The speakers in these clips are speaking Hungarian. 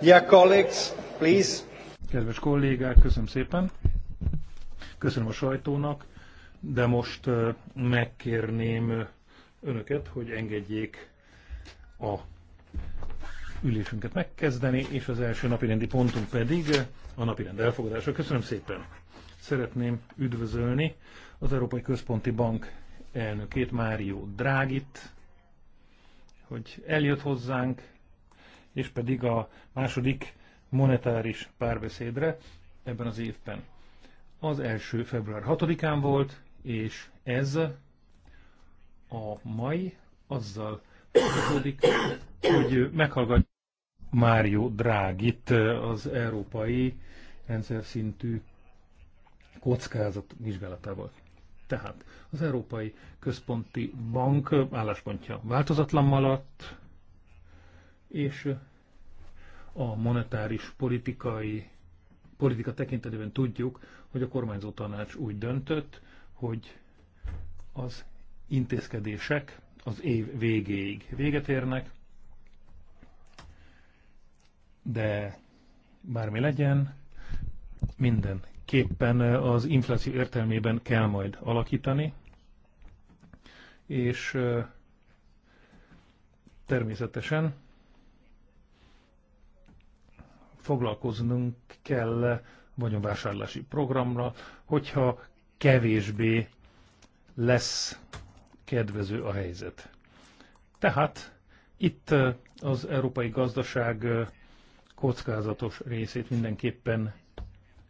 Dear colleagues, please. Kedves kollégák, köszönöm szépen. Köszönöm a sajtónak, de most megkérném önöket, hogy engedjék a ülésünket megkezdeni, és az első napirendi pontunk pedig a napirend elfogadása. Köszönöm szépen. Szeretném üdvözölni az Európai Központi Bank elnökét, Mário Drágit, hogy eljött hozzánk, és pedig a második monetáris párbeszédre ebben az évben. Az első február 6-án volt, és ez a mai azzal kapcsolódik, hogy meghallgatjuk Mário Drágit, az európai rendszer szintű kockázat vizsgálatával. Tehát az Európai Központi Bank álláspontja változatlan maradt, és a monetáris politikai politika tekintetében tudjuk, hogy a kormányzó tanács úgy döntött, hogy az intézkedések az év végéig véget érnek, de bármi legyen, mindenképpen az infláció értelmében kell majd alakítani, és természetesen foglalkoznunk kell vagyonvásárlási programra, hogyha kevésbé lesz kedvező a helyzet. Tehát itt az európai gazdaság kockázatos részét mindenképpen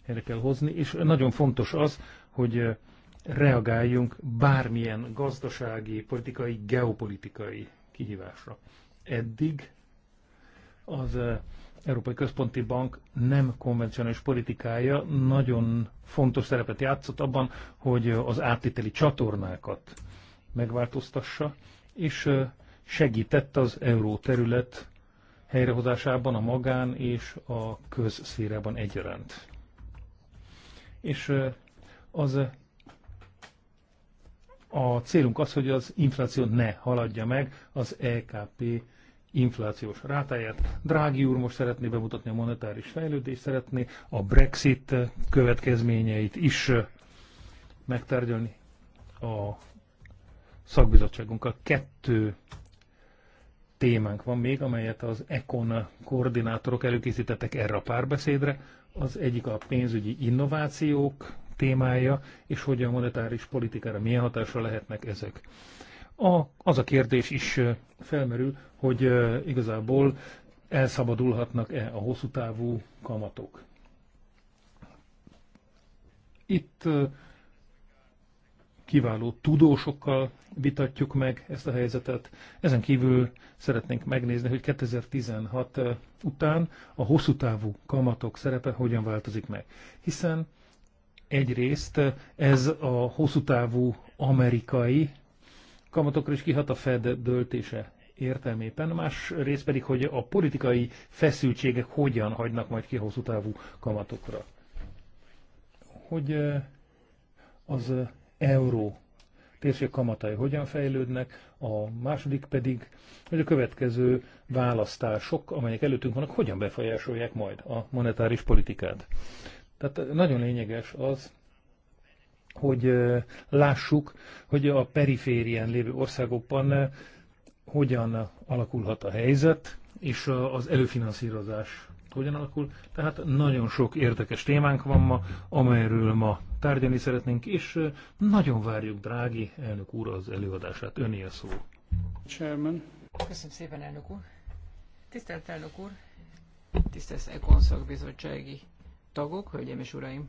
erre kell hozni, és nagyon fontos az, hogy reagáljunk bármilyen gazdasági, politikai, geopolitikai kihívásra. Eddig az Európai Központi Bank nem konvencionális politikája nagyon fontos szerepet játszott abban, hogy az áttiteli csatornákat megváltoztassa, és segített az euró terület helyrehozásában a magán és a közszférában egyaránt. És az a célunk az, hogy az infláció ne haladja meg az EKP inflációs rátáját. Drági úr most szeretné bemutatni a monetáris fejlődést, szeretné a Brexit következményeit is megtárgyalni a szakbizottságunkkal. Kettő témánk van még, amelyet az ECON koordinátorok előkészítettek erre a párbeszédre. Az egyik a pénzügyi innovációk témája, és hogy a monetáris politikára milyen hatásra lehetnek ezek a, az a kérdés is felmerül, hogy igazából elszabadulhatnak-e a hosszú távú kamatok. Itt kiváló tudósokkal vitatjuk meg ezt a helyzetet. Ezen kívül szeretnénk megnézni, hogy 2016 után a hosszú távú kamatok szerepe hogyan változik meg. Hiszen egyrészt ez a hosszú távú amerikai kamatokra is kihat a Fed döltése értelmében, más rész pedig, hogy a politikai feszültségek hogyan hagynak majd ki hosszú távú kamatokra. Hogy eh, az eh, euró térség kamatai hogyan fejlődnek, a második pedig, hogy a következő választások, amelyek előttünk vannak, hogyan befolyásolják majd a monetáris politikát. Tehát nagyon lényeges az, hogy lássuk, hogy a periférien lévő országokban hogyan alakulhat a helyzet, és az előfinanszírozás hogyan alakul. Tehát nagyon sok érdekes témánk van ma, amelyről ma tárgyalni szeretnénk, és nagyon várjuk, drági elnök úr, az előadását. Öné a szó. Chairman. Köszönöm szépen, elnök úr. Tisztelt elnök úr, tisztelt Ekonszak bizottsági tagok, hölgyeim és uraim.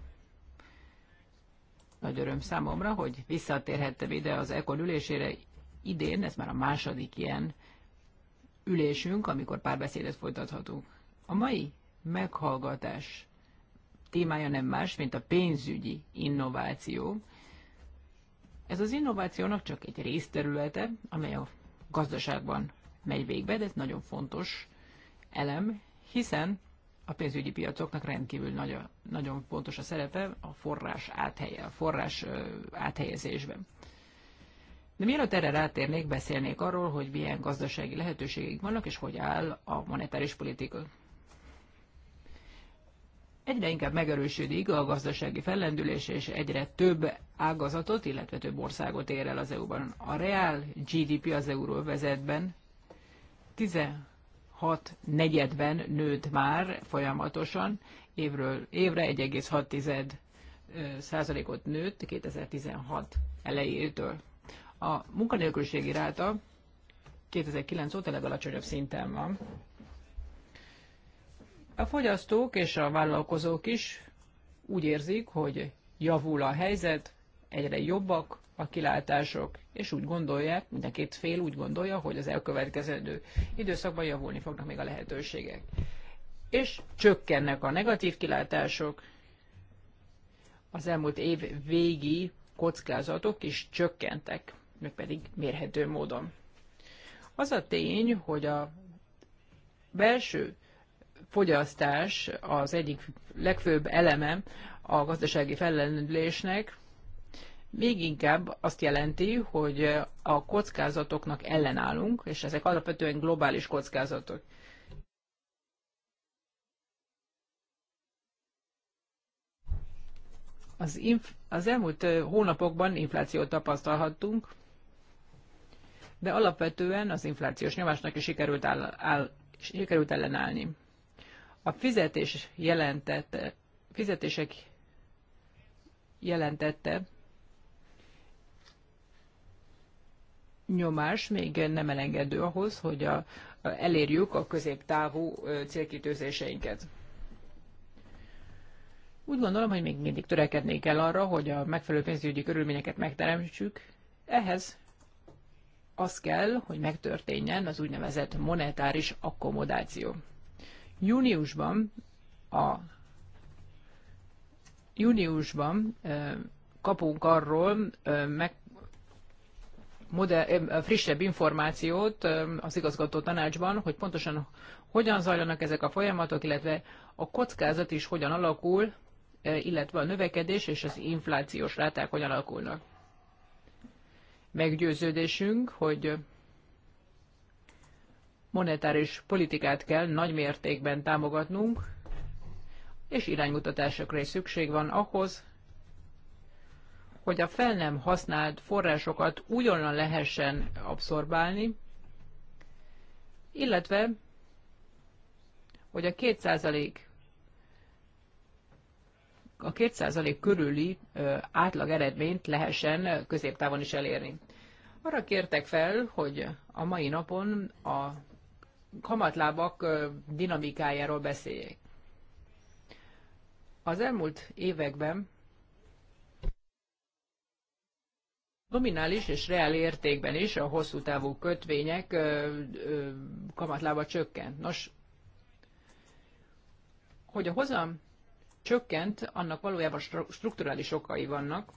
Nagy öröm számomra, hogy visszatérhettem ide az ECON ülésére idén, ez már a második ilyen ülésünk, amikor párbeszédet folytathatunk. A mai meghallgatás témája nem más, mint a pénzügyi innováció. Ez az innovációnak csak egy részterülete, amely a gazdaságban megy végbe, de ez nagyon fontos elem, hiszen a pénzügyi piacoknak rendkívül nagy a, nagyon fontos a szerepe a forrás, áthelye, a forrás áthelyezésben. De mielőtt erre rátérnék, beszélnék arról, hogy milyen gazdasági lehetőségek vannak, és hogy áll a monetáris politika. Egyre inkább megerősödik a gazdasági fellendülés, és egyre több ágazatot, illetve több országot ér el az EU-ban. A reál GDP az euróvezetben 16 6 negyedben nőtt már folyamatosan, évről évre 1,6 százalékot nőtt 2016 elejétől. A munkanélküliségi ráta 2009 óta legalacsonyabb szinten van. A fogyasztók és a vállalkozók is úgy érzik, hogy javul a helyzet, egyre jobbak a kilátások, és úgy gondolják, mind a két fél úgy gondolja, hogy az elkövetkezendő időszakban javulni fognak még a lehetőségek. És csökkennek a negatív kilátások, az elmúlt év végi kockázatok is csökkentek, meg pedig mérhető módon. Az a tény, hogy a belső fogyasztás az egyik legfőbb eleme a gazdasági fellendülésnek, még inkább azt jelenti, hogy a kockázatoknak ellenállunk, és ezek alapvetően globális kockázatok. Az, inf- az elmúlt hónapokban inflációt tapasztalhattunk, de alapvetően az inflációs nyomásnak is sikerült, áll- áll- sikerült ellenállni. A fizetés jelentette, fizetések jelentette nyomás még nem elengedő ahhoz, hogy a, a, elérjük a középtávú célkitűzéseinket. Úgy gondolom, hogy még mindig törekedni kell arra, hogy a megfelelő pénzügyi körülményeket megteremtsük. Ehhez az kell, hogy megtörténjen az úgynevezett monetáris akkomodáció. Júniusban a júniusban kapunk arról meg modell, frissebb információt az igazgató tanácsban, hogy pontosan hogyan zajlanak ezek a folyamatok, illetve a kockázat is hogyan alakul, illetve a növekedés és az inflációs ráták hogyan alakulnak. Meggyőződésünk, hogy monetáris politikát kell nagy mértékben támogatnunk, és iránymutatásokra is szükség van ahhoz, hogy a fel nem használt forrásokat újonnan lehessen abszorbálni, illetve hogy a 2% a 2% körüli átlag eredményt lehessen középtávon is elérni. Arra kértek fel, hogy a mai napon a kamatlábak dinamikájáról beszéljék. Az elmúlt években Nominális és reál értékben is a hosszú távú kötvények kamatlába csökkent. Nos, hogy a hozam csökkent, annak valójában strukturális okai vannak.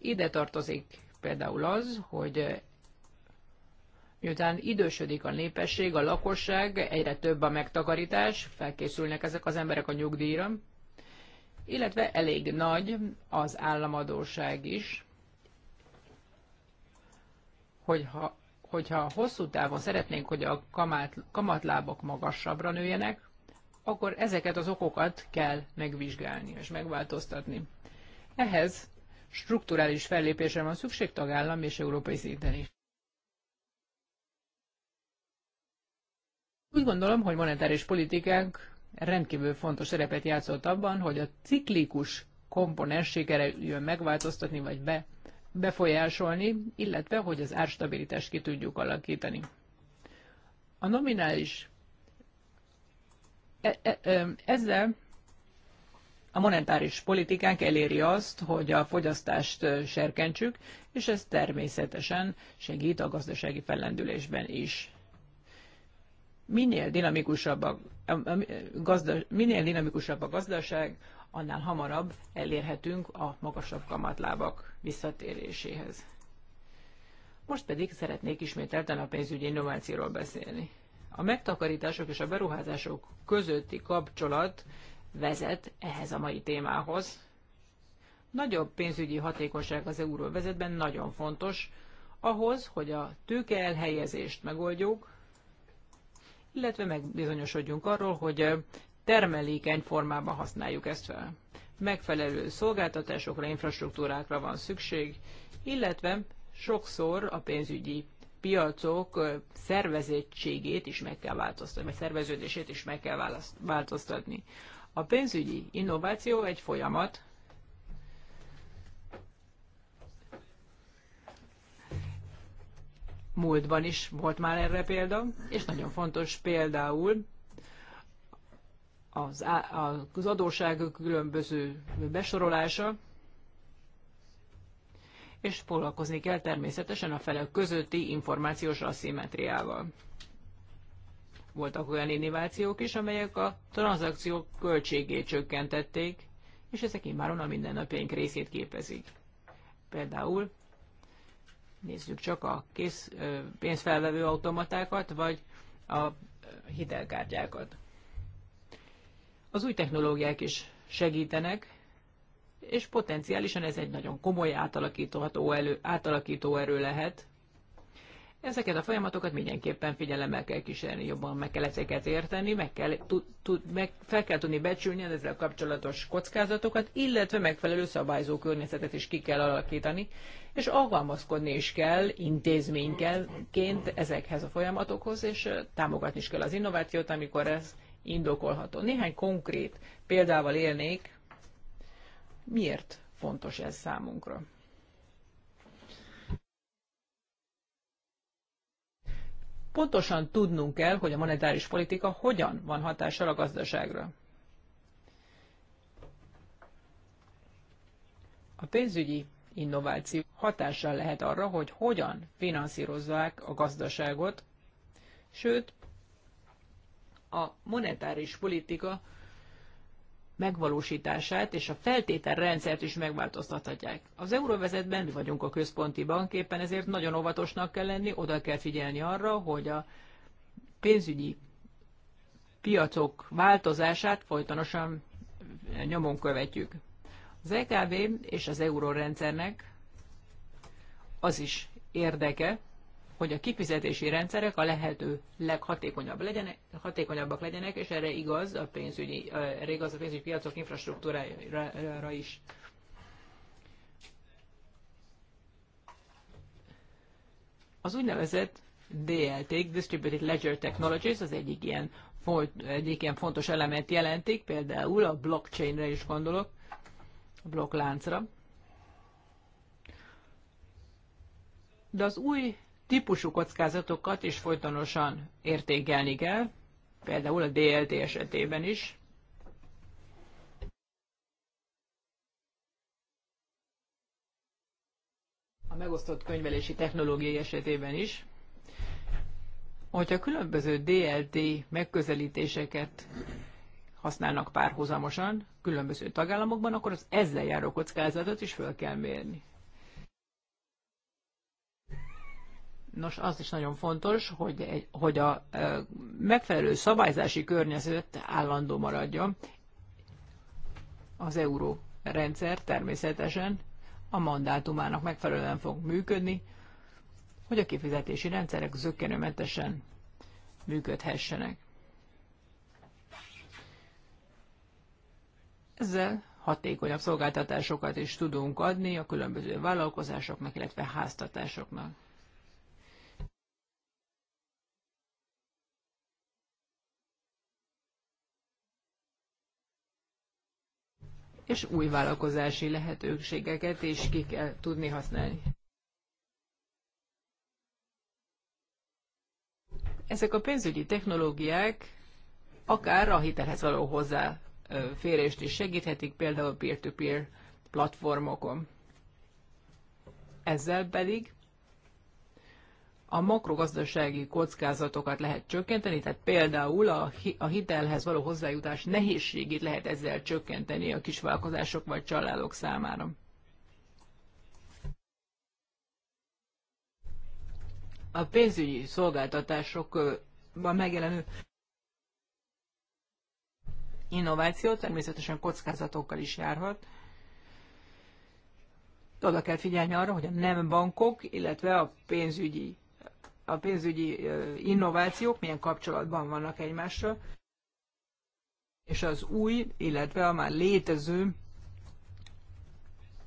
Ide tartozik például az, hogy miután idősödik a népesség, a lakosság, egyre több a megtakarítás, felkészülnek ezek az emberek a nyugdíjra, illetve elég nagy az államadóság is, hogyha, hogyha hosszú távon szeretnénk, hogy a kamát, kamatlábak magasabbra nőjenek, akkor ezeket az okokat kell megvizsgálni és megváltoztatni. Ehhez strukturális fellépésre van szükség tagállam és európai szinten is. Úgy gondolom, hogy monetáris politikánk rendkívül fontos szerepet játszott abban, hogy a ciklikus komponens sikerüljön megváltoztatni vagy be, befolyásolni, illetve hogy az árstabilitást ki tudjuk alakítani. A nominális e, e, e, ezzel a monetáris politikánk eléri azt, hogy a fogyasztást serkentsük, és ez természetesen segít a gazdasági fellendülésben is. Minél dinamikusabb a a gazda, minél dinamikusabb a gazdaság, annál hamarabb elérhetünk a magasabb kamatlábak visszatéréséhez. Most pedig szeretnék ismételten a pénzügyi innovációról beszélni. A megtakarítások és a beruházások közötti kapcsolat vezet ehhez a mai témához. Nagyobb pénzügyi hatékonyság az euróvezetben nagyon fontos, ahhoz, hogy a tőke elhelyezést megoldjuk, illetve megbizonyosodjunk arról, hogy termelékeny formában használjuk ezt fel. Megfelelő szolgáltatásokra, infrastruktúrákra van szükség, illetve sokszor a pénzügyi piacok szervezettségét is meg kell változtatni, vagy szerveződését is meg kell változtatni. A pénzügyi innováció egy folyamat, múltban is volt már erre példa, és nagyon fontos például az, az adóság különböző besorolása, és foglalkozni kell természetesen a felek közötti információs aszimetriával. Voltak olyan innovációk is, amelyek a tranzakciók költségét csökkentették, és ezek immáron a mindennapjaink részét képezik. Például Nézzük csak a kész pénzfelvevő automatákat, vagy a hitelkártyákat. Az új technológiák is segítenek, és potenciálisan ez egy nagyon komoly átalakítható elő, átalakító erő lehet Ezeket a folyamatokat mindenképpen figyelemmel kell kísérni, jobban meg kell ezeket érteni, meg kell, tud, tu, meg, fel kell tudni becsülni az ezzel kapcsolatos kockázatokat, illetve megfelelő szabályzó környezetet is ki kell alakítani, és alkalmazkodni is kell intézményként ezekhez a folyamatokhoz, és támogatni is kell az innovációt, amikor ez indokolható. Néhány konkrét példával élnék, miért fontos ez számunkra. pontosan tudnunk kell, hogy a monetáris politika hogyan van hatással a gazdaságra. A pénzügyi innováció hatással lehet arra, hogy hogyan finanszírozzák a gazdaságot, sőt, a monetáris politika megvalósítását és a feltételrendszert is megváltoztathatják. Az euróvezetben mi vagyunk a központi bank, éppen ezért nagyon óvatosnak kell lenni, oda kell figyelni arra, hogy a pénzügyi piacok változását folytonosan nyomon követjük. Az EKB és az eurórendszernek az is érdeke, hogy a kifizetési rendszerek a lehető leghatékonyabb legyenek, hatékonyabbak legyenek, és erre igaz a pénzügyi, erre igaz a pénzügyi piacok infrastruktúrára is. Az úgynevezett DLT, Distributed Ledger Technologies, az egyik ilyen, egyik ilyen fontos elemet jelentik, például a blockchainre is gondolok, a blokkláncra. De az új típusú kockázatokat is folytonosan értékelni kell, például a DLT esetében is. A megosztott könyvelési technológiai esetében is. Hogyha különböző DLT megközelítéseket használnak párhuzamosan különböző tagállamokban, akkor az ezzel járó kockázatot is föl kell mérni. Nos, az is nagyon fontos, hogy, egy, hogy a megfelelő szabályzási környezet állandó maradjon. Az euró rendszer természetesen a mandátumának megfelelően fog működni, hogy a kifizetési rendszerek zöggenőmentesen működhessenek. Ezzel hatékonyabb szolgáltatásokat is tudunk adni a különböző vállalkozásoknak, illetve háztatásoknak. és új vállalkozási lehetőségeket is ki kell tudni használni. Ezek a pénzügyi technológiák akár a hitelhez való hozzáférést is segíthetik, például peer-to-peer -peer platformokon. Ezzel pedig a makrogazdasági kockázatokat lehet csökkenteni, tehát például a, a hitelhez való hozzájutás nehézségét lehet ezzel csökkenteni a kisvállalkozások vagy családok számára. A pénzügyi szolgáltatásokban megjelenő innováció természetesen kockázatokkal is járhat. Oda kell figyelni arra, hogy a nem bankok, illetve a pénzügyi a pénzügyi innovációk milyen kapcsolatban vannak egymással, és az új, illetve a már létező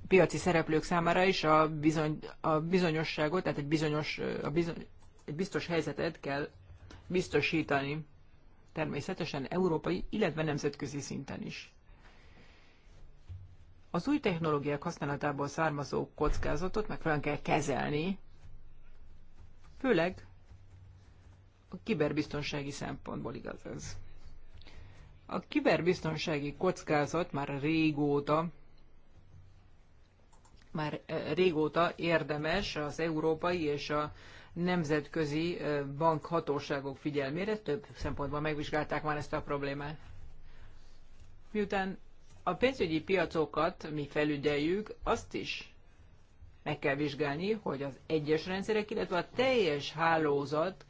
piaci szereplők számára is a, bizony, a bizonyosságot, tehát egy, bizonyos, a bizony, egy biztos helyzetet kell biztosítani. Természetesen európai, illetve nemzetközi szinten is. Az új technológiák használatából származó kockázatot meg kell kezelni, Főleg a kiberbiztonsági szempontból igaz ez. A kiberbiztonsági kockázat már régóta már régóta érdemes az európai és a nemzetközi bankhatóságok figyelmére. Több szempontból megvizsgálták már ezt a problémát. Miután a pénzügyi piacokat mi felügyeljük, azt is meg kell vizsgálni, hogy az egyes rendszerek, illetve a teljes hálózat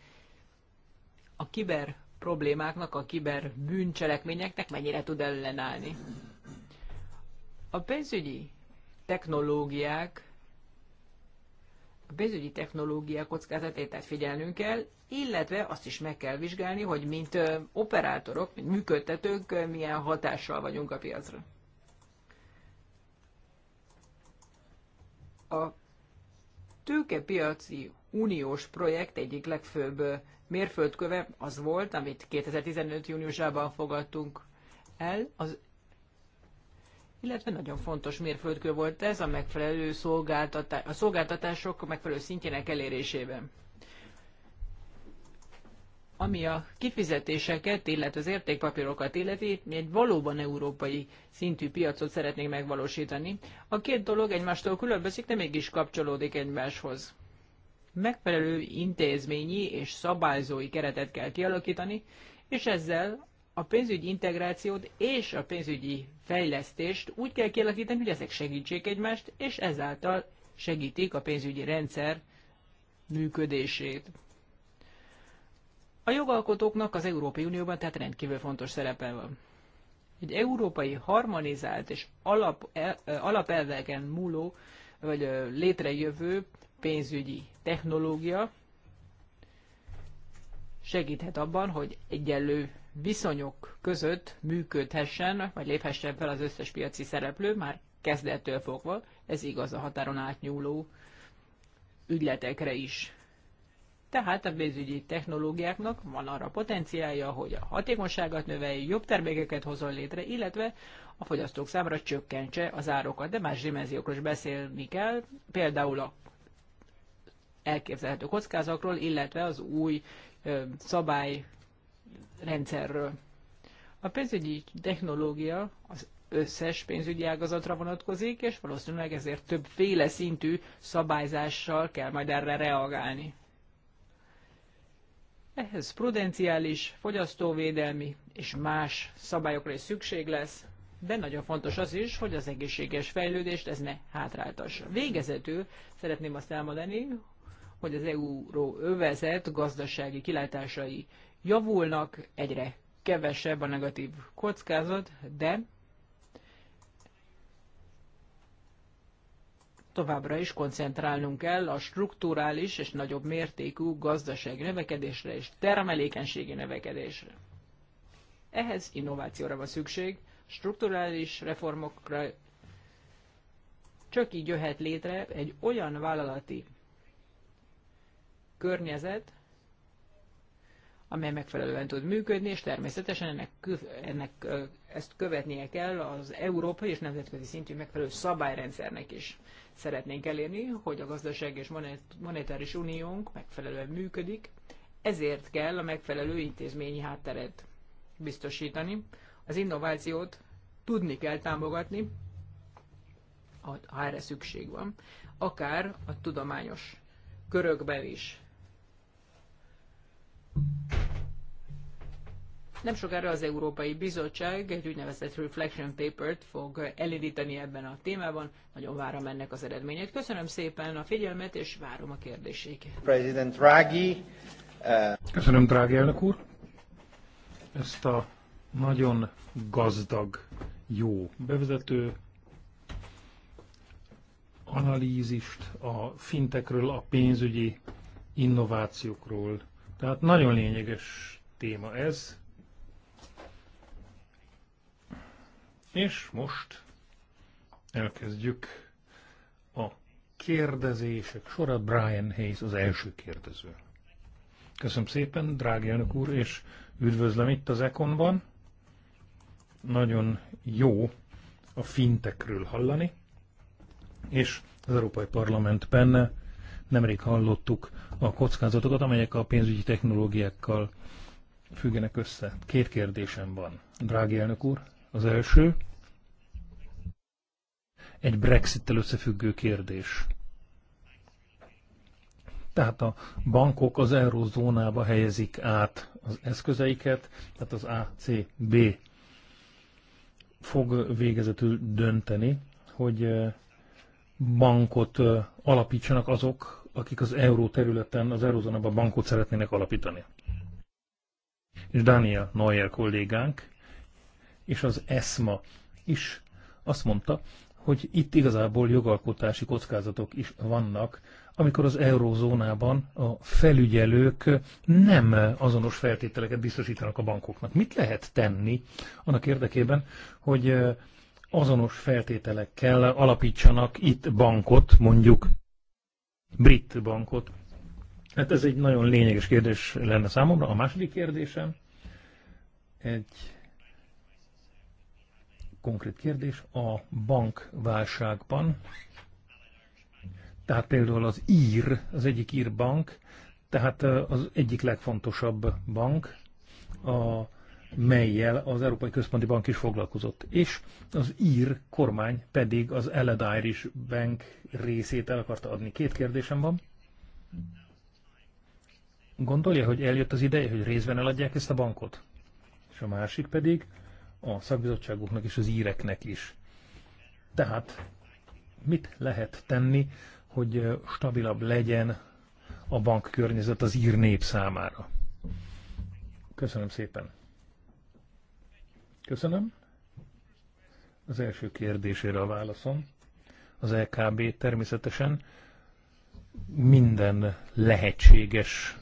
a kiber problémáknak, a kiber bűncselekményeknek mennyire tud ellenállni. A pénzügyi technológiák a pénzügyi technológia kockázatét tehát figyelnünk kell, illetve azt is meg kell vizsgálni, hogy mint operátorok, mint működtetők milyen hatással vagyunk a piacra. A tőkepiaci uniós projekt egyik legfőbb mérföldköve az volt, amit 2015. júniusában fogadtunk el, az, illetve nagyon fontos mérföldkő volt ez a megfelelő szolgáltatá- a szolgáltatások megfelelő szintjének elérésében ami a kifizetéseket, illetve az értékpapírokat illeti, mi egy valóban európai szintű piacot szeretnénk megvalósítani. A két dolog egymástól különbözik, de mégis kapcsolódik egymáshoz. Megfelelő intézményi és szabályzói keretet kell kialakítani, és ezzel a pénzügyi integrációt és a pénzügyi fejlesztést úgy kell kialakítani, hogy ezek segítsék egymást, és ezáltal segítik a pénzügyi rendszer működését. A jogalkotóknak az Európai Unióban tehát rendkívül fontos szerepe van. Egy európai harmonizált és alap, e, alapelveken múló, vagy létrejövő pénzügyi technológia segíthet abban, hogy egyenlő viszonyok között működhessen, vagy léphessen fel az összes piaci szereplő, már kezdettől fogva, ez igaz a határon átnyúló ügyletekre is. Tehát a pénzügyi technológiáknak van arra potenciálja, hogy a hatékonyságot növelje, jobb termékeket hozzon létre, illetve a fogyasztók számára csökkentse az árokat. De más dimenziókról is beszélni kell, például a elképzelhető kockázakról, illetve az új szabályrendszerről. A pénzügyi technológia az összes pénzügyi ágazatra vonatkozik, és valószínűleg ezért többféle szintű szabályzással kell majd erre reagálni. Ehhez prudenciális, fogyasztóvédelmi és más szabályokra is szükség lesz, de nagyon fontos az is, hogy az egészséges fejlődést ez ne hátráltassa. Végezetül szeretném azt elmondani, hogy az euró övezet gazdasági kilátásai javulnak, egyre kevesebb a negatív kockázat, de továbbra is koncentrálnunk kell a strukturális és nagyobb mértékű gazdasági növekedésre és termelékenységi növekedésre. Ehhez innovációra van szükség, strukturális reformokra csak így jöhet létre egy olyan vállalati környezet, amely megfelelően tud működni, és természetesen ennek, ennek ezt követnie kell az európai és nemzetközi szintű megfelelő szabályrendszernek is szeretnénk elérni, hogy a gazdaság és monetáris uniónk megfelelően működik, ezért kell a megfelelő intézményi hátteret biztosítani. Az innovációt tudni kell támogatni, ha erre szükség van, akár a tudományos körökben is. Nem sokára az Európai Bizottság egy úgynevezett reflection Paper-t fog elindítani ebben a témában. Nagyon várom ennek az eredményét. Köszönöm szépen a figyelmet, és várom a kérdéseiket. President Draghi. Uh... Köszönöm, Draghi elnök úr. Ezt a nagyon gazdag, jó bevezető analízist a fintekről, a pénzügyi innovációkról. Tehát nagyon lényeges téma ez, És most elkezdjük a kérdezések sora. Brian Hayes az első kérdező. Köszönöm szépen, drági elnök úr, és üdvözlöm itt az Ekonban. Nagyon jó a fintekről hallani, és az Európai Parlamentben nemrég hallottuk a kockázatokat, amelyek a pénzügyi technológiákkal függenek össze. Két kérdésem van, drági elnök úr. Az első egy Brexit-tel összefüggő kérdés. Tehát a bankok az eurozónába helyezik át az eszközeiket, tehát az ACB fog végezetül dönteni, hogy bankot alapítsanak azok, akik az euró területen, az eurozónában bankot szeretnének alapítani. És Dániel Neuer kollégánk és az ESMA is azt mondta, hogy itt igazából jogalkotási kockázatok is vannak, amikor az eurózónában a felügyelők nem azonos feltételeket biztosítanak a bankoknak. Mit lehet tenni annak érdekében, hogy azonos feltételekkel alapítsanak itt bankot, mondjuk brit bankot? Hát ez egy nagyon lényeges kérdés lenne számomra. A második kérdésem egy konkrét kérdés a bankválságban. Tehát például az ír, az egyik ír bank, tehát az egyik legfontosabb bank, a, melyel az Európai Központi Bank is foglalkozott. És az ír kormány pedig az Eled Irish Bank részét el akarta adni. Két kérdésem van. Gondolja, hogy eljött az ideje, hogy részben eladják ezt a bankot? És a másik pedig, a szakbizottságoknak és az íreknek is. Tehát mit lehet tenni, hogy stabilabb legyen a bankkörnyezet az ír nép számára? Köszönöm szépen. Köszönöm. Az első kérdésére a válaszom. Az LKB e természetesen minden lehetséges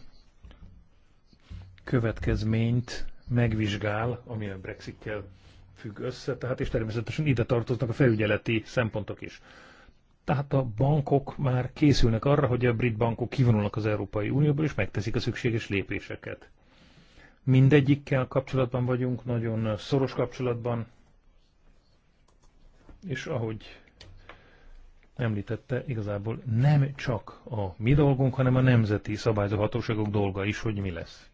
következményt megvizsgál, ami a Brexit-kel függ össze, tehát és természetesen ide tartoznak a felügyeleti szempontok is. Tehát a bankok már készülnek arra, hogy a brit bankok kivonulnak az Európai Unióból, és megteszik a szükséges lépéseket. Mindegyikkel kapcsolatban vagyunk, nagyon szoros kapcsolatban, és ahogy említette, igazából nem csak a mi dolgunk, hanem a nemzeti szabályzó hatóságok dolga is, hogy mi lesz.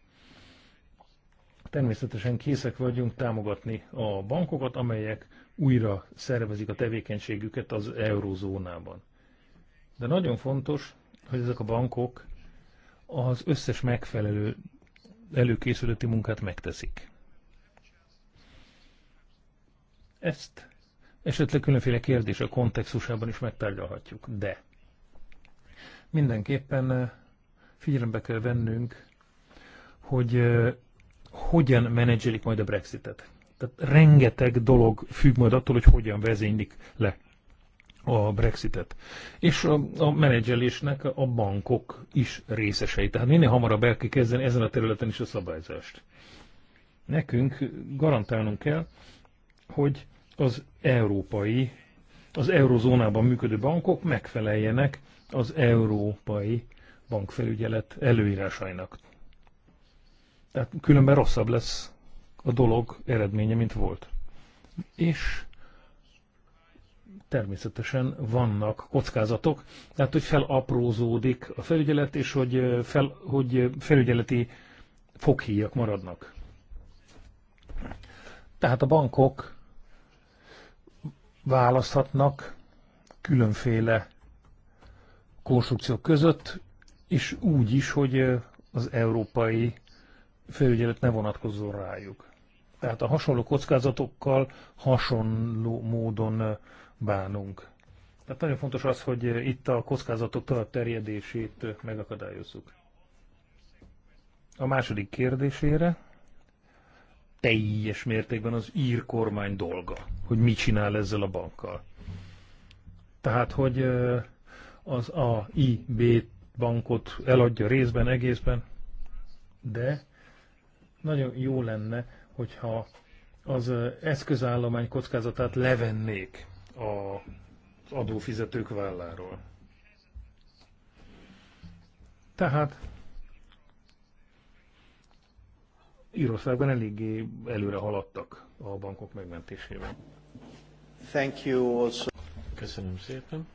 Természetesen készek vagyunk támogatni a bankokat, amelyek újra szervezik a tevékenységüket az eurózónában. De nagyon fontos, hogy ezek a bankok az összes megfelelő előkészületi munkát megteszik. Ezt esetleg különféle kérdés a kontextusában is megtárgyalhatjuk, de mindenképpen figyelembe kell vennünk, hogy hogyan menedzselik majd a Brexitet. Tehát rengeteg dolog függ majd attól, hogy hogyan vezénylik le a Brexitet. És a, a menedzselésnek a bankok is részesei. Tehát minél hamarabb el kell kezdeni ezen a területen is a szabályzást. Nekünk garantálnunk kell, hogy az európai, az eurozónában működő bankok megfeleljenek az európai bankfelügyelet előírásainak. Tehát különben rosszabb lesz a dolog eredménye, mint volt. És természetesen vannak kockázatok, tehát hogy felaprózódik a felügyelet, és hogy, fel, hogy felügyeleti foghíjak maradnak. Tehát a bankok választhatnak különféle konstrukciók között, és úgy is, hogy az európai felügyelet ne vonatkozzon rájuk. Tehát a hasonló kockázatokkal hasonló módon bánunk. Tehát nagyon fontos az, hogy itt a kockázatok tovább terjedését megakadályozzuk. A második kérdésére teljes mértékben az ír kormány dolga, hogy mit csinál ezzel a bankkal. Tehát, hogy az AIB bankot eladja részben, egészben, de nagyon jó lenne, hogyha az eszközállomány kockázatát levennék a adófizetők válláról. Tehát Írországban eléggé előre haladtak a bankok megmentésében. Thank you also. Köszönöm szépen.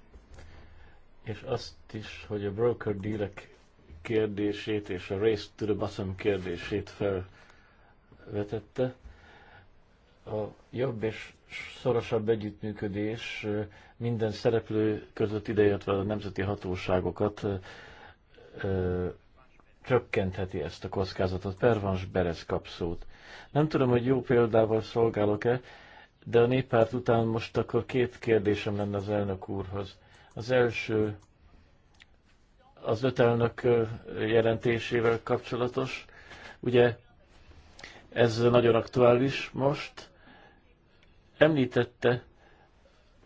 És azt is, hogy a broker dealek kérdését és a race to the bottom kérdését fel vetette A jobb és szorosabb együttműködés minden szereplő között ideértve a nemzeti hatóságokat csökkentheti ezt a kockázatot. Pervans Berez kapszót. Nem tudom, hogy jó példával szolgálok-e, de a néppárt után most akkor két kérdésem lenne az elnök úrhoz. Az első az öt elnök jelentésével kapcsolatos. Ugye ez nagyon aktuális most. Említette,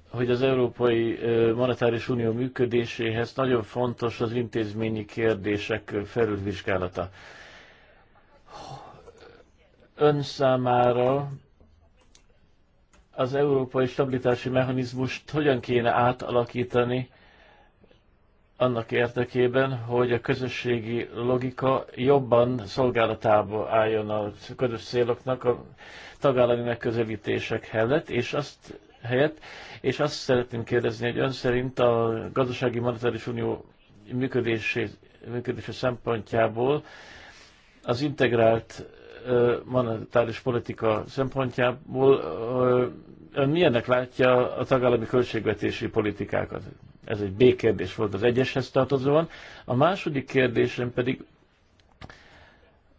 hogy az Európai Monetáris Unió működéséhez nagyon fontos az intézményi kérdések felülvizsgálata. Ön számára az európai stabilitási mechanizmust hogyan kéne átalakítani annak érdekében, hogy a közösségi logika jobban szolgálatába álljon a közös céloknak a tagállami megközelítések helyett, és azt helyett, és azt szeretném kérdezni, hogy ön szerint a gazdasági monetáris unió működése, szempontjából az integrált monetáris politika szempontjából ön milyennek látja a tagállami költségvetési politikákat? Ez egy B kérdés volt az egyeshez tartozóan. A második kérdésem pedig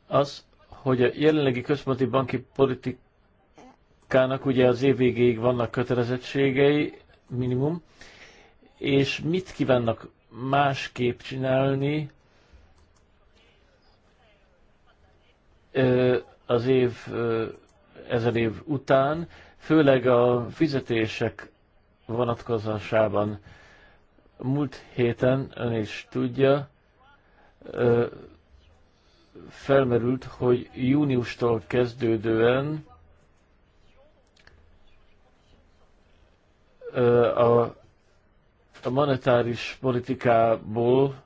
az, hogy a jelenlegi központi banki politikának ugye az év végéig vannak kötelezettségei, minimum, és mit kívánnak másképp csinálni az év, ezer év után, főleg a fizetések vonatkozásában Múlt héten, ön is tudja, felmerült, hogy júniustól kezdődően a, a monetáris politikából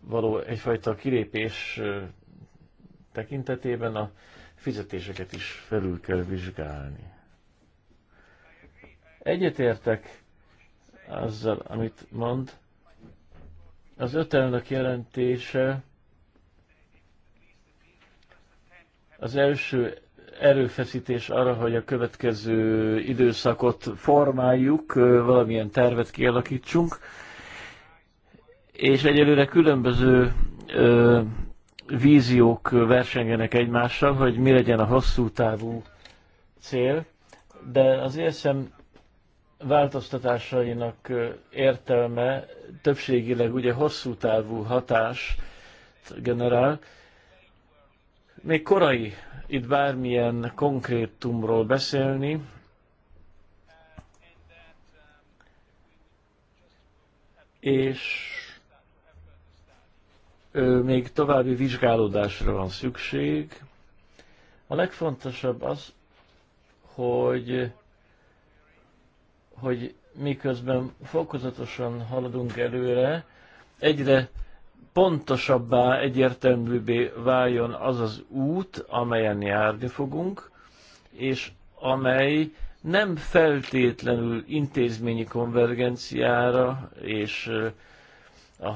való egyfajta kilépés tekintetében a fizetéseket is felül kell vizsgálni. Egyetértek azzal, amit mond. Az ötelnök jelentése az első erőfeszítés arra, hogy a következő időszakot formáljuk, valamilyen tervet kialakítsunk, és egyelőre különböző ö, víziók versengenek egymással, hogy mi legyen a hosszú távú cél, de az ESM változtatásainak értelme többségileg ugye hosszú távú hatás generál. Még korai itt bármilyen konkrétumról beszélni, és még további vizsgálódásra van szükség. A legfontosabb az, hogy hogy miközben fokozatosan haladunk előre, egyre pontosabbá, egyértelműbbé váljon az az út, amelyen járni fogunk, és amely nem feltétlenül intézményi konvergenciára és a,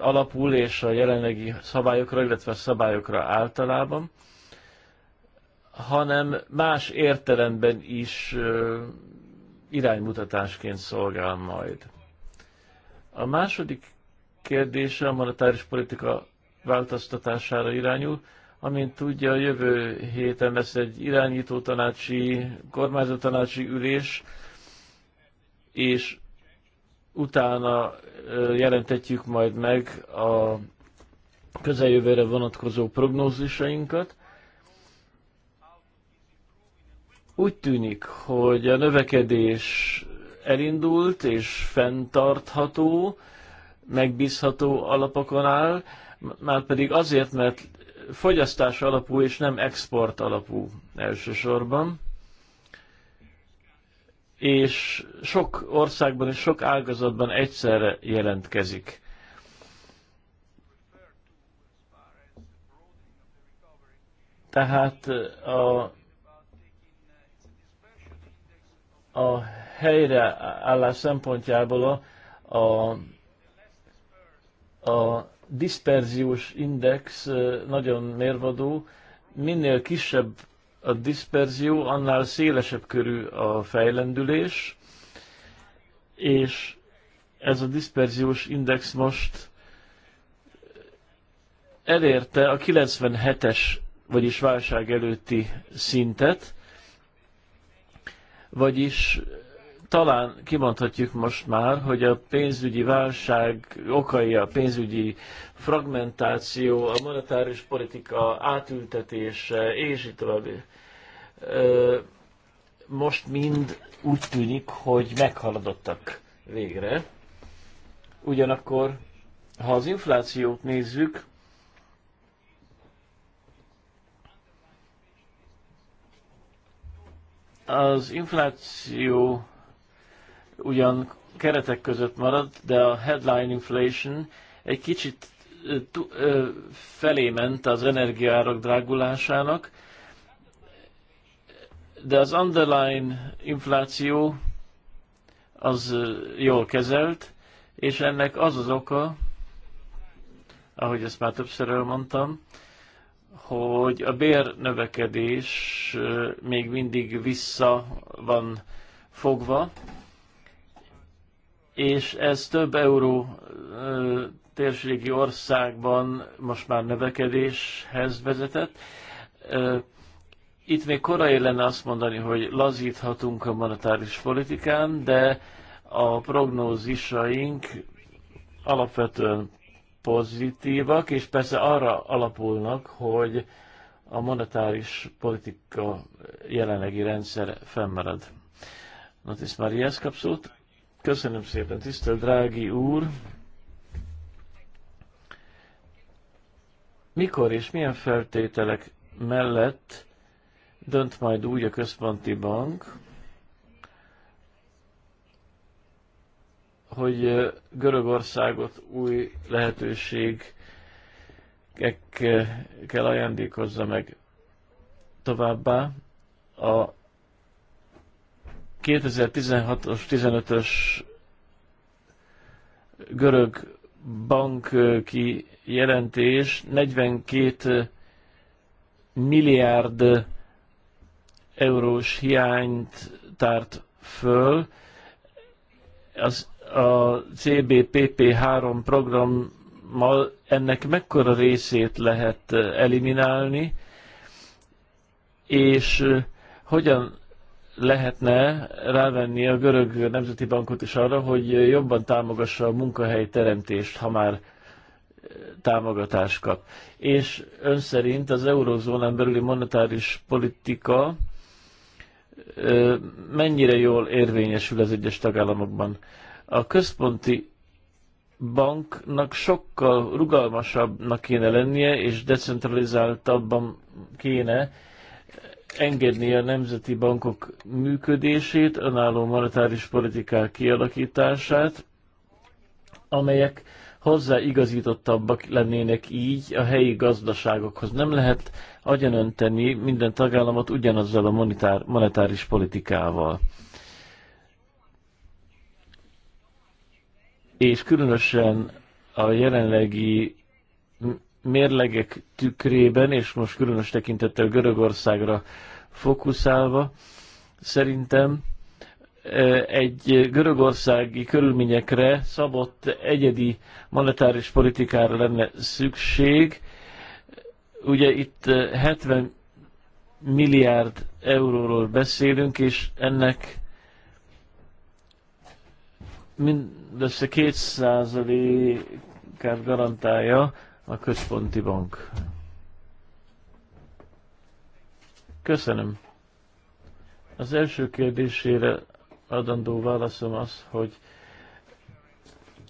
alapul és a jelenlegi szabályokra, illetve a szabályokra általában, hanem más értelemben is iránymutatásként szolgál majd. A második kérdése a monetáris politika változtatására irányul. Amint tudja, a jövő héten lesz egy irányító tanácsi, kormányzó tanácsi ülés, és utána jelentetjük majd meg a közeljövőre vonatkozó prognózisainkat. Úgy tűnik, hogy a növekedés elindult és fenntartható, megbízható alapokon áll, már pedig azért, mert fogyasztás alapú és nem export alapú elsősorban. És sok országban és sok ágazatban egyszerre jelentkezik. Tehát a a helyreállás szempontjából a, a, a disperziós index nagyon mérvadó, minél kisebb a disperzió, annál szélesebb körű a fejlendülés, és ez a disperziós index most elérte a 97-es, vagyis válság előtti szintet, vagyis talán kimondhatjuk most már, hogy a pénzügyi válság okai a pénzügyi fragmentáció, a monetáris politika átültetése, és így tovább. Most mind úgy tűnik, hogy meghaladottak végre. Ugyanakkor, ha az inflációt nézzük, Az infláció ugyan keretek között marad, de a headline inflation egy kicsit felé ment az energiárak drágulásának, de az underline infláció az jól kezelt, és ennek az az oka, ahogy ezt már többször elmondtam, hogy a bérnövekedés még mindig vissza van fogva, és ez több euró térségi országban most már növekedéshez vezetett. Itt még korai lenne azt mondani, hogy lazíthatunk a monetáris politikán, de a prognózisaink alapvetően pozitívak, és persze arra alapulnak, hogy a monetáris politika jelenlegi rendszer fennmarad. Notis Marias kapszót. Köszönöm szépen, tisztelt drági úr! Mikor és milyen feltételek mellett dönt majd úgy a központi bank, hogy Görögországot új lehetőségekkel ajándékozza meg továbbá a 2016-os, 15-ös görög banki jelentés 42 milliárd eurós hiányt tárt föl. Az a CBPP3 programmal ennek mekkora részét lehet eh, eliminálni, és eh, hogyan lehetne rávenni a görög nemzeti bankot is arra, hogy eh, jobban támogassa a munkahely teremtést, ha már támogatást kap. És ön szerint az eurozónán belüli monetáris politika mennyire jól érvényesül az egyes tagállamokban? A központi banknak sokkal rugalmasabbnak kéne lennie, és decentralizáltabban kéne engedni a nemzeti bankok működését, önálló monetáris politikák kialakítását, amelyek hozzáigazítottabbak lennének így a helyi gazdaságokhoz. Nem lehet agyonönteni minden tagállamot ugyanazzal a monetáris politikával. és különösen a jelenlegi mérlegek tükrében, és most különös tekintettel Görögországra fókuszálva, szerintem egy görögországi körülményekre szabott egyedi monetáris politikára lenne szükség. Ugye itt 70 milliárd euróról beszélünk, és ennek mindössze 2%-át garantálja a központi bank. Köszönöm. Az első kérdésére adandó válaszom az, hogy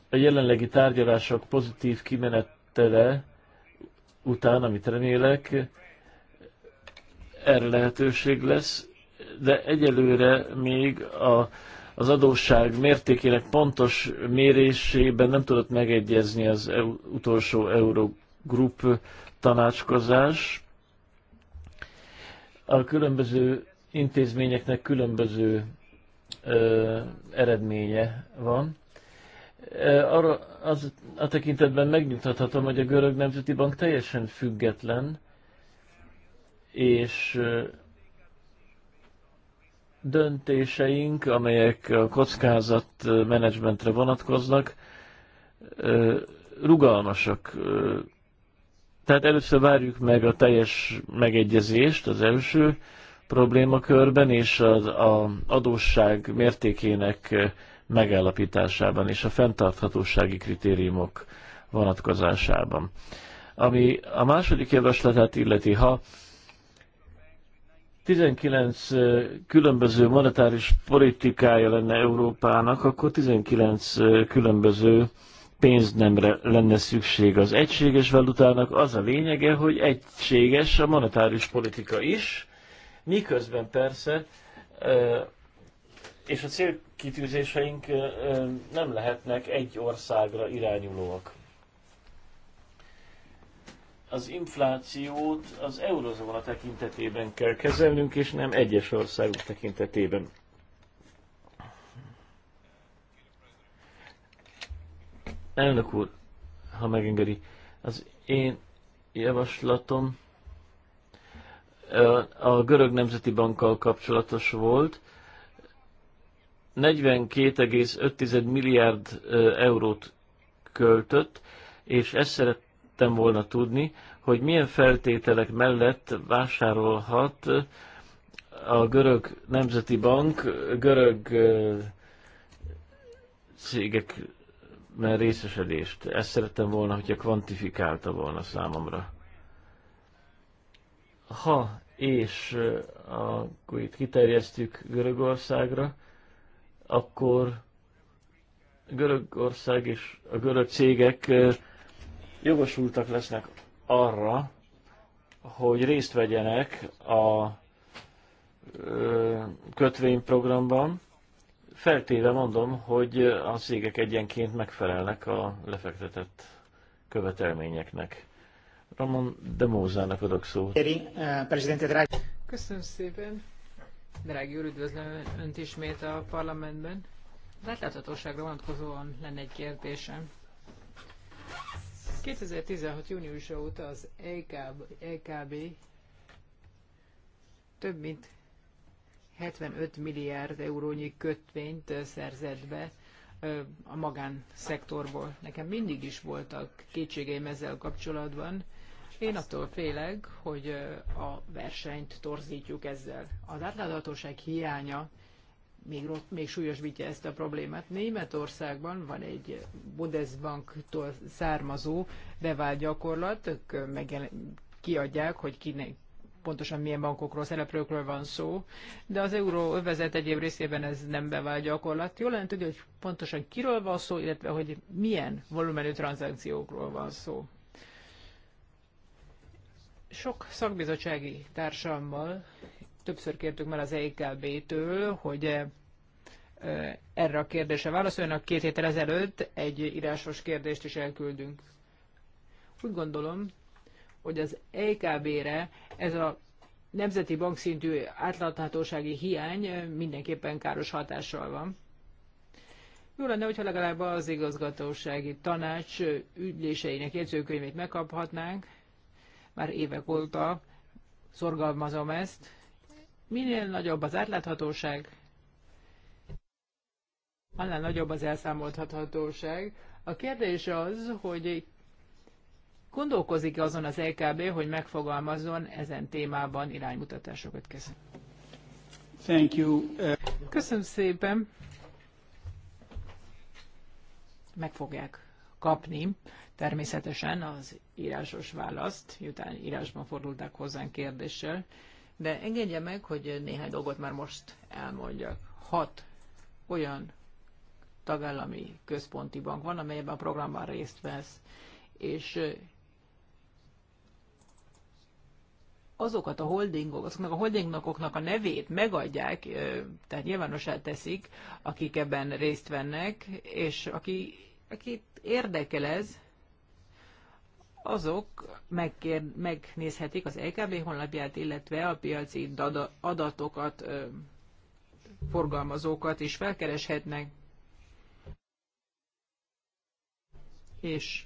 a jelenlegi tárgyalások pozitív kimenetele után, amit remélek, erre lehetőség lesz, de egyelőre még a az adósság mértékének pontos mérésében nem tudott megegyezni az EU, utolsó Eurogroup tanácskozás. A különböző intézményeknek különböző ö, eredménye van. Arra az, a tekintetben megnyugtathatom, hogy a Görög Nemzeti Bank teljesen független, és döntéseink, amelyek a kockázat menedzsmentre vonatkoznak, rugalmasak. Tehát először várjuk meg a teljes megegyezést az első problémakörben és az a adósság mértékének megállapításában és a fenntarthatósági kritériumok vonatkozásában. Ami a második javaslatát illeti, ha 19 különböző monetáris politikája lenne Európának, akkor 19 különböző pénznemre lenne szükség az egységes valutának. Az a lényege, hogy egységes a monetáris politika is, miközben persze, és a célkitűzéseink nem lehetnek egy országra irányulóak az inflációt az eurozóna tekintetében kell kezelnünk, és nem egyes országok tekintetében. Elnök úr, ha megengedi, az én javaslatom a Görög Nemzeti Bankkal kapcsolatos volt. 42,5 milliárd eurót költött, és ezt szeret szerettem volna tudni, hogy milyen feltételek mellett vásárolhat a görög nemzeti bank görög cégek mert részesedést. Ezt szerettem volna, hogyha kvantifikálta volna számomra. Ha és akkor itt kiterjesztjük Görögországra, akkor Görögország és a görög cégek jogosultak lesznek arra, hogy részt vegyenek a kötvényprogramban, feltéve mondom, hogy a szégek egyenként megfelelnek a lefektetett követelményeknek. Ramon de Mózának adok szót. Köszönöm szépen. Drági úr, üdvözlöm Önt ismét a parlamentben. Az átláthatóságra vonatkozóan lenne egy kérdésem. 2016. júniusa óta az LKB, e e több mint 75 milliárd eurónyi kötvényt szerzett be a magánszektorból. Nekem mindig is voltak kétségeim ezzel kapcsolatban. Én attól félek, hogy a versenyt torzítjuk ezzel. Az átláthatóság hiánya még, rossz, még súlyosbítja ezt a problémát. Németországban van egy Bundesbanktól származó bevált gyakorlat, ők kiadják, hogy kinek pontosan milyen bankokról, szereplőkről van szó, de az euróövezet egyéb részében ez nem bevált gyakorlat. Jól lenne tudni, hogy pontosan kiről van szó, illetve hogy milyen volumenű tranzakciókról van szó. Sok szakbizottsági társammal Többször kértük már az EKB-től, hogy e, e, erre a kérdésre válaszoljanak. Két héttel ezelőtt egy írásos kérdést is elküldünk. Úgy gondolom, hogy az EKB-re ez a nemzeti bankszintű átláthatósági hiány e, mindenképpen káros hatással van. Jó lenne, hogyha legalább az igazgatósági tanács ügyléseinek jegyzőkönyvét megkaphatnánk. Már évek óta szorgalmazom ezt. Minél nagyobb az átláthatóság, annál nagyobb az elszámolthatóság. A kérdés az, hogy gondolkozik azon az LKB, hogy megfogalmazzon ezen témában iránymutatásokat. Köszönöm. Thank you. Köszönöm szépen. Meg fogják kapni természetesen az írásos választ, miután írásban fordultak hozzánk kérdéssel. De engedje meg, hogy néhány dolgot már most elmondjak. Hat olyan tagállami központi bank van, amelyben a programban részt vesz, és azokat a holdingok, azoknak a holdingoknak a nevét megadják, tehát nyilvánossá teszik, akik ebben részt vennek, és aki, akit érdekel ez, azok megkér, megnézhetik az LKB honlapját, illetve a piaci adatokat, forgalmazókat is felkereshetnek. És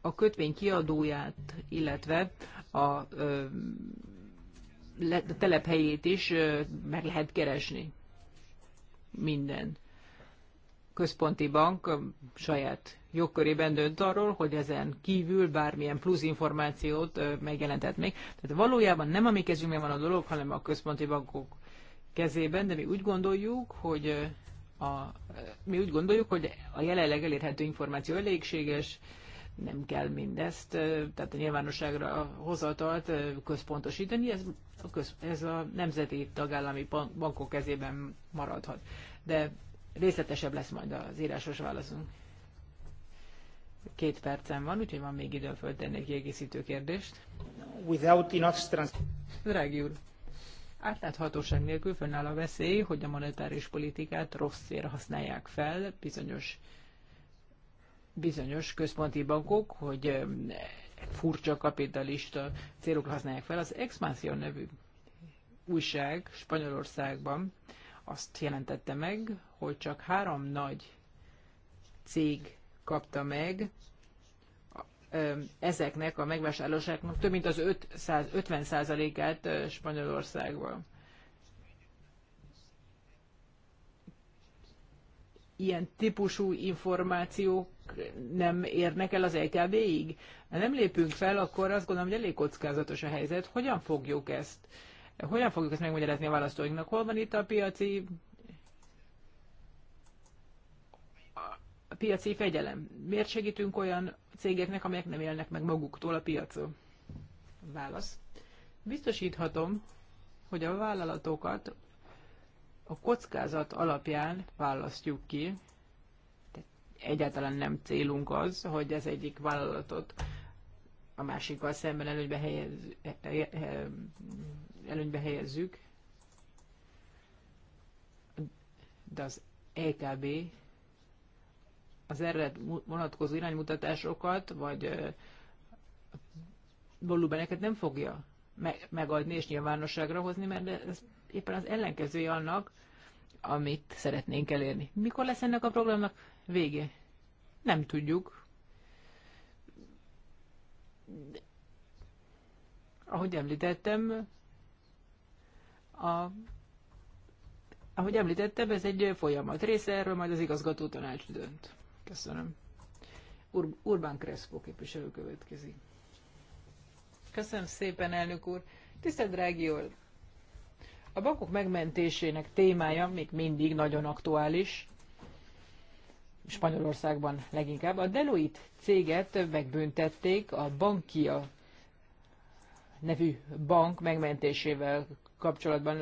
a kötvény kiadóját, illetve a telephelyét is meg lehet keresni. Minden központi bank saját jogkörében dönt arról, hogy ezen kívül bármilyen plusz információt megjelentett még. Tehát valójában nem a mi kezünkben van a dolog, hanem a központi bankok kezében, de mi úgy gondoljuk, hogy a, mi úgy gondoljuk, hogy a jelenleg elérhető információ elégséges, nem kell mindezt, tehát a nyilvánosságra hozatalt központosítani, ez a, köz, ez a nemzeti tagállami bankok kezében maradhat. De részletesebb lesz majd az írásos válaszunk. Két percem van, úgyhogy van még idő föltenni egy kiegészítő kérdést. Without enough strength. Drági úr, átláthatóság nélkül fönnáll a veszély, hogy a monetáris politikát rossz célra használják fel bizonyos, bizonyos központi bankok, hogy furcsa kapitalista célokra használják fel. Az Expansió nevű újság Spanyolországban azt jelentette meg, hogy csak három nagy cég kapta meg ezeknek a megvásárlóságnak több mint az 50%-át Spanyolországban. Ilyen típusú információk nem érnek el az LKB-ig? Ha nem lépünk fel, akkor azt gondolom, hogy elég kockázatos a helyzet. Hogyan fogjuk ezt? Hogyan fogjuk ezt megmagyarázni a választóinknak? Hol van itt a piaci piaci fegyelem. Miért segítünk olyan cégeknek, amelyek nem élnek meg maguktól a piacon? Válasz. Biztosíthatom, hogy a vállalatokat a kockázat alapján választjuk ki. Tehát egyáltalán nem célunk az, hogy az egyik vállalatot a másikkal szemben előnybe, helyez, előnybe helyezzük. De az EKB az erre vonatkozó iránymutatásokat, vagy volumeneket nem fogja megadni és nyilvánosságra hozni, mert ez éppen az ellenkezője annak, amit szeretnénk elérni. Mikor lesz ennek a programnak vége? Nem tudjuk. De, ahogy említettem, a, ahogy említettem, ez egy folyamat része, erről majd az igazgató tanács dönt. Köszönöm. Ur- Urbán Kreszpó képviselő következik. Köszönöm szépen, elnök úr. Tisztelt drági úr, a bankok megmentésének témája még mindig nagyon aktuális. Spanyolországban leginkább. A Deloitte céget megbüntették a Bankia nevű bank megmentésével kapcsolatban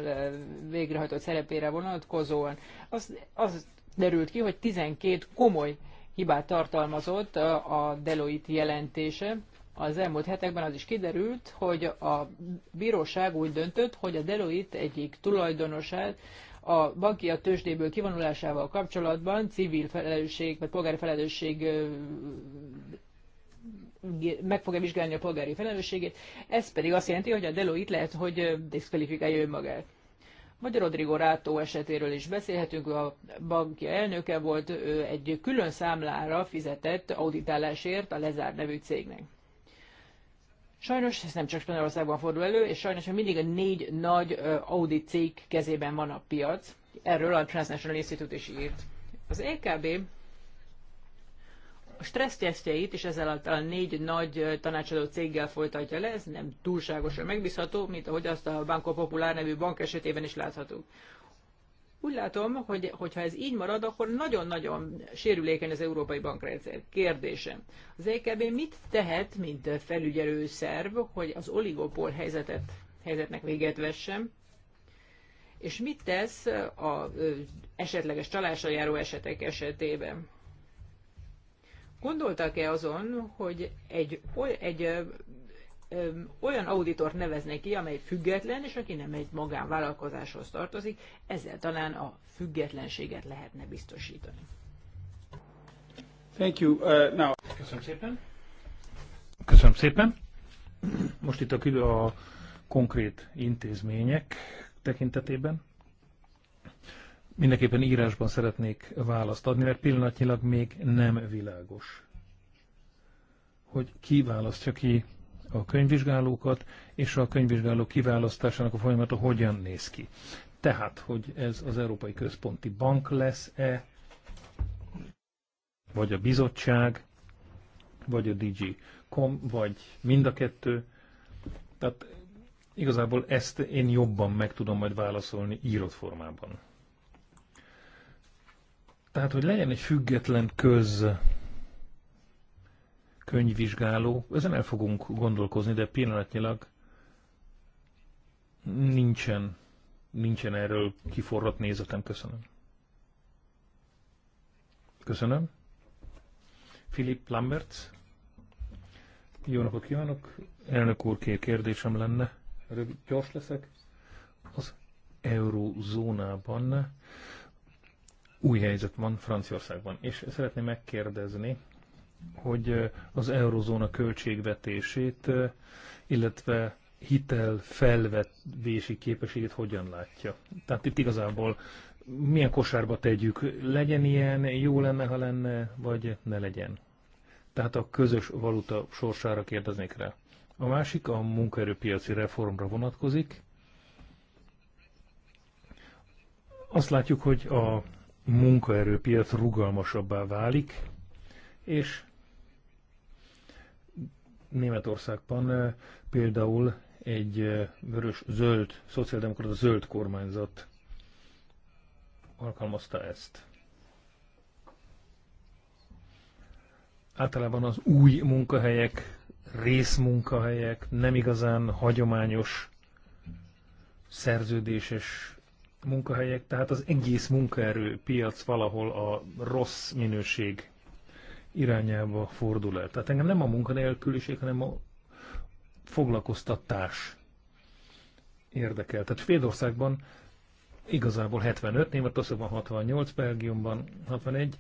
végrehajtott szerepére vonatkozóan. Az, az derült ki, hogy 12 komoly hibát tartalmazott a Deloitte jelentése. Az elmúlt hetekben az is kiderült, hogy a bíróság úgy döntött, hogy a Deloitte egyik tulajdonosát a banki a tőzsdéből kivonulásával kapcsolatban civil felelősség vagy polgári felelősség meg fogja vizsgálni a polgári felelősségét. Ez pedig azt jelenti, hogy a Deloitte lehet, hogy diszkvalifikálja önmagát. Vagy Rodrigo Rátó esetéről is beszélhetünk, a bankja elnöke volt, ő egy külön számlára fizetett auditálásért a Lezár nevű cégnek. Sajnos ez nem csak Spanyolországban fordul elő, és sajnos mindig a négy nagy audit cég kezében van a piac. Erről a Transnational Institute is írt. Az EKB stressztesztjeit is a négy nagy tanácsadó céggel folytatja le, ez nem túlságosan megbízható, mint ahogy azt a Banco Popular nevű bank esetében is láthatunk. Úgy látom, hogy hogyha ez így marad, akkor nagyon-nagyon sérülékeny az európai bankrendszer. Kérdésem. Az EKB mit tehet, mint felügyelő szerv, hogy az oligopól helyzetet, helyzetnek véget vessem, és mit tesz az esetleges csalással járó esetek esetében? Gondoltak-e azon, hogy egy, oly, egy ö, ö, olyan auditort neveznek ki, amely független, és aki nem egy magánvállalkozáshoz tartozik, ezzel talán a függetlenséget lehetne biztosítani. Thank you. Uh, now. Köszönöm szépen. Köszönöm szépen. Most itt a, a konkrét intézmények tekintetében mindenképpen írásban szeretnék választ adni, mert pillanatnyilag még nem világos, hogy ki választja ki a könyvvizsgálókat, és a könyvvizsgálók kiválasztásának a folyamata hogyan néz ki. Tehát, hogy ez az Európai Központi Bank lesz-e, vagy a bizottság, vagy a DG Com, vagy mind a kettő. Tehát igazából ezt én jobban meg tudom majd válaszolni írott formában. Tehát, hogy legyen egy független köz könyvvizsgáló, ezen el fogunk gondolkozni, de pillanatnyilag nincsen, nincsen erről kiforrott nézetem. Köszönöm. Köszönöm. Philip Lambert. Jó napot kívánok. Elnök úr, két kérdésem lenne. Rövid, gyors leszek. Az eurozónában új helyzet van Franciaországban, és szeretném megkérdezni, hogy az eurozóna költségvetését, illetve hitel felvetési képességét hogyan látja. Tehát itt igazából milyen kosárba tegyük, legyen ilyen, jó lenne, ha lenne, vagy ne legyen. Tehát a közös valuta sorsára kérdeznék rá. A másik a munkaerőpiaci reformra vonatkozik. Azt látjuk, hogy a munkaerőpiac rugalmasabbá válik, és Németországban például egy vörös-zöld, szociáldemokrata zöld kormányzat alkalmazta ezt. Általában az új munkahelyek, részmunkahelyek, nem igazán hagyományos szerződéses munkahelyek, tehát az egész munkaerő piac valahol a rossz minőség irányába fordul el. Tehát engem nem a munkanélküliség, hanem a foglalkoztatás érdekel. Tehát Svédországban igazából 75, Németországban 68, Belgiumban 61,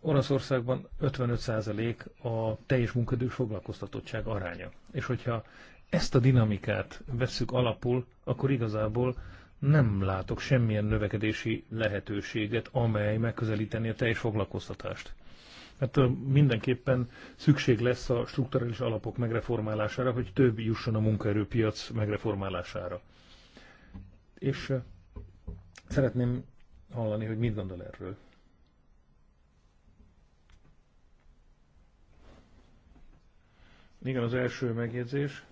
Oroszországban 55% a teljes munkadő foglalkoztatottság aránya. És hogyha ezt a dinamikát vesszük alapul, akkor igazából nem látok semmilyen növekedési lehetőséget, amely megközelíteni a teljes foglalkoztatást. Hát mindenképpen szükség lesz a strukturális alapok megreformálására, hogy több jusson a munkaerőpiac megreformálására. És szeretném hallani, hogy mit gondol erről. Igen, az első megjegyzés.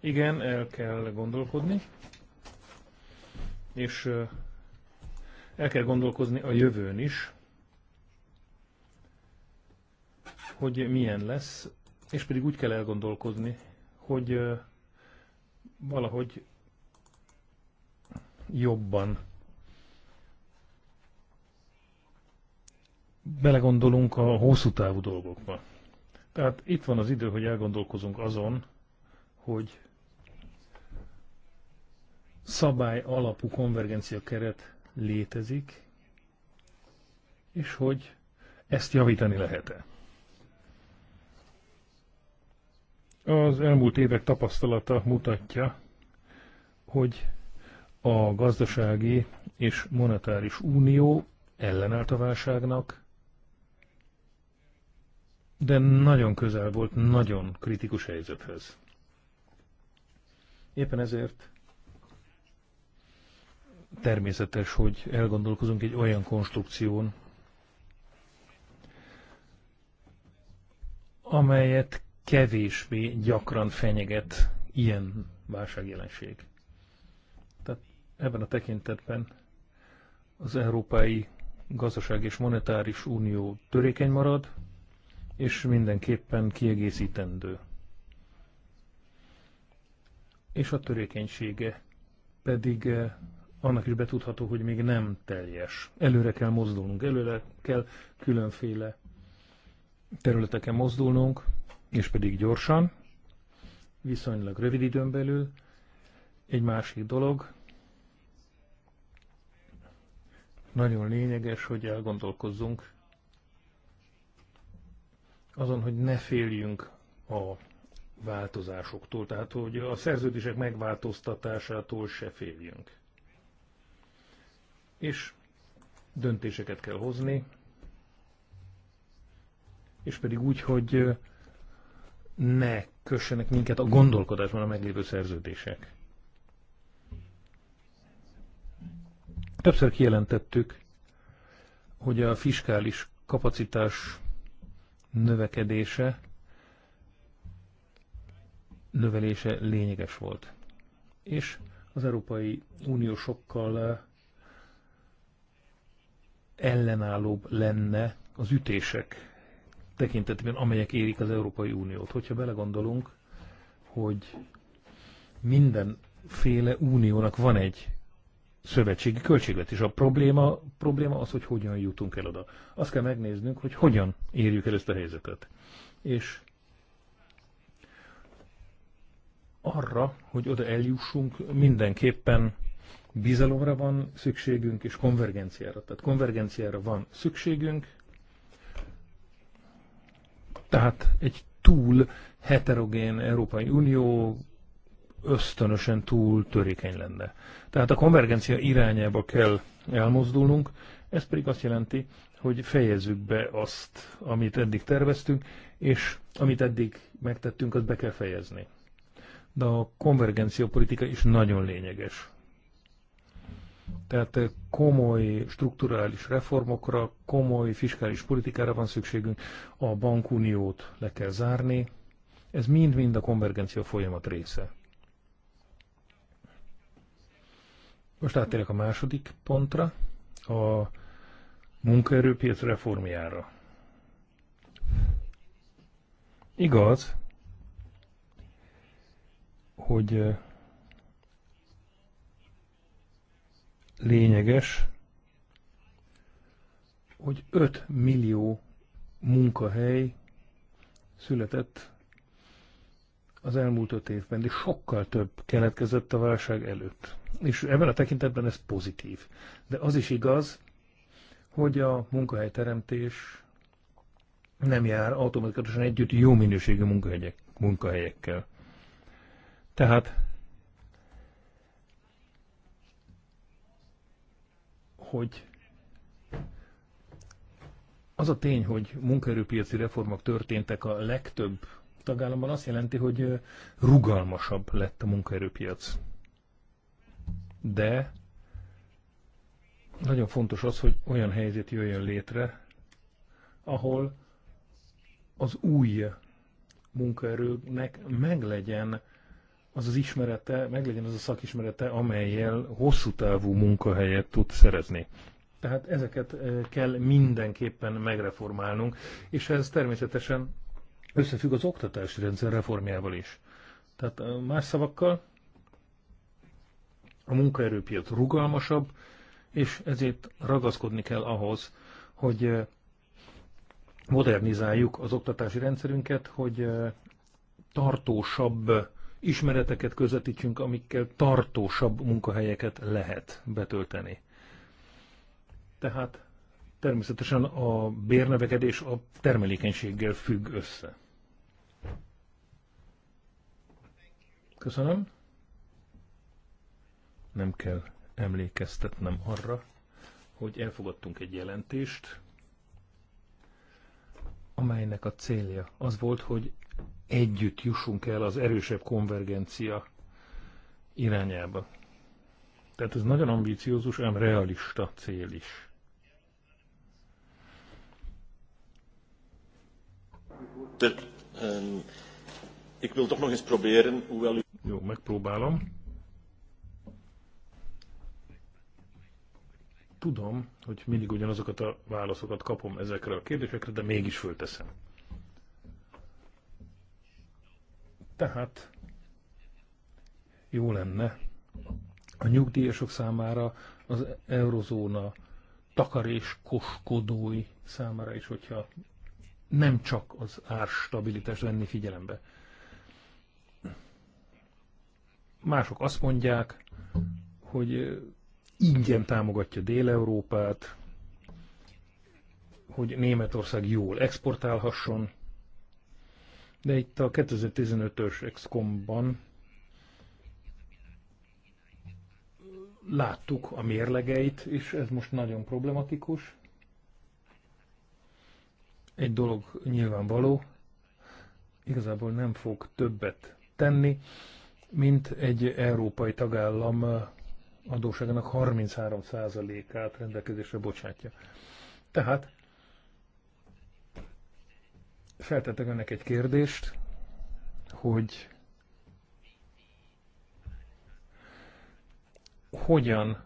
Igen, el kell gondolkodni és el kell gondolkozni a jövőn is, hogy milyen lesz, és pedig úgy kell elgondolkozni, hogy valahogy jobban belegondolunk a hosszú távú dolgokba. Tehát itt van az idő, hogy elgondolkozunk azon, hogy szabály alapú konvergencia keret létezik, és hogy ezt javítani lehet-e. Az elmúlt évek tapasztalata mutatja, hogy a gazdasági és monetáris unió ellenállt a válságnak, de nagyon közel volt nagyon kritikus helyzethez. Éppen ezért természetes, hogy elgondolkozunk egy olyan konstrukción, amelyet kevésbé gyakran fenyeget ilyen válságjelenség. Tehát ebben a tekintetben az Európai Gazdaság és Monetáris Unió törékeny marad, és mindenképpen kiegészítendő. És a törékenysége pedig eh, annak is betudható, hogy még nem teljes. Előre kell mozdulnunk, előre kell különféle területeken mozdulnunk, és pedig gyorsan, viszonylag rövid időn belül. Egy másik dolog, nagyon lényeges, hogy elgondolkozzunk azon, hogy ne féljünk a változásoktól, tehát hogy a szerződések megváltoztatásától se féljünk és döntéseket kell hozni, és pedig úgy, hogy ne kössenek minket a gondolkodásban a meglévő szerződések. Többször kijelentettük, hogy a fiskális kapacitás növekedése, növelése lényeges volt. És az Európai Unió sokkal ellenállóbb lenne az ütések tekintetében, amelyek érik az Európai Uniót. Hogyha belegondolunk, hogy mindenféle uniónak van egy szövetségi költségvet, és a probléma, probléma az, hogy hogyan jutunk el oda. Azt kell megnéznünk, hogy hogyan érjük el ezt a helyzetet. És arra, hogy oda eljussunk, mindenképpen Bizalomra van szükségünk, és konvergenciára. Tehát konvergenciára van szükségünk, tehát egy túl heterogén Európai Unió ösztönösen túl törékeny lenne. Tehát a konvergencia irányába kell elmozdulnunk, ez pedig azt jelenti, hogy fejezzük be azt, amit eddig terveztünk, és amit eddig megtettünk, azt be kell fejezni. De a konvergencia politika is nagyon lényeges. Tehát eh, komoly strukturális reformokra, komoly fiskális politikára van szükségünk, a bankuniót le kell zárni. Ez mind-mind a konvergencia folyamat része. Most áttérek a második pontra, a munkaerőpiac reformjára. Igaz, hogy eh, lényeges, hogy 5 millió munkahely született az elmúlt öt évben, de sokkal több keletkezett a válság előtt. És ebben a tekintetben ez pozitív. De az is igaz, hogy a munkahelyteremtés nem jár automatikusan együtt jó minőségű munkahelyek, munkahelyekkel. Tehát hogy az a tény, hogy munkaerőpiaci reformok történtek a legtöbb tagállamban, azt jelenti, hogy rugalmasabb lett a munkaerőpiac. De nagyon fontos az, hogy olyan helyzet jöjjön létre, ahol az új munkaerőnek meglegyen az az ismerete, meglegyen az a szakismerete, amelyel hosszú távú munkahelyet tud szerezni. Tehát ezeket eh, kell mindenképpen megreformálnunk, és ez természetesen összefügg az oktatási rendszer reformjával is. Tehát eh, más szavakkal a munkaerőpiac rugalmasabb, és ezért ragaszkodni kell ahhoz, hogy eh, modernizáljuk az oktatási rendszerünket, hogy tartósabb ismereteket közvetítsünk, amikkel tartósabb munkahelyeket lehet betölteni. Tehát természetesen a bérnövekedés a termelékenységgel függ össze. Köszönöm. Nem kell emlékeztetnem arra, hogy elfogadtunk egy jelentést, amelynek a célja az volt, hogy együtt jussunk el az erősebb konvergencia irányába. Tehát ez nagyon ambíciózus, ám realista cél is. Um, Jó, megpróbálom. Tudom, hogy mindig ugyanazokat a válaszokat kapom ezekre a kérdésekre, de mégis fölteszem. Tehát jó lenne a nyugdíjasok számára az eurozóna takarés koskodói számára is, hogyha nem csak az árstabilitást venni figyelembe. Mások azt mondják, hogy ingyen támogatja Dél-Európát, hogy Németország jól exportálhasson, de itt a 2015-ös Excomban láttuk a mérlegeit, és ez most nagyon problematikus. Egy dolog nyilvánvaló, igazából nem fog többet tenni, mint egy európai tagállam adóságának 33%-át rendelkezésre bocsátja. Tehát feltettek önnek egy kérdést, hogy hogyan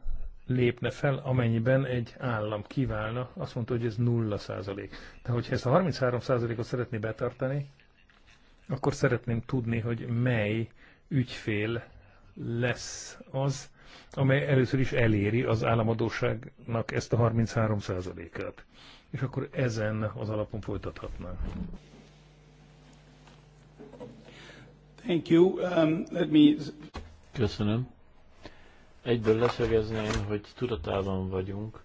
lépne fel, amennyiben egy állam kiválna, azt mondta, hogy ez 0 százalék. De hogyha ezt a 33 százalékot szeretné betartani, akkor szeretném tudni, hogy mely ügyfél lesz az, amely először is eléri az államadóságnak ezt a 33 százalékát és akkor ezen az alapon folytathatnánk. Thank you. Um, let me... Köszönöm. Egyből leszögezném, hogy tudatában vagyunk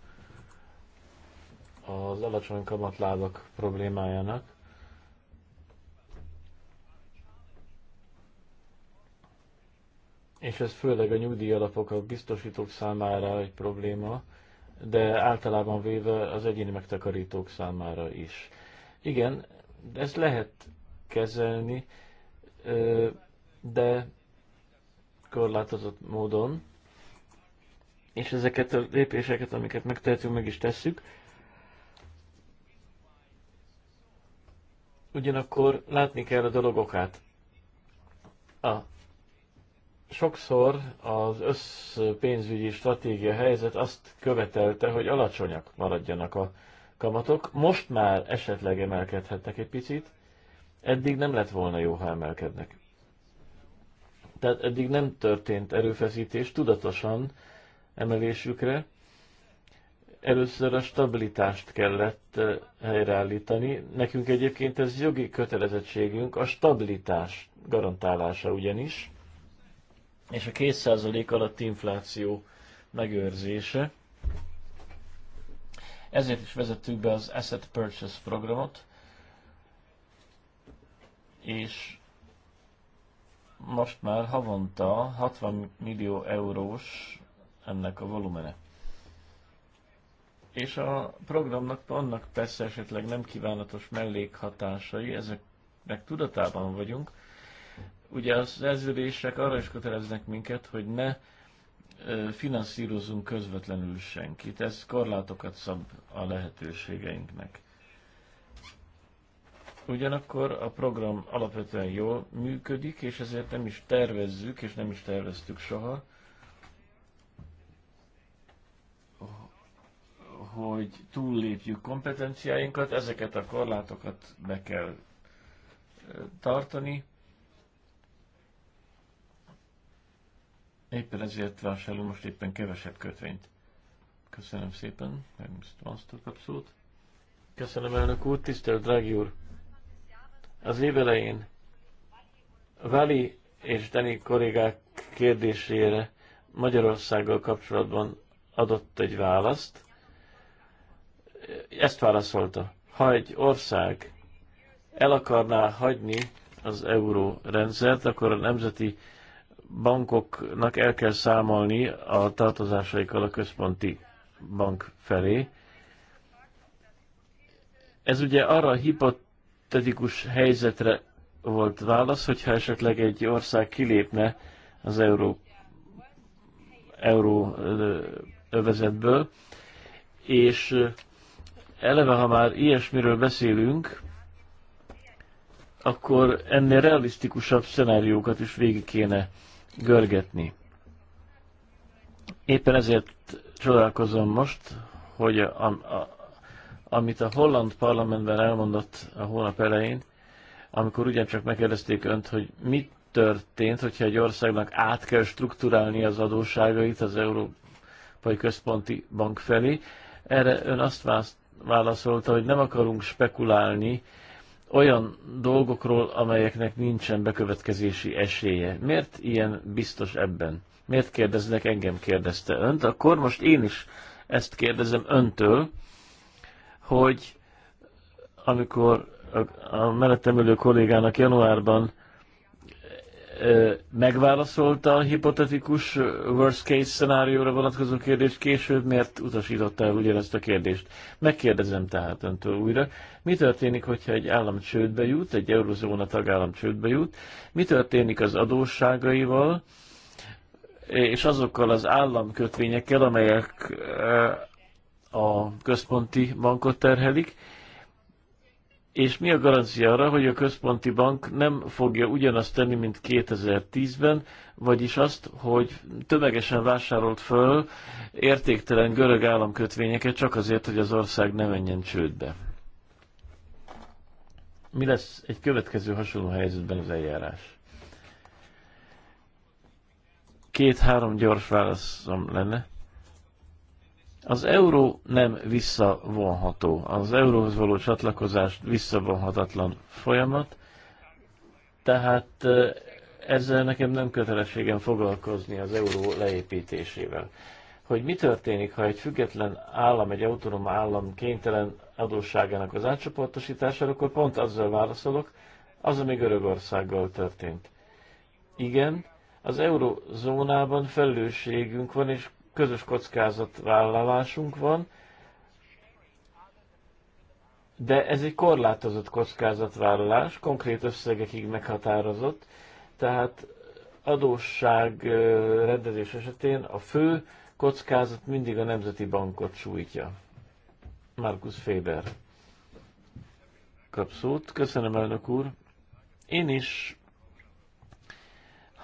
az alacsony kamatlábak problémájának. És ez főleg a nyugdíjalapok, a biztosítók számára egy probléma, de általában véve az egyéni megtakarítók számára is. Igen, ezt lehet kezelni, de korlátozott módon, és ezeket a lépéseket, amiket megtehetünk, meg is tesszük. Ugyanakkor látni kell a dolog okát. A sokszor az összpénzügyi stratégia helyzet azt követelte, hogy alacsonyak maradjanak a kamatok. Most már esetleg emelkedhetnek egy picit, eddig nem lett volna jó, ha emelkednek. Tehát eddig nem történt erőfeszítés tudatosan emelésükre. Először a stabilitást kellett eh, helyreállítani. Nekünk egyébként ez jogi kötelezettségünk a stabilitás garantálása ugyanis és a 2% alatti infláció megőrzése. Ezért is vezettük be az Asset Purchase programot, és most már havonta 60 millió eurós ennek a volumene. És a programnak vannak persze esetleg nem kívánatos mellékhatásai, ezeknek tudatában vagyunk, Ugye a szerződések arra is köteleznek minket, hogy ne finanszírozunk közvetlenül senkit. Ez korlátokat szab a lehetőségeinknek. Ugyanakkor a program alapvetően jól működik, és ezért nem is tervezzük, és nem is terveztük soha, hogy túllépjük kompetenciáinkat, ezeket a korlátokat be kell tartani, Éppen ezért vásárolom most éppen kevesebb kötvényt. Köszönöm szépen, meg Monster kap szót. Köszönöm elnök úr, tisztelt drági úr. Az év elején Vali és Dani kollégák kérdésére Magyarországgal kapcsolatban adott egy választ. Ezt válaszolta. Ha egy ország el akarná hagyni az euró rendszert, akkor a nemzeti bankoknak el kell számolni a tartozásaikkal a központi bank felé. Ez ugye arra a hipotetikus helyzetre volt válasz, hogyha esetleg egy ország kilépne az euró, euró övezetből, és eleve, ha már ilyesmiről beszélünk, akkor ennél realisztikusabb szenáriókat is végig kéne görgetni. Éppen ezért csodálkozom most, hogy a, a, amit a holland parlamentben elmondott a hónap elején, amikor ugyancsak megkérdezték önt, hogy mit történt, hogyha egy országnak át kell strukturálni az adósságait az Európai Központi Bank felé. Erre ön azt válaszolta, hogy nem akarunk spekulálni olyan dolgokról, amelyeknek nincsen bekövetkezési esélye. Miért ilyen biztos ebben? Miért kérdeznek engem, kérdezte önt? Akkor most én is ezt kérdezem öntől, hogy amikor a, a mellettem ülő kollégának januárban megválaszolta a hipotetikus worst case szenárióra vonatkozó kérdést, később miért utasította el ugyanezt a kérdést. Megkérdezem tehát öntől újra, mi történik, hogyha egy állam csődbe jut, egy eurozóna tagállam csődbe jut, mi történik az adósságaival, és azokkal az államkötvényekkel, amelyek a központi bankot terhelik, és mi a garancia arra, hogy a központi bank nem fogja ugyanazt tenni, mint 2010-ben, vagyis azt, hogy tömegesen vásárolt föl értéktelen görög államkötvényeket csak azért, hogy az ország ne menjen csődbe. Mi lesz egy következő hasonló helyzetben az eljárás? Két-három gyors válaszom lenne. Az euró nem visszavonható. Az euróhoz való csatlakozás visszavonhatatlan folyamat, tehát ezzel nekem nem kötelességem foglalkozni az euró leépítésével. Hogy mi történik, ha egy független állam, egy autonóm állam kénytelen adósságának az átcsoportosítására, akkor pont azzal válaszolok, az, ami Görögországgal történt. Igen, az eurozónában felelősségünk van, és közös kockázatvállalásunk van, de ez egy korlátozott kockázatvállalás, konkrét összegekig meghatározott, tehát adósság rendezés esetén a fő kockázat mindig a Nemzeti Bankot sújtja. Markus Féber kap szót. Köszönöm, elnök úr. Én is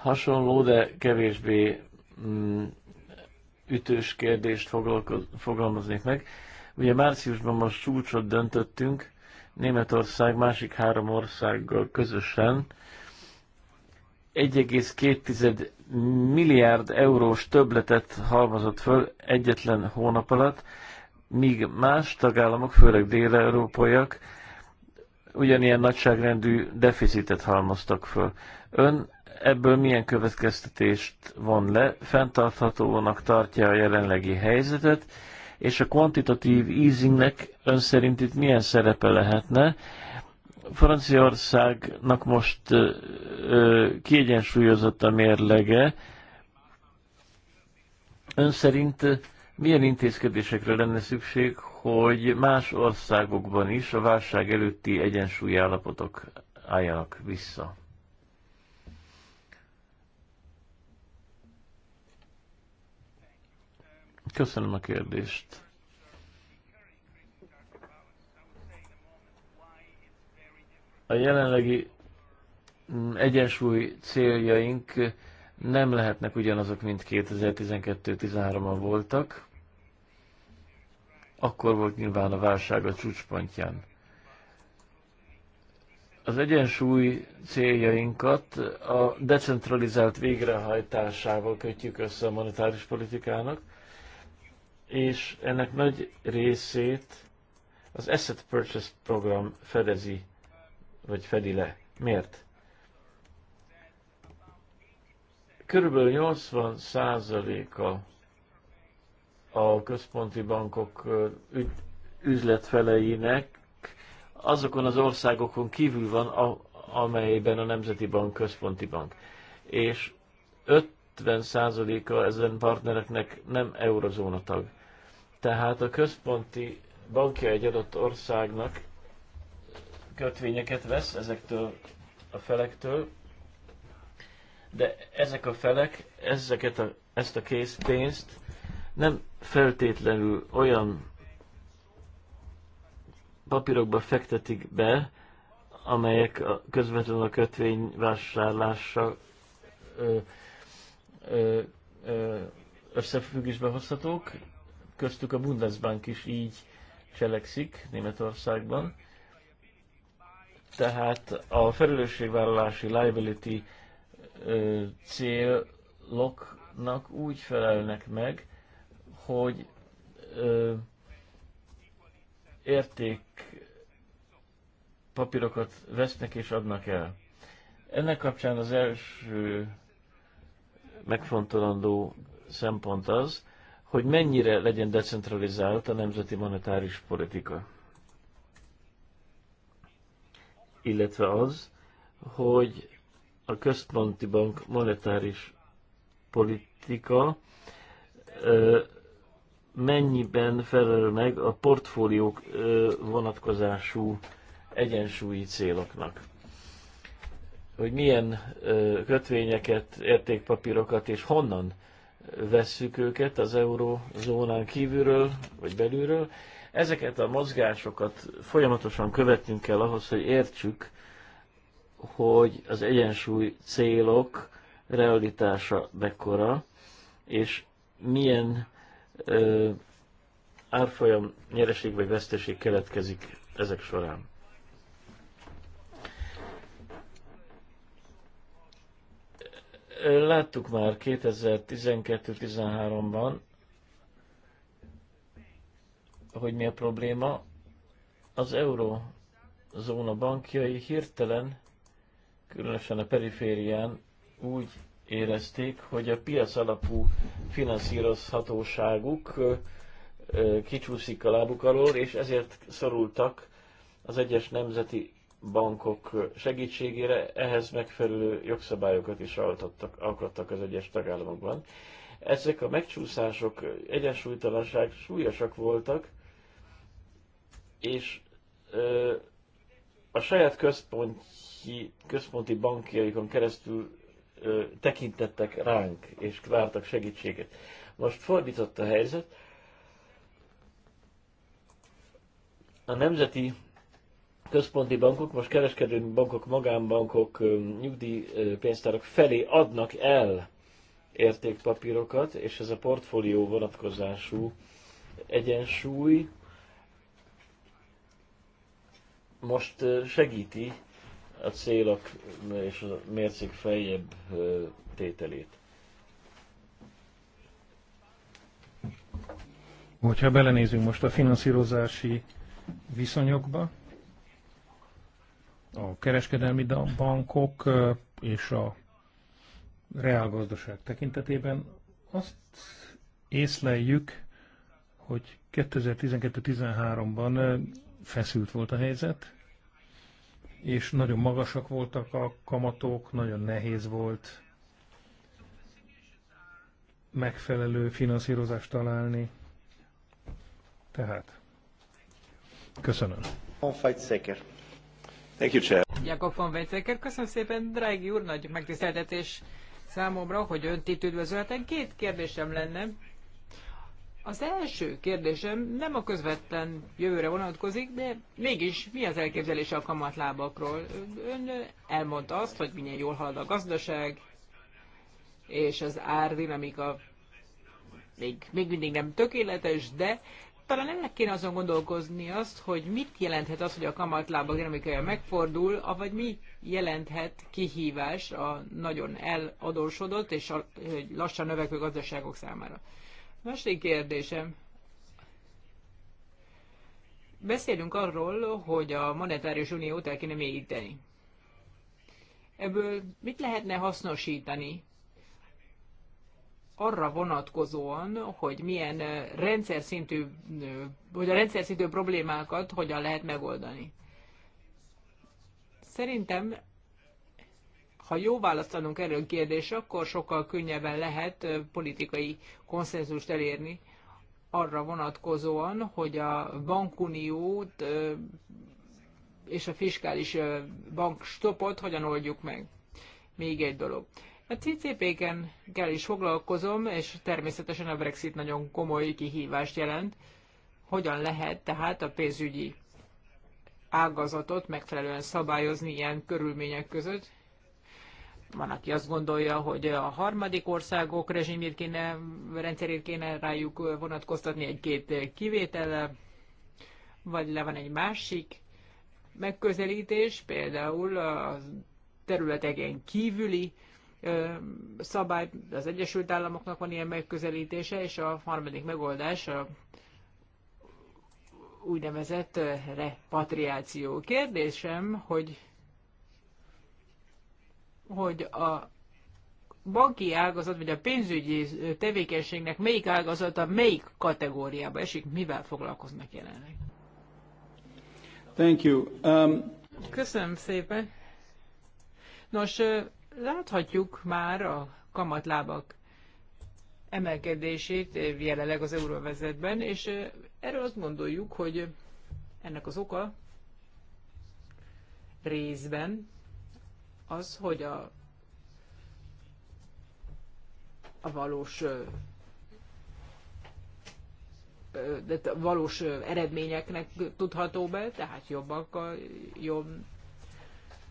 hasonló, de kevésbé mm, ütős kérdést fogalmaznék meg. Ugye márciusban most csúcsot döntöttünk, Németország másik három országgal közösen 1,2 milliárd eurós többletet halmozott föl egyetlen hónap alatt, míg más tagállamok, főleg dél-európaiak, ugyanilyen nagyságrendű deficitet halmoztak föl. Ön ebből milyen következtetést von le, fenntarthatónak tartja a jelenlegi helyzetet, és a kvantitatív easingnek ön szerint itt milyen szerepe lehetne. Franciaországnak most ö, kiegyensúlyozott a mérlege. Ön szerint milyen intézkedésekre lenne szükség, hogy más országokban is a válság előtti egyensúlyállapotok álljanak vissza? Köszönöm a kérdést. A jelenlegi mm, egyensúly céljaink nem lehetnek ugyanazok, mint 2012-13-ban voltak. Akkor volt nyilván a válság a csúcspontján. Az egyensúly céljainkat a decentralizált végrehajtásával kötjük össze a monetáris politikának, és ennek nagy részét az Asset Purchase program fedezi, vagy fedi le. Miért? Körülbelül 80 százaléka a központi bankok üzletfeleinek azokon az országokon kívül van, amelyben a Nemzeti Bank központi bank. És 5 70%-a ezen partnereknek nem eurozóna tag. Tehát a központi bankja egy adott országnak kötvényeket vesz ezektől a felektől, de ezek a felek ezeket a, ezt a készpénzt nem feltétlenül olyan papírokba fektetik be, amelyek a, közvetlenül a kötvényvásárlással ö, összefüggésbe hozhatók, köztük a Bundesbank is így cselekszik Németországban. Tehát a felelősségvállalási liability céloknak úgy felelnek meg, hogy ö, érték papírokat vesznek és adnak el. Ennek kapcsán az első megfontolandó szempont az, hogy mennyire legyen decentralizált a nemzeti monetáris politika. Illetve az, hogy a központi bank monetáris politika mennyiben felel meg a portfóliók vonatkozású egyensúlyi céloknak hogy milyen kötvényeket, értékpapírokat és honnan vesszük őket az eurózónán kívülről vagy belülről. Ezeket a mozgásokat folyamatosan követnünk kell ahhoz, hogy értsük, hogy az egyensúly célok realitása mekkora, és milyen ö, árfolyam nyereség vagy veszteség keletkezik ezek során. láttuk már 2012-13-ban, hogy mi a probléma. Az eurózóna bankjai hirtelen, különösen a periférián úgy érezték, hogy a piac alapú finanszírozhatóságuk kicsúszik a lábuk alól, és ezért szorultak az egyes nemzeti bankok segítségére, ehhez megfelelő jogszabályokat is alkottak, alkottak az egyes tagállamokban. Ezek a megcsúszások, egyensúlytalanság súlyosak voltak, és ö, a saját központi, központi bankjaikon keresztül ö, tekintettek ránk, és vártak segítséget. Most fordított a helyzet. A nemzeti központi bankok, most kereskedő bankok, magánbankok, nyugdíjpénztárak felé adnak el értékpapírokat, és ez a portfólió vonatkozású egyensúly most segíti a célok és a mércék feljebb tételét. Hogyha belenézünk most a finanszírozási viszonyokba, a kereskedelmi bankok és a reálgazdaság tekintetében azt észleljük, hogy 2012-13-ban feszült volt a helyzet, és nagyon magasak voltak a kamatok, nagyon nehéz volt megfelelő finanszírozást találni. Tehát, köszönöm. On fight Thank you, Chair. Jakob von Weizsäcker, köszönöm szépen, drági úr, nagy megtiszteltetés számomra, hogy önt itt üdvözölhetem. Két kérdésem lenne. Az első kérdésem nem a közvetlen jövőre vonatkozik, de mégis mi az elképzelése a kamatlábakról? Ön elmondta azt, hogy milyen jól halad a gazdaság, és az árdinamika még, még mindig nem tökéletes, de talán ennek kéne azon gondolkozni azt, hogy mit jelenthet az, hogy a kamatlábak dinamikája megfordul, avagy mi jelenthet kihívás a nagyon eladósodott és a, lassan növekvő gazdaságok számára. Másik kérdésem. Beszélünk arról, hogy a monetáris uniót el kéne mélyíteni. Ebből mit lehetne hasznosítani arra vonatkozóan, hogy milyen rendszer szintű, hogy a rendszer szintű problémákat hogyan lehet megoldani. Szerintem, ha jó választanunk erről a kérdésre, akkor sokkal könnyebben lehet politikai konszenzust elérni arra vonatkozóan, hogy a bankuniót és a fiskális bankstopot hogyan oldjuk meg. Még egy dolog. A CCP-ken is foglalkozom, és természetesen a Brexit nagyon komoly kihívást jelent. Hogyan lehet tehát a pénzügyi ágazatot megfelelően szabályozni ilyen körülmények között? Van, aki azt gondolja, hogy a harmadik országok rezsimjét kéne, rendszerét kéne rájuk vonatkoztatni egy-két kivétellel, vagy le van egy másik megközelítés, például a területeken kívüli szabály, az Egyesült Államoknak van ilyen megközelítése, és a harmadik megoldás a úgynevezett repatriáció. Kérdésem, hogy, hogy a banki ágazat, vagy a pénzügyi tevékenységnek melyik ágazata, melyik kategóriába esik, mivel foglalkoznak jelenleg? Thank you. Um... Köszönöm szépen. Nos, Láthatjuk már a kamatlábak emelkedését jelenleg az euróvezetben, és erről azt gondoljuk, hogy ennek az oka részben az, hogy a, a valós de valós eredményeknek tudható be, tehát jobbak a, jobb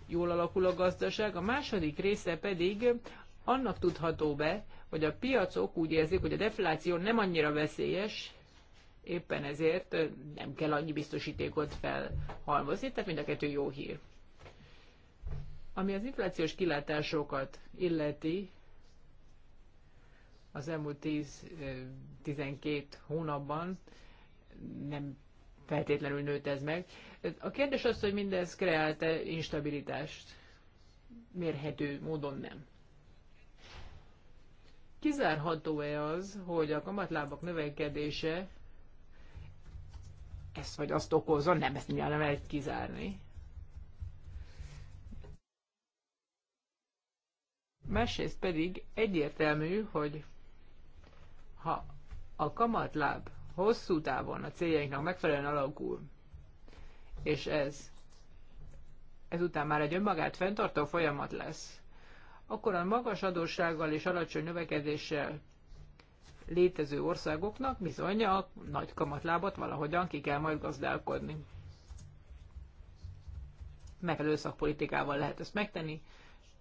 jól alakul a gazdaság, a második része pedig annak tudható be, hogy a piacok úgy érzik, hogy a defláció nem annyira veszélyes, éppen ezért nem kell annyi biztosítékot felhalmozni, tehát mind a kettő jó hír. Ami az inflációs kilátásokat illeti, az elmúlt 10-12 hónapban nem feltétlenül nőtt ez meg. A kérdés az, hogy mindez kreált-e instabilitást mérhető módon nem. Kizárható-e az, hogy a kamatlábak növekedése ezt vagy azt okozza? Nem, ezt nyilván nem lehet kizárni. Másrészt pedig egyértelmű, hogy ha a kamatláb hosszú távon a céljainknak megfelelően alakul, és ez ezután már egy önmagát fenntartó folyamat lesz, akkor a magas adóssággal és alacsony növekedéssel létező országoknak bizony a nagy kamatlábat valahogyan ki kell majd gazdálkodni. Megfelelő szakpolitikával lehet ezt megtenni,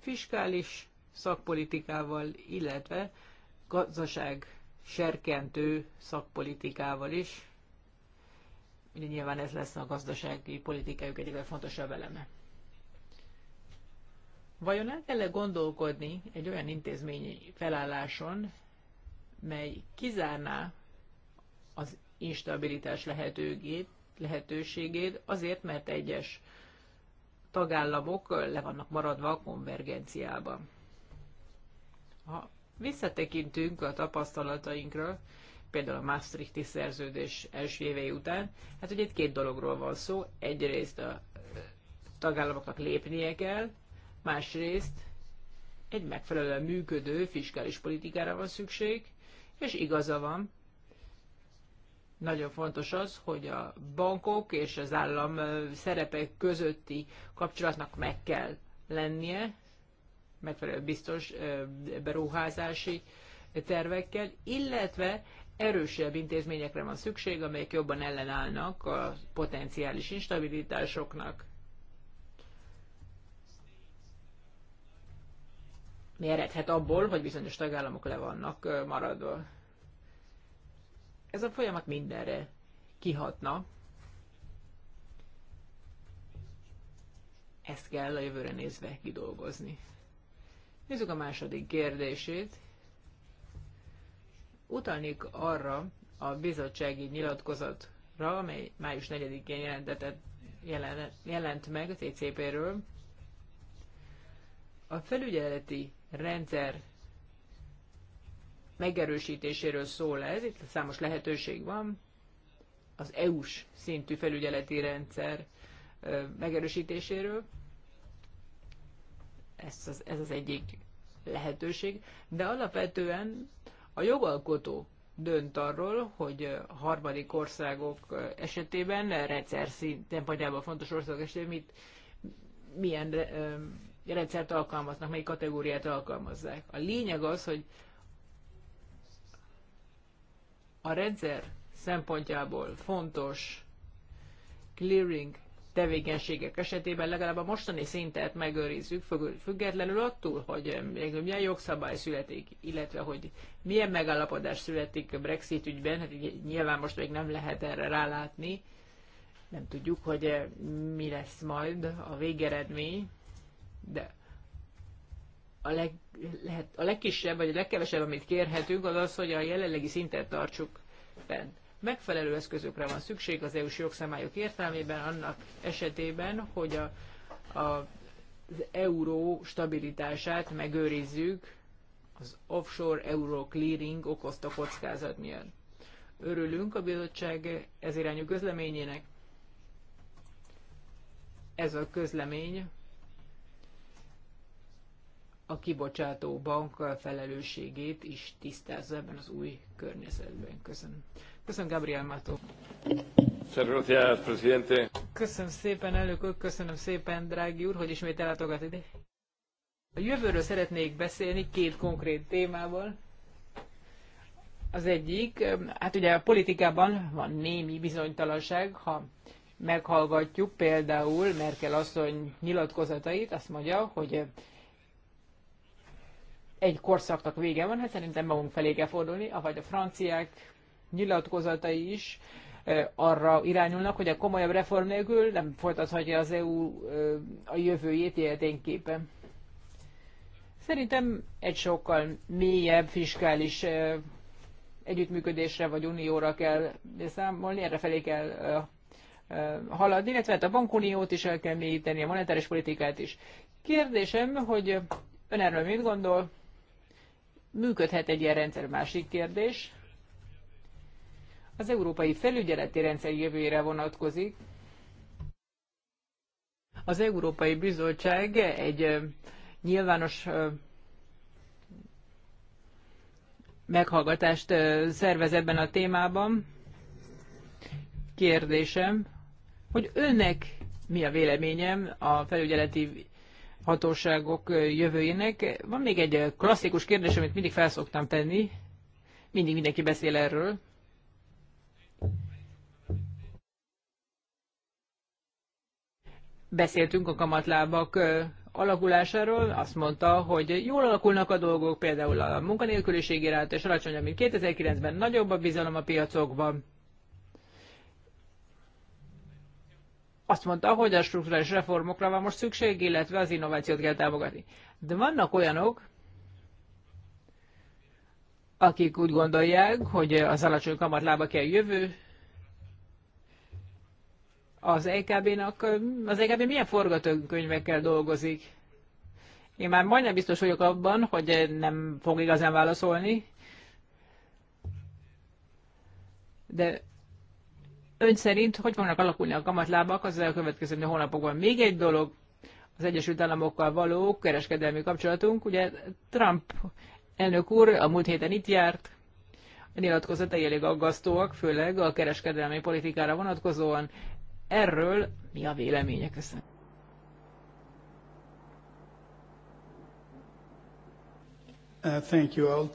fiskális szakpolitikával, illetve gazdaság serkentő szakpolitikával is. Ugye nyilván ez lesz a gazdasági politikájuk egyik fontosabb eleme. Vajon el kell -e gondolkodni egy olyan intézményi felálláson, mely kizárná az instabilitás lehetőgét, lehetőségét, azért, mert egyes tagállamok le vannak maradva a konvergenciában. Ha visszatekintünk a tapasztalatainkra, például a Maastrichti szerződés első évei után, hát ugye itt két dologról van szó. Egyrészt a tagállamoknak lépnie kell, másrészt egy megfelelően működő fiskális politikára van szükség, és igaza van. Nagyon fontos az, hogy a bankok és az állam szerepek közötti kapcsolatnak meg kell lennie, megfelelő biztos beruházási tervekkel, illetve erősebb intézményekre van szükség, amelyek jobban ellenállnak a potenciális instabilitásoknak. Mi eredhet abból, hogy bizonyos tagállamok le vannak maradva. Ez a folyamat mindenre kihatna. Ezt kell a jövőre nézve kidolgozni. Nézzük a második kérdését. Utalnék arra a bizottsági nyilatkozatra, amely május 4-én jelentetett, jelent meg a CCP-ről. A felügyeleti rendszer megerősítéséről szól ez, itt számos lehetőség van, az EU-s szintű felügyeleti rendszer megerősítéséről ez az, ez az egyik lehetőség, de alapvetően a jogalkotó dönt arról, hogy harmadik országok esetében, rendszer szinten szempontjából fontos országok esetében mit, milyen rendszert alkalmaznak, melyik kategóriát alkalmazzák. A lényeg az, hogy a rendszer szempontjából fontos clearing tevékenységek esetében legalább a mostani szintet megőrizzük, függetlenül attól, hogy milyen jogszabály születik, illetve hogy milyen megállapodás születik a Brexit ügyben, hát nyilván most még nem lehet erre rálátni, nem tudjuk, hogy eh, mi lesz majd a végeredmény, de a, leg, lehet, a legkisebb, vagy a legkevesebb, amit kérhetünk, az az, hogy a jelenlegi szintet tartsuk fent megfelelő eszközökre van szükség az EU-s jogszabályok értelmében annak esetében, hogy a, a, az euró stabilitását megőrizzük az offshore euro clearing okozta kockázat miatt. Örülünk a bizottság ez irányú közleményének. Ez a közlemény a kibocsátó bank felelősségét is tisztázza ebben az új környezetben. Köszönöm. Köszönöm, Gabriel Mato. Köszönöm szépen, elnök úr, köszönöm szépen, drági úr, hogy ismét ellátogat ide. A jövőről szeretnék beszélni két konkrét témával. Az egyik, hát ugye a politikában van némi bizonytalanság, ha meghallgatjuk például Merkel asszony nyilatkozatait, azt mondja, hogy egy korszaknak vége van, hát szerintem magunk felé kell fordulni, avagy a franciák nyilatkozatai is arra irányulnak, hogy a komolyabb reform nélkül nem folytathatja az EU a jövőjét életénképpen. Szerintem egy sokkal mélyebb fiskális együttműködésre vagy unióra kell számolni, erre felé kell haladni, illetve hát a bankuniót is el kell mélyíteni, a monetáris politikát is. Kérdésem, hogy ön erről mit gondol? Működhet egy ilyen rendszer? Másik kérdés az európai felügyeleti rendszer jövőjére vonatkozik. Az Európai Bizottság egy nyilvános meghallgatást szervez ebben a témában. Kérdésem, hogy önnek mi a véleményem a felügyeleti hatóságok jövőjének. Van még egy klasszikus kérdés, amit mindig felszoktam tenni. Mindig mindenki beszél erről. Beszéltünk a kamatlábak alakulásáról, azt mondta, hogy jól alakulnak a dolgok, például a munkanélküliség iránt, és alacsonyabb, mint 2009-ben, nagyobb a bizalom a piacokban. Azt mondta, hogy a struktúrális reformokra van most szükség, illetve az innovációt kell támogatni. De vannak olyanok, akik úgy gondolják, hogy az alacsony kamatlábak kell jövő, az EKB-nak, az EKB milyen forgatókönyvekkel dolgozik? Én már majdnem biztos vagyok abban, hogy nem fog igazán válaszolni, de ön szerint hogy fognak alakulni a kamatlábak az elkövetkező hónapokban? Még egy dolog, az Egyesült Államokkal való kereskedelmi kapcsolatunk. Ugye Trump elnök úr a múlt héten itt járt, a nyilatkozatai elég aggasztóak, főleg a kereskedelmi politikára vonatkozóan. Erről mi a véleménye? Köszönöm. Uh,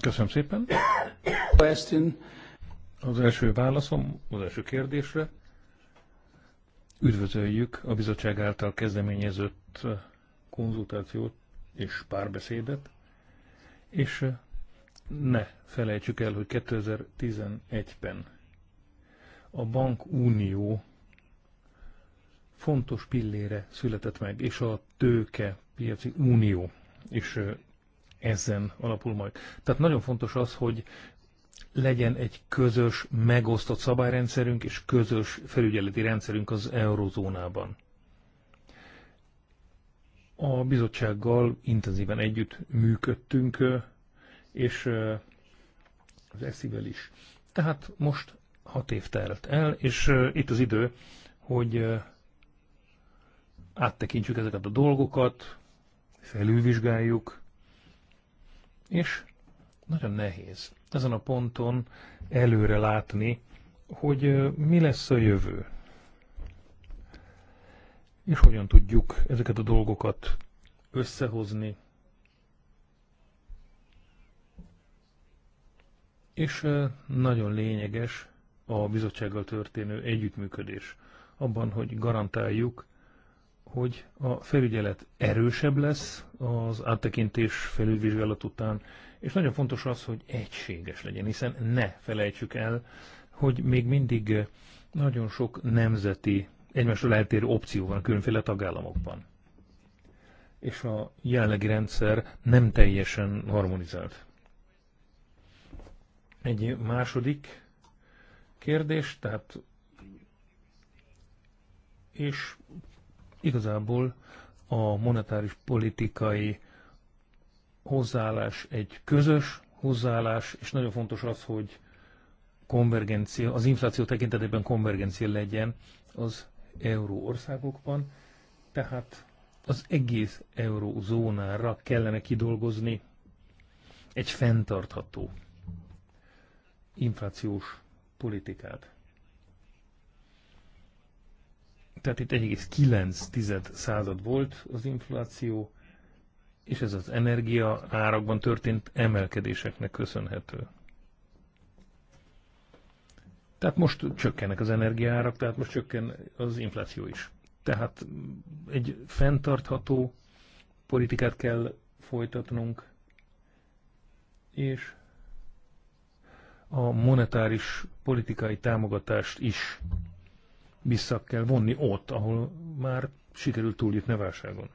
Köszönöm szépen. Question. Az első válaszom, az első kérdésre. Üdvözöljük a bizottság által kezdeményezett konzultációt és párbeszédet, és ne felejtsük el, hogy 2011-ben a bankunió fontos pillére született meg, és a tőke piaci unió is ezen alapul majd. Tehát nagyon fontos az, hogy legyen egy közös, megosztott szabályrendszerünk és közös felügyeleti rendszerünk az eurozónában. A bizottsággal intenzíven együtt működtünk, és az eszivel is. Tehát most hat év telt el, és itt az idő, hogy áttekintsük ezeket a dolgokat, felülvizsgáljuk, és nagyon nehéz ezen a ponton előre látni, hogy mi lesz a jövő, és hogyan tudjuk ezeket a dolgokat összehozni, És nagyon lényeges a bizottsággal történő együttműködés abban, hogy garantáljuk hogy a felügyelet erősebb lesz az áttekintés felülvizsgálat után, és nagyon fontos az, hogy egységes legyen, hiszen ne felejtsük el, hogy még mindig nagyon sok nemzeti, egymásról eltérő opció van különféle tagállamokban. És a jelenlegi rendszer nem teljesen harmonizált. Egy második kérdés, tehát és Igazából a monetáris politikai hozzáállás egy közös hozzáállás, és nagyon fontos az, hogy konvergencia, az infláció tekintetében konvergencia legyen az euró országokban, tehát az egész eurózónára kellene kidolgozni egy fenntartható inflációs politikát. Tehát itt 1,9 század volt az infláció, és ez az energia árakban történt emelkedéseknek köszönhető. Tehát most csökkennek az energiárak, tehát most csökken az infláció is. Tehát egy fenntartható politikát kell folytatnunk, és a monetáris politikai támogatást is vissza kell vonni ott, ahol már sikerült túljutni a válságon.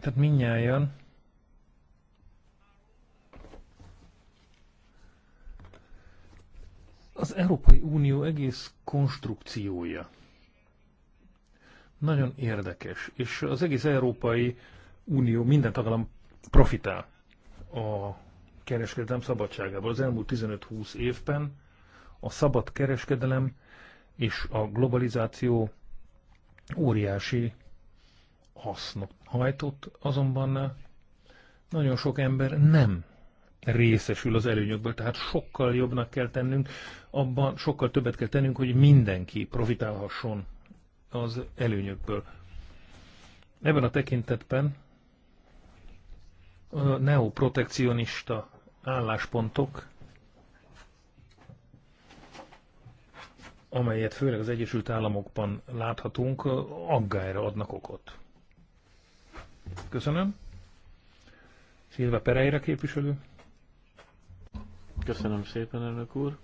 Tehát minnyáján az Európai Unió egész konstrukciója nagyon érdekes, és az egész Európai Unió minden tagállam profitál a kereskedelem szabadságából. Az elmúlt 15-20 évben a szabad kereskedelem és a globalizáció óriási hasznot hajtott, azonban nagyon sok ember nem részesül az előnyökből, tehát sokkal jobbnak kell tennünk, abban sokkal többet kell tennünk, hogy mindenki profitálhasson az előnyökből. Ebben a tekintetben a neoprotekcionista álláspontok, amelyet főleg az Egyesült Államokban láthatunk, aggályra adnak okot. Köszönöm. Szilva Pereira képviselő. Köszönöm szépen, elnök úr.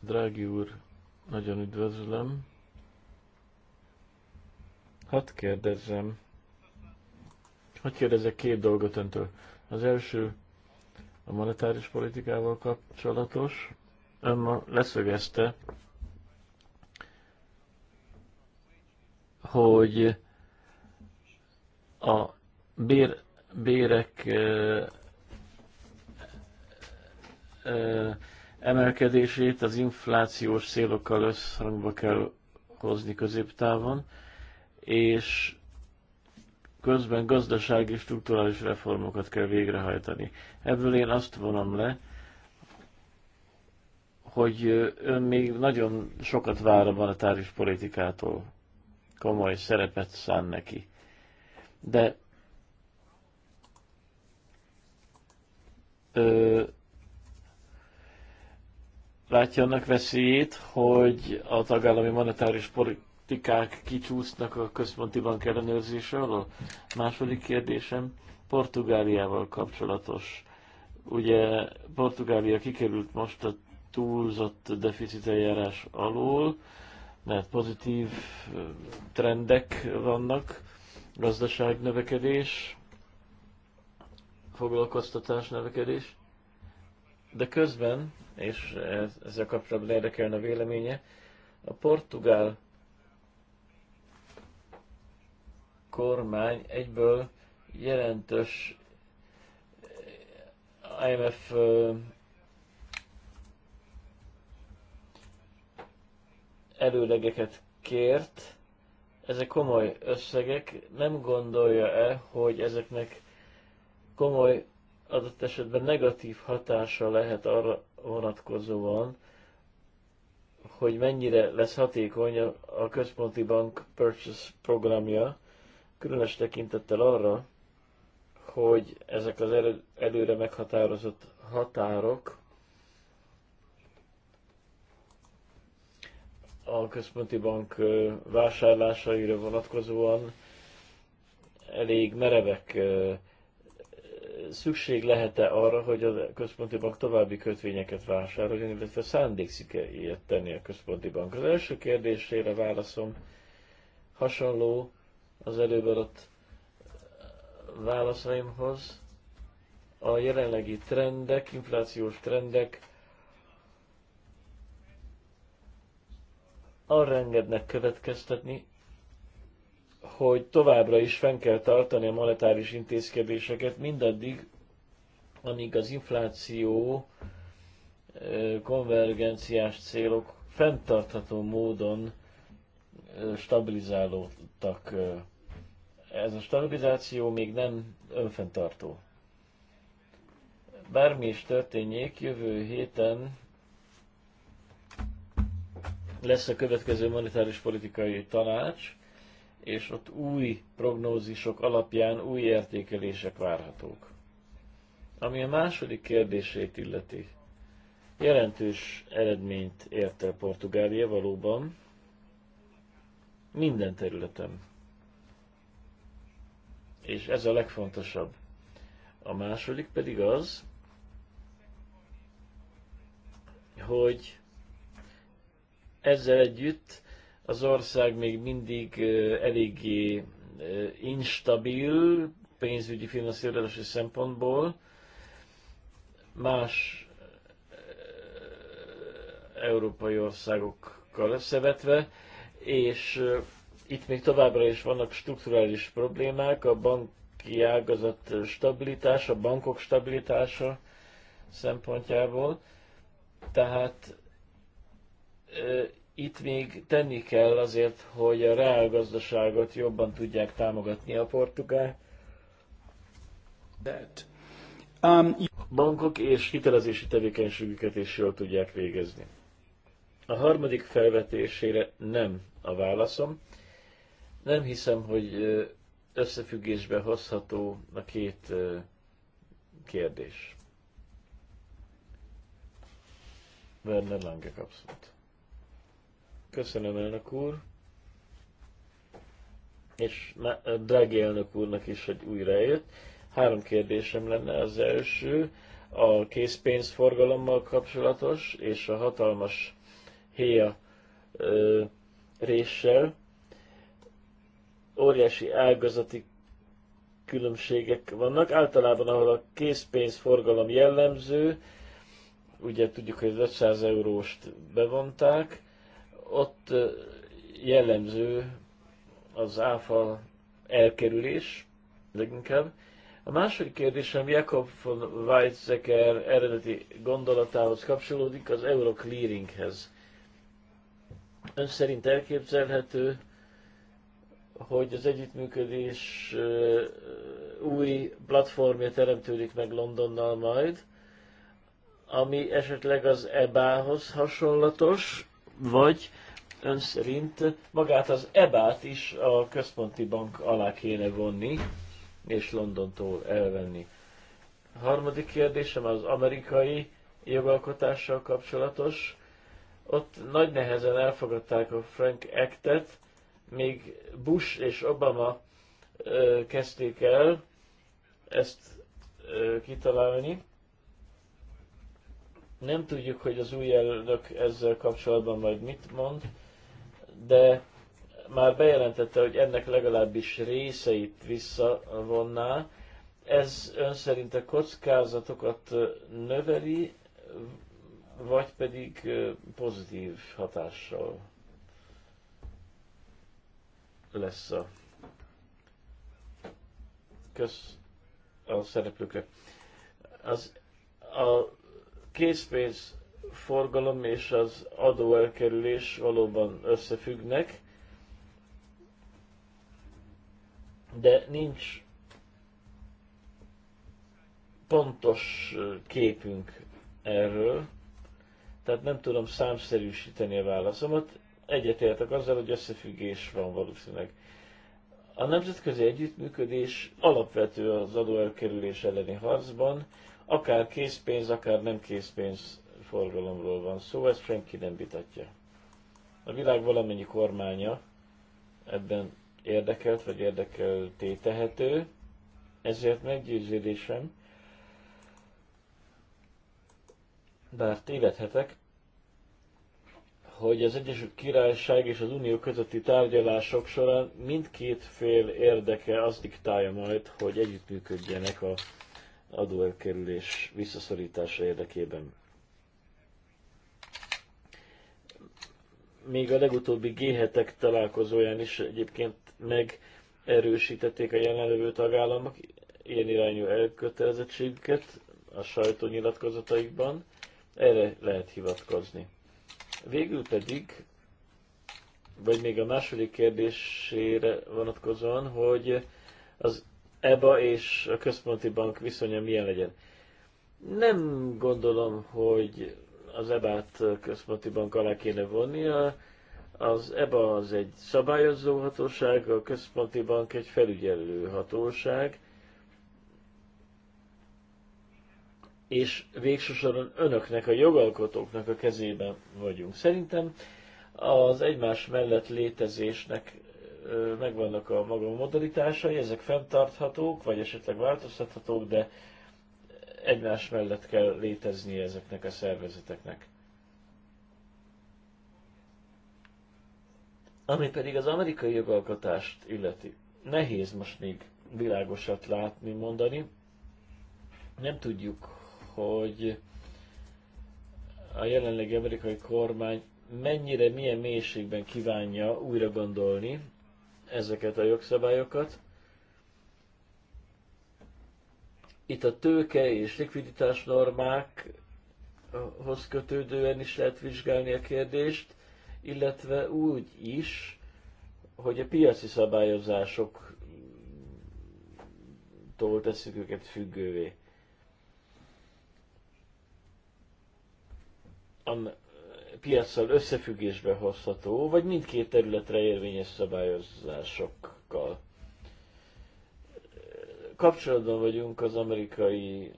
Drági úr, nagyon üdvözlöm. Hadd kérdezzem, hadd kérdezzek két dolgot öntől. Az első, a monetáris politikával kapcsolatos. Ön ma leszögezte, hogy a bér, bérek ö, ö, emelkedését az inflációs célokkal összhangba kell hozni középtávon, és közben gazdasági strukturális reformokat kell végrehajtani. Ebből én azt vonom le, hogy ön még nagyon sokat vár a monetáris politikától, komoly szerepet szán neki. De ö, látja annak veszélyét, hogy a tagállami monetáris praktikák kicsúsznak a központi bank ellenőrzése alól? Második kérdésem Portugáliával kapcsolatos. Ugye Portugália kikerült most a túlzott deficiteljárás alól, mert pozitív trendek vannak, gazdaság növekedés, foglalkoztatás növekedés, de közben, és ezzel kapcsolatban érdekelne a véleménye, a portugál kormány egyből jelentős eh, IMF eh, előlegeket kért, ezek komoly összegek, nem gondolja-e, hogy ezeknek komoly adott esetben negatív hatása lehet arra vonatkozóan, hogy mennyire lesz hatékony a központi bank purchase programja, különös tekintettel arra, hogy ezek az előre meghatározott határok a központi bank vásárlásaira vonatkozóan elég merevek. Szükség lehet-e arra, hogy a központi bank további kötvényeket vásároljon, illetve szándékszik-e ilyet tenni a központi bank? Az első kérdésére válaszom hasonló, az előbb adott eh, válaszaimhoz. A jelenlegi trendek, inflációs trendek arra engednek következtetni, hogy továbbra is fenn kell tartani a monetáris intézkedéseket, mindaddig, amíg az infláció eh, konvergenciás célok fenntartható módon eh, stabilizálódtak. Ez a stabilizáció még nem önfenntartó. Bármi is történjék, jövő héten lesz a következő monetáris politikai tanács, és ott új prognózisok alapján új értékelések várhatók. Ami a második kérdését illeti, jelentős eredményt ért el Portugália valóban minden területen és ez a legfontosabb. A második pedig az, hogy ezzel együtt az ország még mindig eléggé instabil pénzügyi finanszírozási szempontból. Más európai országokkal összevetve, és itt még továbbra is vannak strukturális problémák, a banki ágazat stabilitása, a bankok stabilitása szempontjából. Tehát e, itt még tenni kell azért, hogy a reálgazdaságot jobban tudják támogatni a portugál um, bankok és hitelezési tevékenységüket is jól tudják végezni. A harmadik felvetésére nem a válaszom. Nem hiszem, hogy összefüggésbe hozható a két kérdés. Werner Lange kapszult. Köszönöm, elnök úr, és drági elnök úrnak is, hogy jött. Három kérdésem lenne. Az első a készpénzforgalommal kapcsolatos, és a hatalmas héja ö, réssel óriási ágazati különbségek vannak. Általában, ahol a készpénzforgalom jellemző, ugye tudjuk, hogy 500 euróst bevonták, ott jellemző az áfa elkerülés leginkább. A második kérdésem Jakob von Weizsäcker eredeti gondolatához kapcsolódik, az Clearinghez. Ön szerint elképzelhető, hogy az együttműködés új platformja teremtődik meg Londonnal majd, ami esetleg az EBA-hoz hasonlatos, vagy ön szerint magát az EBA-t is a központi bank alá kéne vonni, és Londontól elvenni. A harmadik kérdésem az amerikai jogalkotással kapcsolatos. Ott nagy nehezen elfogadták a Frank Act-et, még Bush és Obama kezdték el ezt kitalálni. Nem tudjuk, hogy az új elnök ezzel kapcsolatban majd mit mond, de már bejelentette, hogy ennek legalábbis részeit visszavonná. Ez ön szerint a kockázatokat növeli, vagy pedig pozitív hatással lesz a köz a szereplőkre. Az a készpénz forgalom és az adóelkerülés valóban összefüggnek, de nincs pontos képünk erről, tehát nem tudom számszerűsíteni a válaszomat egyetértek azzal, hogy összefüggés van valószínűleg. A nemzetközi együttműködés alapvető az adóelkerülés elleni harcban, akár készpénz, akár nem készpénz forgalomról van szó, szóval ezt senki nem vitatja. A világ valamennyi kormánya ebben érdekelt vagy érdekelté tehető, ezért meggyőződésem, bár tévedhetek, hogy az Egyesült Királyság és az Unió közötti tárgyalások során mindkét fél érdeke az diktálja majd, hogy együttműködjenek a adóelkerülés visszaszorítása érdekében. Még a legutóbbi g 7 találkozóján is egyébként megerősítették a jelenlevő tagállamok ilyen irányú elkötelezettségüket a sajtónyilatkozataikban. Erre lehet hivatkozni. Végül pedig, vagy még a második kérdésére vonatkozóan, hogy az EBA és a központi bank viszonya milyen legyen. Nem gondolom, hogy az EBA-t központi bank alá kéne vonnia. Az EBA az egy szabályozó hatóság, a központi bank egy felügyelő hatóság. és végső soron önöknek, a jogalkotóknak a kezében vagyunk. Szerintem az egymás mellett létezésnek megvannak a maga modalitásai, ezek fenntarthatók, vagy esetleg változtathatók, de egymás mellett kell létezni ezeknek a szervezeteknek. Ami pedig az amerikai jogalkotást illeti. Nehéz most még világosat látni, mondani. Nem tudjuk, hogy a jelenlegi amerikai kormány mennyire, milyen mélységben kívánja újra gondolni ezeket a jogszabályokat. Itt a tőke és likviditás normákhoz kötődően is lehet vizsgálni a kérdést, illetve úgy is, hogy a piaci szabályozások teszik őket függővé. a piacsal összefüggésbe hozható, vagy mindkét területre érvényes szabályozásokkal. Kapcsolatban vagyunk az amerikai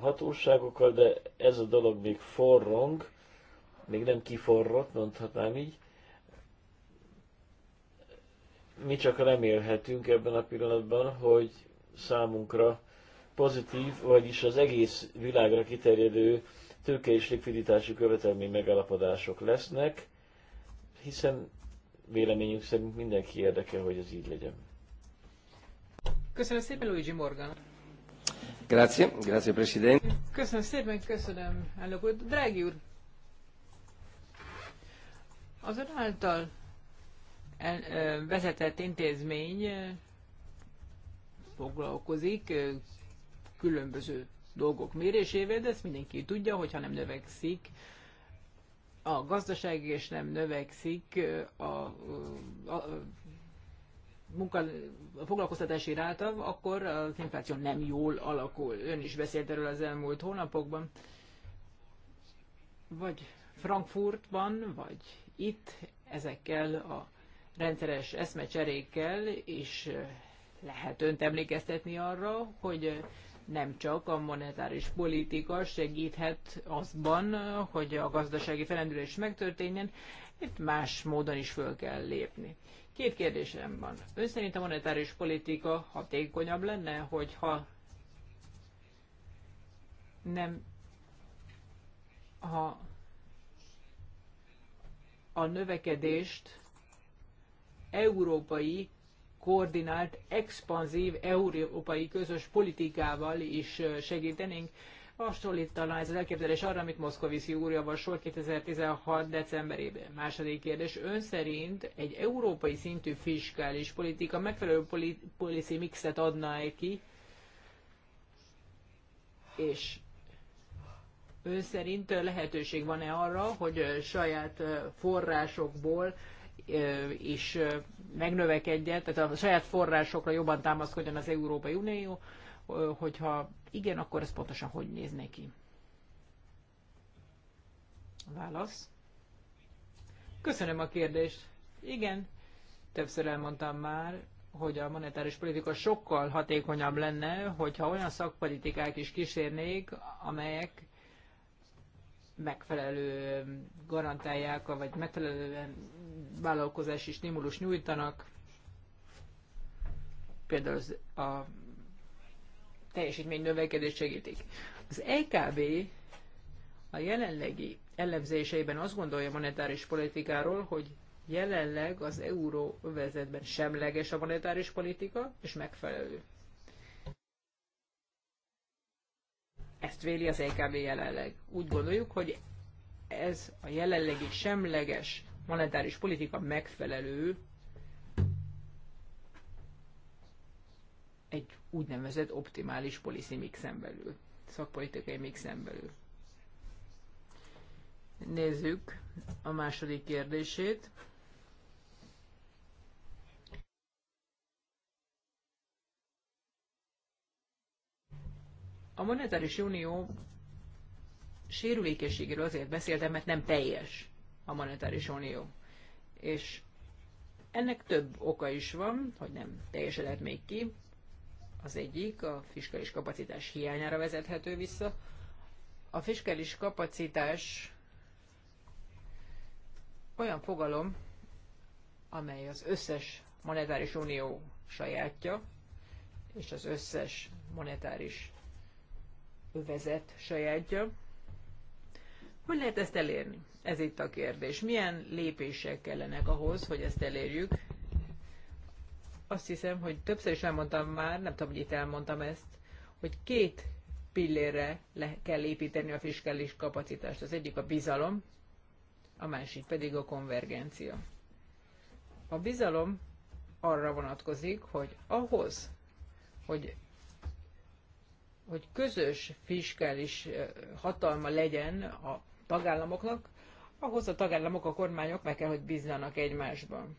hatóságokkal, de ez a dolog még forrong, még nem kiforrott, mondhatnám így. Mi csak remélhetünk ebben a pillanatban, hogy számunkra pozitív, vagyis az egész világra kiterjedő tőke és likviditási követelmény megalapodások lesznek, hiszen véleményünk szerint mindenki érdeke, hogy ez így legyen. Köszönöm szépen, Luigi Morgan. Grazie, grazie Presidente. Köszönöm szépen, köszönöm, elnök úr. Drági úr, az ön által el, ö, vezetett intézmény ö, foglalkozik ö, különböző dolgok mérésével, de ezt mindenki tudja, hogyha nem növekszik a gazdaság, és nem növekszik a, a, a, munka, a foglalkoztatási ráta, akkor az infláció nem jól alakul. Ön is beszélt erről az elmúlt hónapokban. Vagy Frankfurtban, vagy itt ezekkel a rendszeres eszmecserékkel, és lehet önt emlékeztetni arra, hogy nem csak a monetáris politika segíthet azban, hogy a gazdasági felendülés megtörténjen, itt más módon is föl kell lépni. Két kérdésem van. Ön szerint a monetáris politika hatékonyabb lenne, hogyha nem ha a növekedést európai koordinált, expanzív európai közös politikával is segítenénk. Hasonlítaná ez az elképzelés arra, amit Moszkoviszi úr javasol 2016. decemberében. Második kérdés, ön szerint egy európai szintű fiskális politika megfelelő poli- policy mixet adna e ki, és ön szerint lehetőség van-e arra, hogy saját forrásokból is megnövekedjen, tehát a saját forrásokra jobban támaszkodjon az Európai Unió, hogyha igen, akkor ez pontosan hogy néz neki? Válasz. Köszönöm a kérdést. Igen, többször elmondtam már, hogy a monetáris politika sokkal hatékonyabb lenne, hogyha olyan szakpolitikák is kísérnék, amelyek megfelelő garantálják, vagy megfelelően vállalkozási stimulus nyújtanak, például az a teljesítmény növekedés segítik. Az EKB a jelenlegi ellenzéseiben azt gondolja monetáris politikáról, hogy jelenleg az euróvezetben semleges a monetáris politika, és megfelelő. Ezt véli az EKB jelenleg. Úgy gondoljuk, hogy ez a jelenlegi semleges monetáris politika megfelelő egy úgynevezett optimális policy mixen belül, szakpolitikai mixen belül. Nézzük a második kérdését. A monetáris unió sérülékenységéről azért beszéltem, mert nem teljes a monetáris unió. És ennek több oka is van, hogy nem teljesedett még ki. Az egyik a fiskális kapacitás hiányára vezethető vissza. A fiskális kapacitás olyan fogalom, amely az összes monetáris unió sajátja, és az összes monetáris övezet sajátja. Hogy lehet ezt elérni? Ez itt a kérdés. Milyen lépések kellenek ahhoz, hogy ezt elérjük? Azt hiszem, hogy többször is elmondtam már, nem tudom, hogy itt elmondtam ezt, hogy két pillére le kell építeni a fiskális kapacitást. Az egyik a bizalom, a másik pedig a konvergencia. A bizalom arra vonatkozik, hogy ahhoz, hogy hogy közös fiskális hatalma legyen a tagállamoknak, ahhoz a tagállamok, a kormányok meg kell, hogy bízzanak egymásban.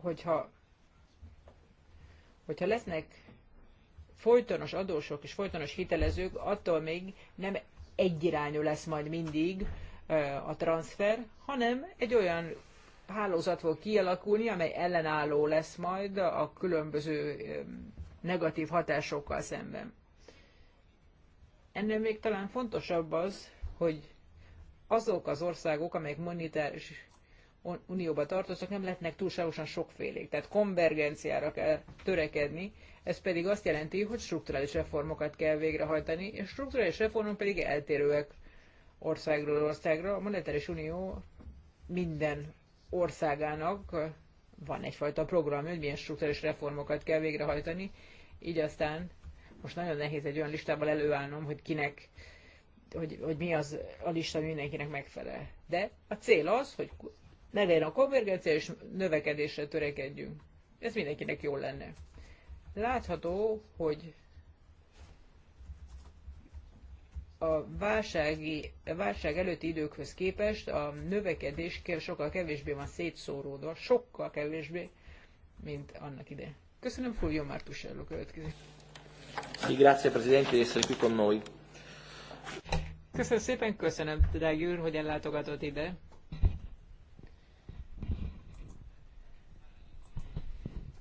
Hogyha, hogyha lesznek folytonos adósok és folytonos hitelezők, attól még nem egyirányú lesz majd mindig a transfer, hanem egy olyan hálózat fog kialakulni, amely ellenálló lesz majd a különböző negatív hatásokkal szemben. Ennél még talán fontosabb az, hogy azok az országok, amelyek monetáris unióba tartoznak, nem lehetnek túlságosan sokfélék. Tehát konvergenciára kell törekedni, ez pedig azt jelenti, hogy strukturális reformokat kell végrehajtani, és strukturális reformok pedig eltérőek országról országra. A monetáris unió minden országának van egyfajta program, hogy milyen struktúrális reformokat kell végrehajtani, így aztán most nagyon nehéz egy olyan listával előállnom, hogy kinek, hogy, hogy mi az a lista, mindenkinek megfelel. De a cél az, hogy ne legyen a konvergencia, és növekedésre törekedjünk. Ez mindenkinek jó lenne. Látható, hogy a válsági, a válság előtti időkhöz képest a növekedés sokkal kevésbé van szétszóródva, sokkal kevésbé, mint annak ide. Köszönöm, Fulvio Mártusello következik. Sì, grazie Presidente di essere qui con noi. Köszönöm szépen, köszönöm, drági úr, hogy ellátogatott ide.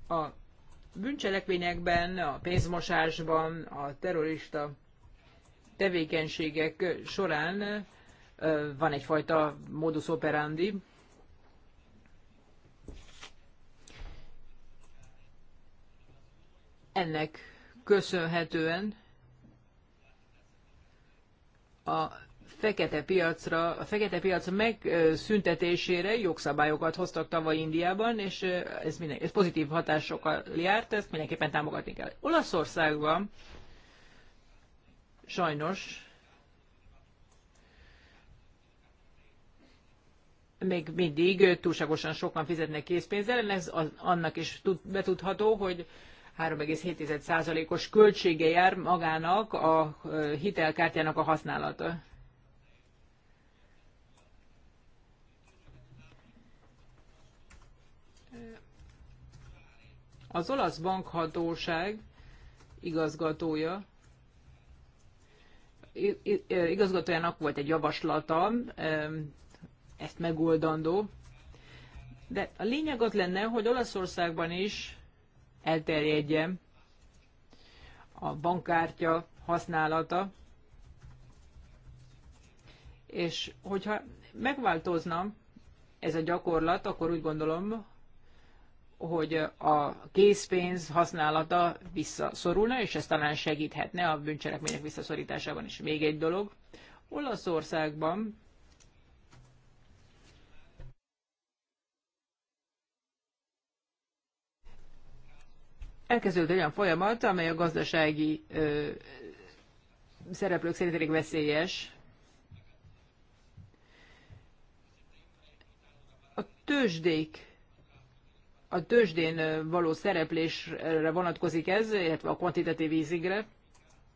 A bűncselekményekben, a pénzmosásban, a terrorista tevékenységek során van egyfajta modus operandi. Ennek köszönhetően a fekete piacra, a fekete piac megszüntetésére jogszabályokat hoztak tavaly Indiában, és ez, minden, ez pozitív hatásokkal járt, ezt mindenképpen támogatni kell. Olaszországban sajnos még mindig túlságosan sokan fizetnek készpénzzel, ez annak is betudható, hogy 3,7%-os költsége jár magának a hitelkártyának a használata. Az olasz bankhatóság igazgatója igazgatójának volt egy javaslata, ezt megoldandó, de a lényeg az lenne, hogy Olaszországban is elterjedjen a bankkártya használata, és hogyha megváltozna ez a gyakorlat, akkor úgy gondolom, hogy a készpénz használata visszaszorulna, és ez talán segíthetne a bűncselekmények visszaszorításában is. Még egy dolog, Olaszországban elkezdődött olyan folyamat, amely a gazdasági ö, szereplők szerint elég veszélyes. A tőzsdék a tőzsdén való szereplésre vonatkozik ez, illetve a kvantitatív ízigre.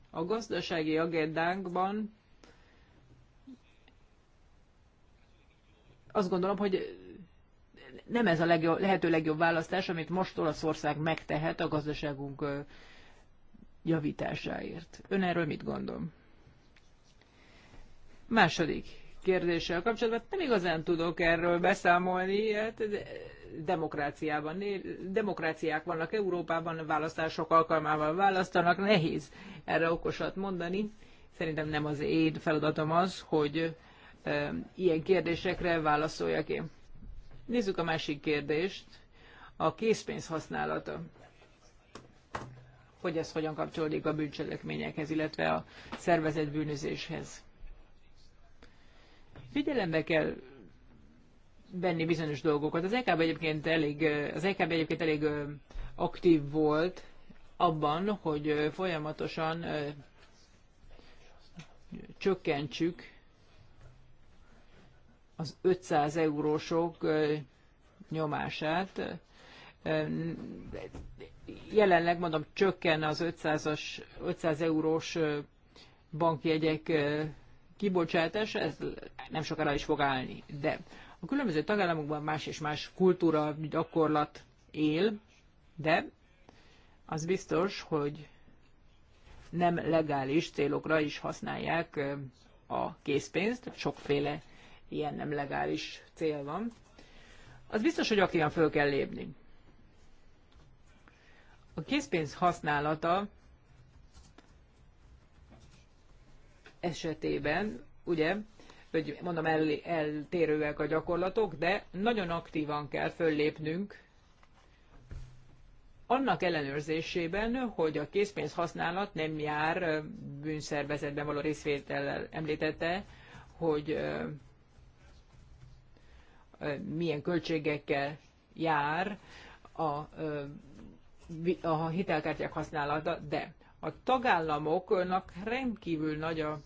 A gazdasági agendánkban azt gondolom, hogy nem ez a legjobb, lehető legjobb választás, amit most Olaszország megtehet a gazdaságunk javításáért. Ön erről mit gondol? Második kérdéssel kapcsolatban hát nem igazán tudok erről beszámolni, hát demokráciában, demokráciák vannak Európában, választások alkalmával választanak, nehéz erre okosat mondani. Szerintem nem az én feladatom az, hogy e, ilyen kérdésekre válaszoljak én. Nézzük a másik kérdést, a készpénz használata. Hogy ez hogyan kapcsolódik a bűncselekményekhez, illetve a szervezett bűnözéshez. Figyelembe kell venni bizonyos dolgokat. Az EKB egyébként elég, az EKB egyébként elég aktív volt abban, hogy folyamatosan csökkentsük az 500 eurósok nyomását. Jelenleg mondom, csökken az 500, 500 eurós bankjegyek kibocsátása, ez nem sokára is fog állni. De a különböző tagállamokban más és más kultúra, gyakorlat él, de az biztos, hogy nem legális célokra is használják a készpénzt, sokféle ilyen nem legális cél van. Az biztos, hogy akian föl kell lépni. A készpénz használata esetében, ugye, hogy mondom, el, eltérőek a gyakorlatok, de nagyon aktívan kell föllépnünk annak ellenőrzésében, hogy a készpénz használat nem jár bűnszervezetben való részvétellel említette, hogy milyen költségekkel jár a, a hitelkártyák használata, de a tagállamoknak rendkívül nagy a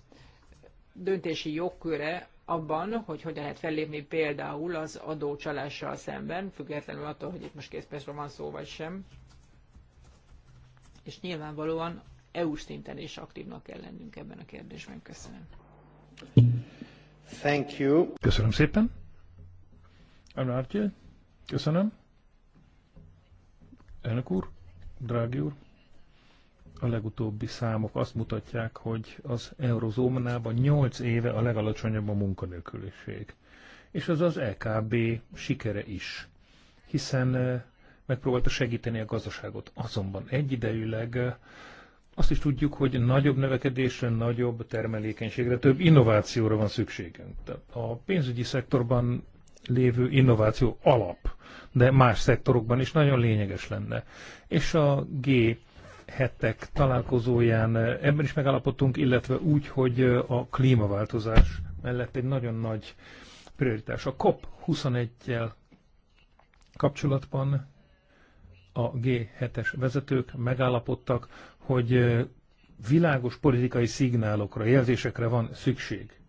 döntési jogköre abban, hogy hogyan lehet fellépni például az adócsalással szemben, függetlenül attól, hogy itt most készpénzről van szó vagy sem. És nyilvánvalóan EU szinten is aktívnak kell lennünk ebben a kérdésben. Köszönöm. Thank you. Köszönöm szépen. Emlártyél. Köszönöm. Elnök úr, drági úr a legutóbbi számok azt mutatják, hogy az eurozónában 8 éve a legalacsonyabb a munkanélküliség. És az az LKB e sikere is, hiszen eh, megpróbálta segíteni a gazdaságot. Azonban egyidejűleg eh, azt is tudjuk, hogy nagyobb növekedésre, nagyobb termelékenységre, több innovációra van szükségünk. Tehát a pénzügyi szektorban lévő innováció alap, de más szektorokban is nagyon lényeges lenne. És a G hetek találkozóján eh, ebben is megállapodtunk, illetve úgy, hogy eh, a klímaváltozás mellett egy nagyon nagy prioritás. A COP21-jel kapcsolatban a G7-es vezetők megállapodtak, hogy eh, világos politikai szignálokra, jelzésekre van szükség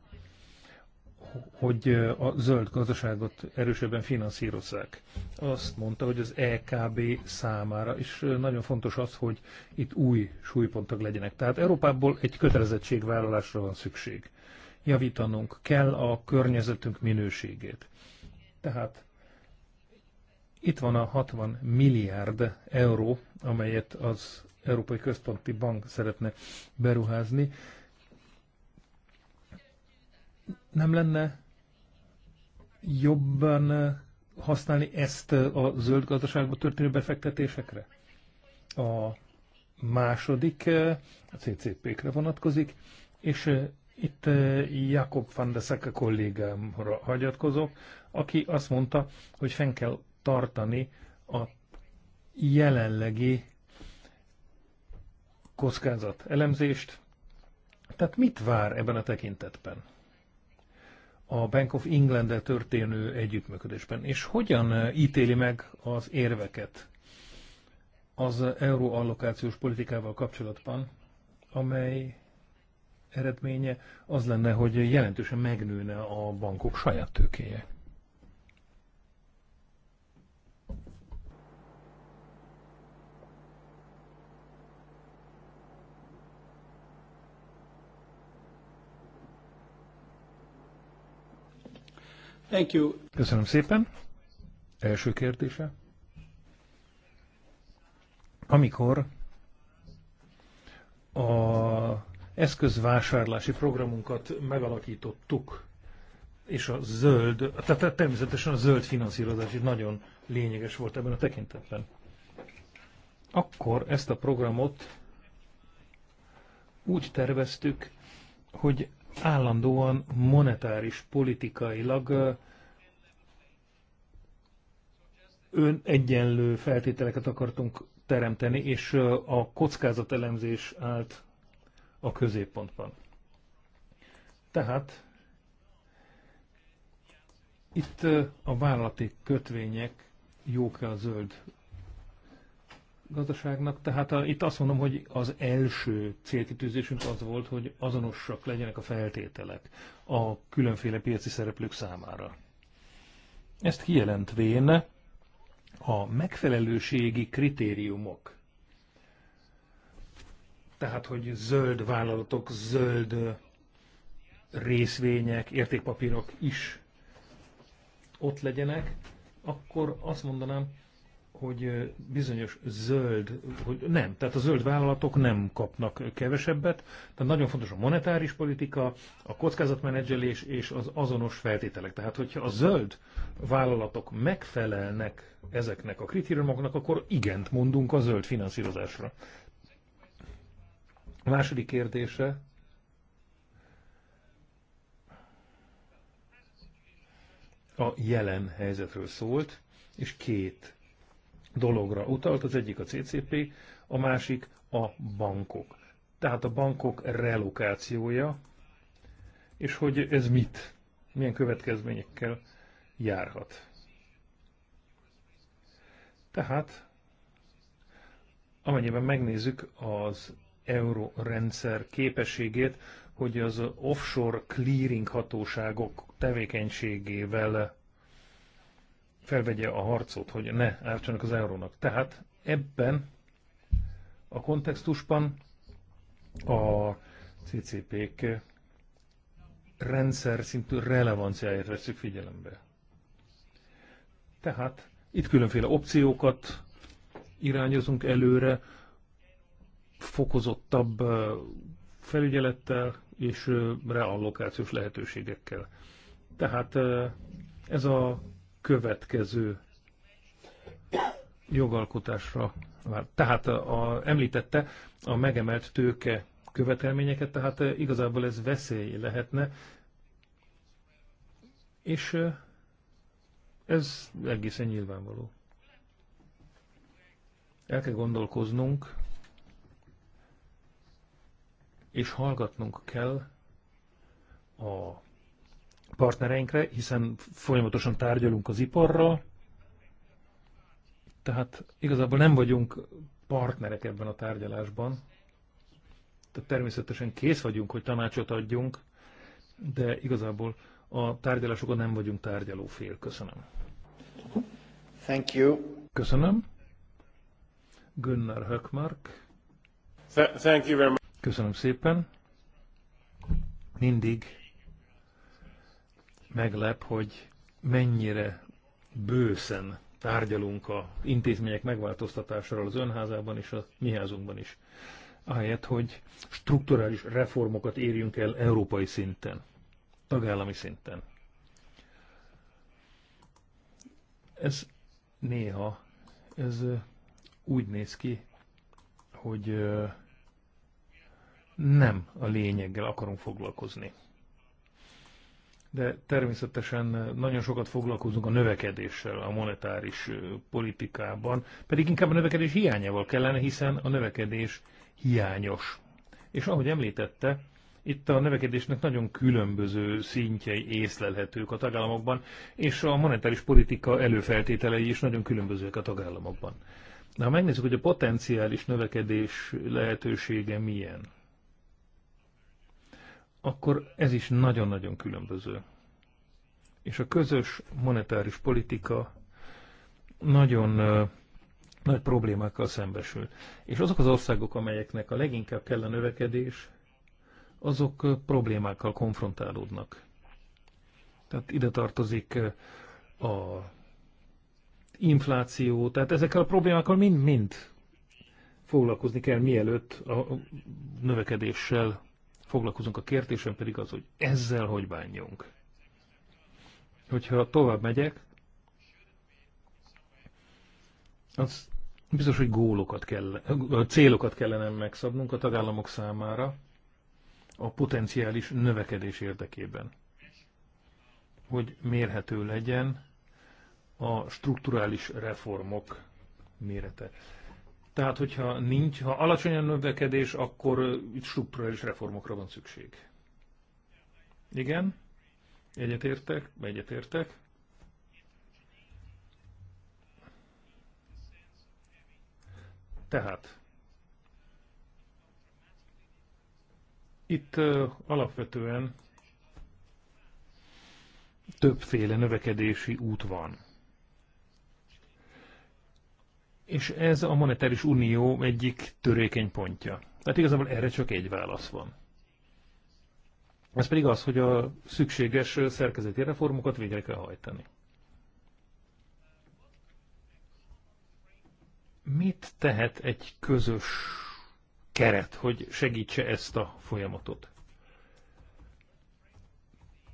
hogy a zöld gazdaságot erősebben finanszírozzák. Azt mondta, hogy az EKB számára is nagyon fontos az, hogy itt új súlypontok legyenek. Tehát Európából egy kötelezettségvállalásra van szükség. Javítanunk kell a környezetünk minőségét. Tehát itt van a 60 milliárd euró, amelyet az Európai Központi Bank szeretne beruházni nem lenne jobban használni ezt a zöld gazdaságba történő befektetésekre? A második a CCP-kre vonatkozik, és itt Jakob van de Szeke kollégámra hagyatkozok, aki azt mondta, hogy fenn kell tartani a jelenlegi kockázat elemzést. Tehát mit vár ebben a tekintetben? a Bank of england történő együttműködésben. És hogyan eh, ítéli meg az érveket az euróallokációs politikával kapcsolatban, amely eredménye az lenne, hogy jelentősen megnőne a bankok saját tőkéje? Thank you. Köszönöm szépen. Első kérdése. Amikor a eszközvásárlási programunkat megalakítottuk, és a zöld, tehát természetesen a zöld finanszírozás is nagyon lényeges volt ebben a tekintetben. Akkor ezt a programot úgy terveztük, hogy állandóan monetáris, politikailag ön egyenlő feltételeket akartunk teremteni, és a kockázatelemzés állt a középpontban. Tehát itt a vállalati kötvények jók a zöld gazdaságnak. Tehát a, itt azt mondom, hogy az első célkitűzésünk az volt, hogy azonosak legyenek a feltételek a különféle piaci szereplők számára. Ezt kijelentvén a megfelelőségi kritériumok, tehát hogy zöld vállalatok, zöld részvények, értékpapírok is ott legyenek, akkor azt mondanám, hogy bizonyos zöld, hogy nem, tehát a zöld vállalatok nem kapnak kevesebbet, tehát nagyon fontos a monetáris politika, a kockázatmenedzselés és az azonos feltételek. Tehát, hogyha a zöld vállalatok megfelelnek ezeknek a kritériumoknak, akkor igent mondunk a zöld finanszírozásra. A második kérdése. A jelen helyzetről szólt, és két dologra utalt, az egyik a CCP, a másik a bankok. Tehát a bankok relokációja, és hogy ez mit, milyen következményekkel járhat. Tehát, amennyiben megnézzük az rendszer képességét, hogy az offshore clearing hatóságok tevékenységével felvegye a harcot, hogy ne ártsanak az eurónak. Tehát ebben a kontextusban a CCP-k rendszer szintű relevanciáját veszük figyelembe. Tehát itt különféle opciókat irányozunk előre, fokozottabb felügyelettel és reallokációs lehetőségekkel. Tehát ez a következő jogalkotásra vár. Tehát a, a, említette a megemelt tőke követelményeket, tehát e, igazából ez veszély lehetne, és e, ez egészen nyilvánvaló. El kell gondolkoznunk, és hallgatnunk kell a partnereinkre, hiszen folyamatosan tárgyalunk az iparral, tehát igazából nem vagyunk partnerek ebben a tárgyalásban. Tehát természetesen kész vagyunk, hogy tanácsot adjunk, de igazából a tárgyalásokon nem vagyunk tárgyaló fél, Köszönöm. Thank you. Köszönöm. Gunnar Höckmark. Th- thank you very much. Köszönöm szépen. Mindig meglep, hogy mennyire bőszen tárgyalunk a intézmények megváltoztatásáról az önházában és a mi házunkban is. Ahelyett, hogy strukturális reformokat érjünk el európai szinten, tagállami szinten. Ez néha, ez úgy néz ki, hogy nem a lényeggel akarunk foglalkozni de természetesen nagyon sokat foglalkozunk a növekedéssel a monetáris politikában, pedig inkább a növekedés hiányával kellene, hiszen a növekedés hiányos. És ahogy említette, itt a növekedésnek nagyon különböző szintjei észlelhetők a tagállamokban, és a monetáris politika előfeltételei is nagyon különbözőek a tagállamokban. Na, ha megnézzük, hogy a potenciális növekedés lehetősége milyen akkor ez is nagyon-nagyon különböző. És a közös monetáris politika nagyon uh, nagy problémákkal szembesül. És azok az országok, amelyeknek a leginkább kell a növekedés, azok uh, problémákkal konfrontálódnak. Tehát ide tartozik uh, a infláció, tehát ezekkel a problémákkal mind-mind foglalkozni kell, mielőtt a növekedéssel foglalkozunk a kérdésem pedig az, hogy ezzel hogy bánjunk. Hogyha tovább megyek, az biztos, hogy gólokat kell, célokat kellene megszabnunk a tagállamok számára a potenciális növekedés érdekében. Hogy mérhető legyen a strukturális reformok mérete. Tehát, hogyha nincs, ha alacsony a növekedés, akkor itt strukturális reformokra van szükség. Igen? Egyetértek? Egyetértek. Tehát, itt uh, alapvetően többféle növekedési út van. És ez a monetáris unió egyik törékeny pontja. Tehát igazából erre csak egy válasz van. Ez pedig az, hogy a szükséges szerkezeti reformokat végre kell hajtani. Mit tehet egy közös keret, hogy segítse ezt a folyamatot?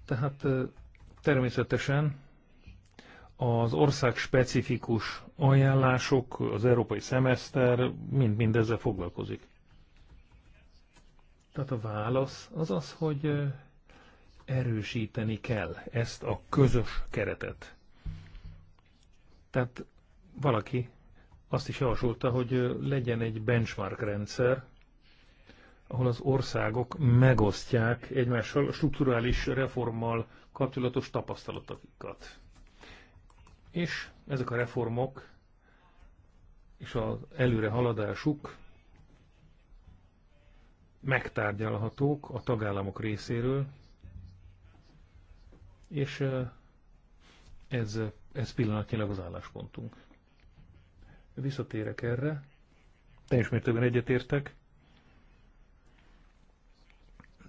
Tehát természetesen az ország specifikus ajánlások, az európai szemeszter, mind, mind ezzel foglalkozik. Tehát a válasz az az, hogy erősíteni kell ezt a közös keretet. Tehát valaki azt is javasolta, hogy legyen egy benchmark rendszer, ahol az országok megosztják egymással a strukturális reformmal kapcsolatos tapasztalatokat. És ezek a reformok és az előre haladásuk megtárgyalhatók a tagállamok részéről, és ez, ez pillanatnyilag az álláspontunk. Visszatérek erre, teljes mértékben egyetértek,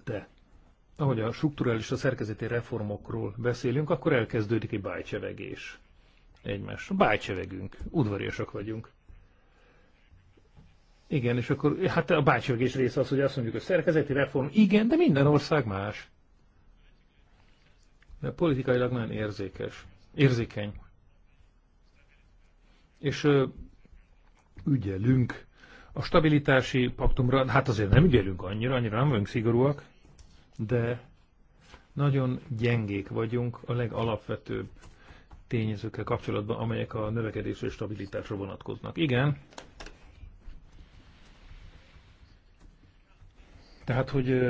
de ahogy a strukturális, a szerkezeti reformokról beszélünk, akkor elkezdődik egy bájcsevegés egymásra. Bájcsevegünk, udvariasak vagyunk. Igen, és akkor hát a bájcsövegés része az, hogy azt mondjuk, hogy szerkezeti reform, igen, de minden ország más. De politikailag nagyon érzékes, érzékeny. És ö, ügyelünk a stabilitási paktumra, hát azért nem ügyelünk annyira, annyira nem vagyunk szigorúak, de nagyon gyengék vagyunk a legalapvetőbb tényezőkkel kapcsolatban, amelyek a növekedésre és stabilitásra vonatkoznak. Igen. Tehát, hogy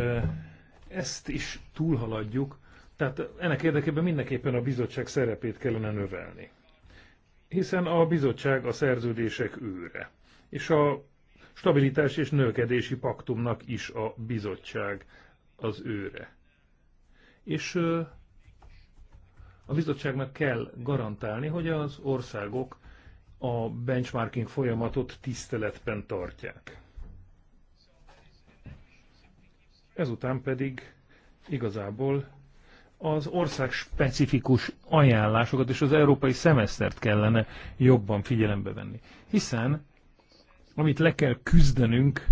ezt is túlhaladjuk, tehát ennek érdekében mindenképpen a bizottság szerepét kellene növelni. Hiszen a bizottság a szerződések őre, és a stabilitás és növekedési paktumnak is a bizottság az őre. És a bizottságnak kell garantálni, hogy az országok a benchmarking folyamatot tiszteletben tartják. Ezután pedig igazából az ország specifikus ajánlásokat és az európai szemesztert kellene jobban figyelembe venni. Hiszen, amit le kell küzdenünk,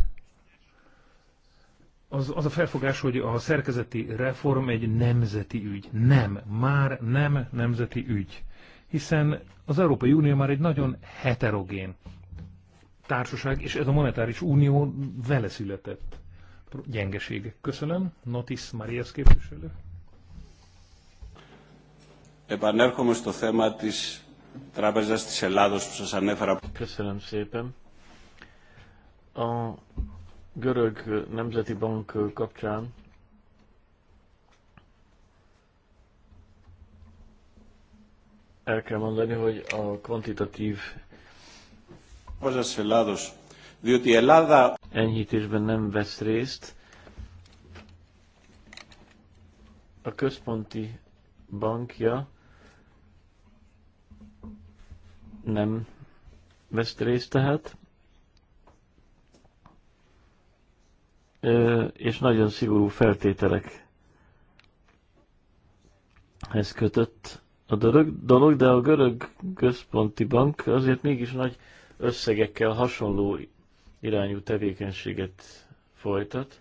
az, az a felfogás, hogy a szerkezeti reform egy nemzeti ügy. Nem, már nem nemzeti ügy. Hiszen az Európai Unió már egy nagyon heterogén társaság, és ez a monetáris unió vele született gyengeség. Köszönöm. Notis Marias képviselő. Επανέρχομαι στο θέμα της Τράπεζας της Ελλάδος που σας ανέφερα. Köszönöm szépen. A görög nemzeti bank kapcsán el kell mondani, hogy a kvantitatív enyhítésben nem vesz részt. A központi bankja nem vesz részt tehát. és nagyon szigorú feltételekhez kötött a dolog, de a görög központi bank azért mégis nagy összegekkel hasonló irányú tevékenységet folytat.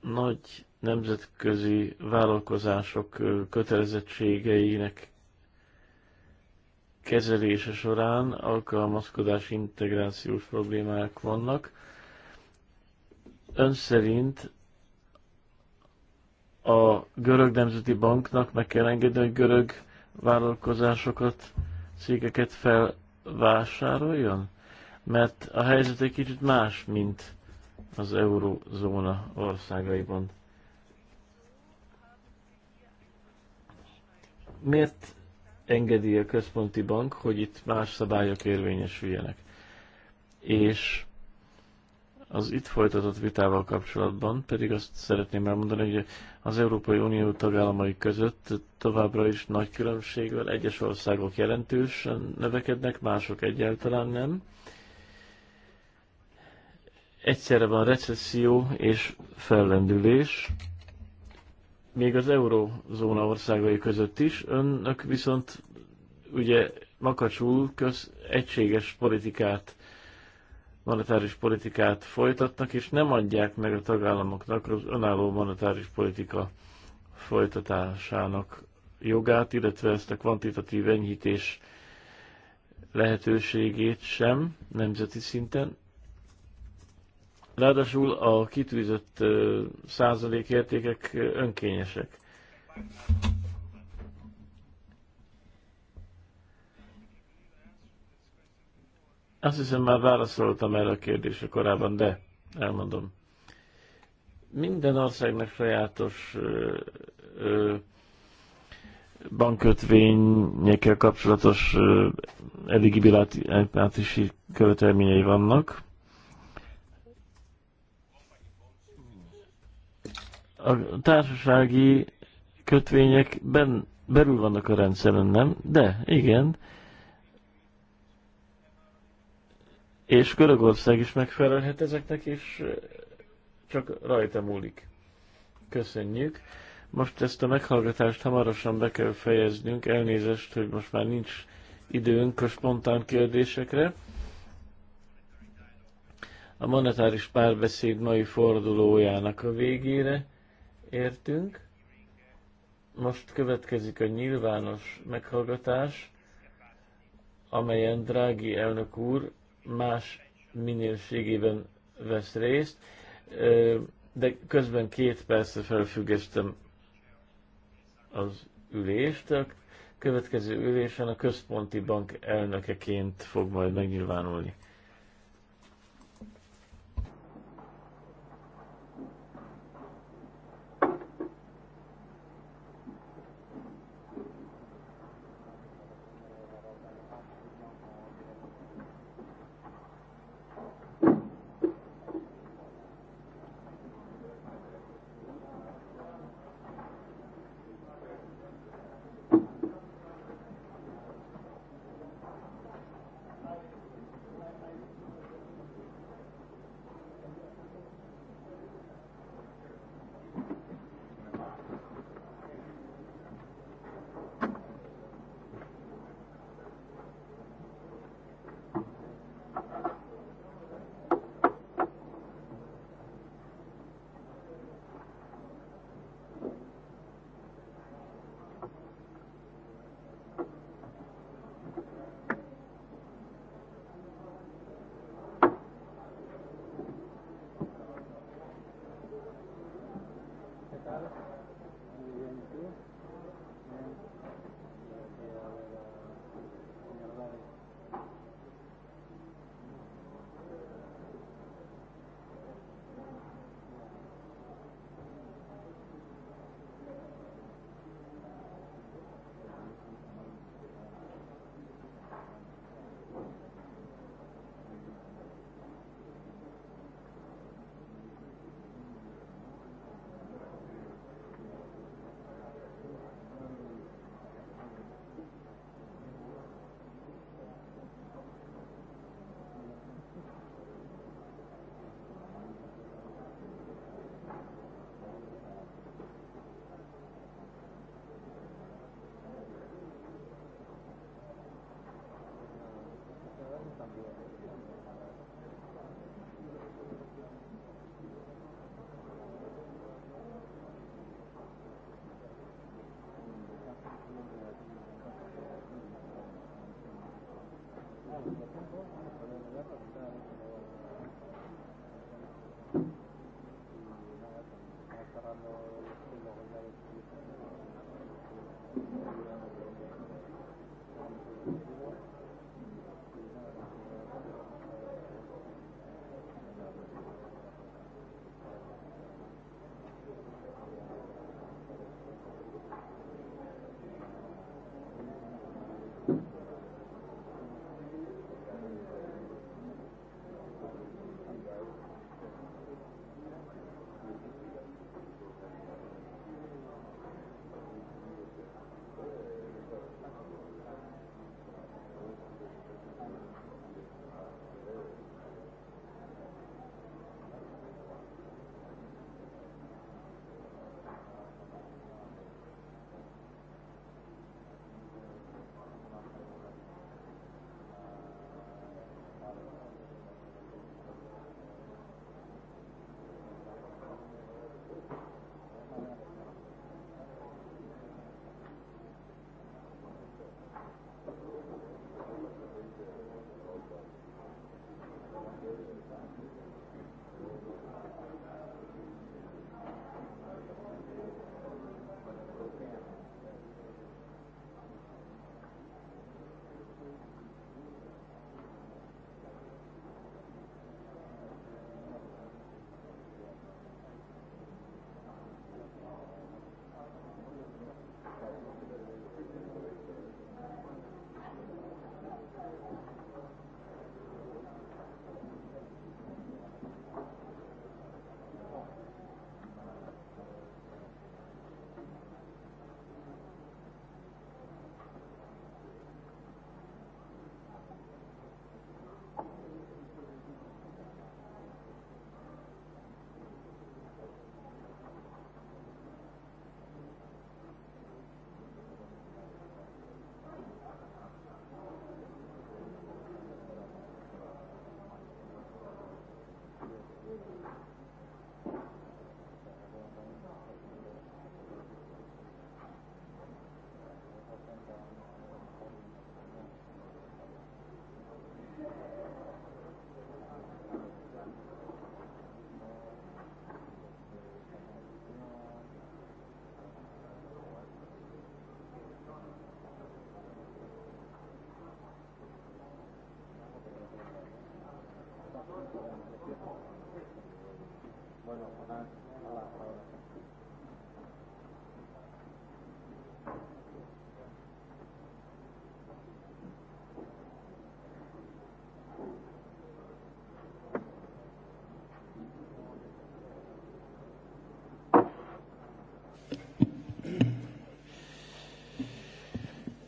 Nagy nemzetközi vállalkozások kötelezettségeinek kezelése során alkalmazkodás integrációs problémák vannak. Ön szerint a görög nemzeti banknak meg kell engedni, hogy görög vállalkozásokat, cégeket felvásároljon? Mert a helyzet egy kicsit más, mint az eurozóna országaiban. Miért engedi a központi bank, hogy itt más szabályok érvényesüljenek. És az itt folytatott vitával kapcsolatban pedig azt szeretném elmondani, hogy az Európai Unió tagállamai között továbbra is nagy különbség van. Egyes országok jelentősen növekednek, mások egyáltalán nem. Egyszerre van recesszió és fellendülés, még az eurózóna országai között is. Önök viszont ugye makacsul köz egységes politikát, monetáris politikát folytatnak, és nem adják meg a tagállamoknak az önálló monetáris politika folytatásának jogát, illetve ezt a kvantitatív enyhítés lehetőségét sem nemzeti szinten. Ráadásul a kitűzött százalékértékek önkényesek. Azt hiszem már válaszoltam erre a kérdésre korábban, de elmondom. Minden országnak sajátos ö, ö, bankötvényekkel kapcsolatos ö, követelményei vannak. A társasági kötvények ben, belül vannak a rendszeren, nem? De, igen. És Görögország is megfelelhet ezeknek, és csak rajta múlik. Köszönjük. Most ezt a meghallgatást hamarosan be kell fejeznünk. Elnézést, hogy most már nincs időnk a spontán kérdésekre. A monetáris párbeszéd mai fordulójának a végére értünk. Most következik a nyilvános meghallgatás, amelyen Drági elnök úr más minőségében vesz részt, de közben két percre felfüggesztem az ülést. A következő ülésen a központi bank elnökeként fog majd megnyilvánulni.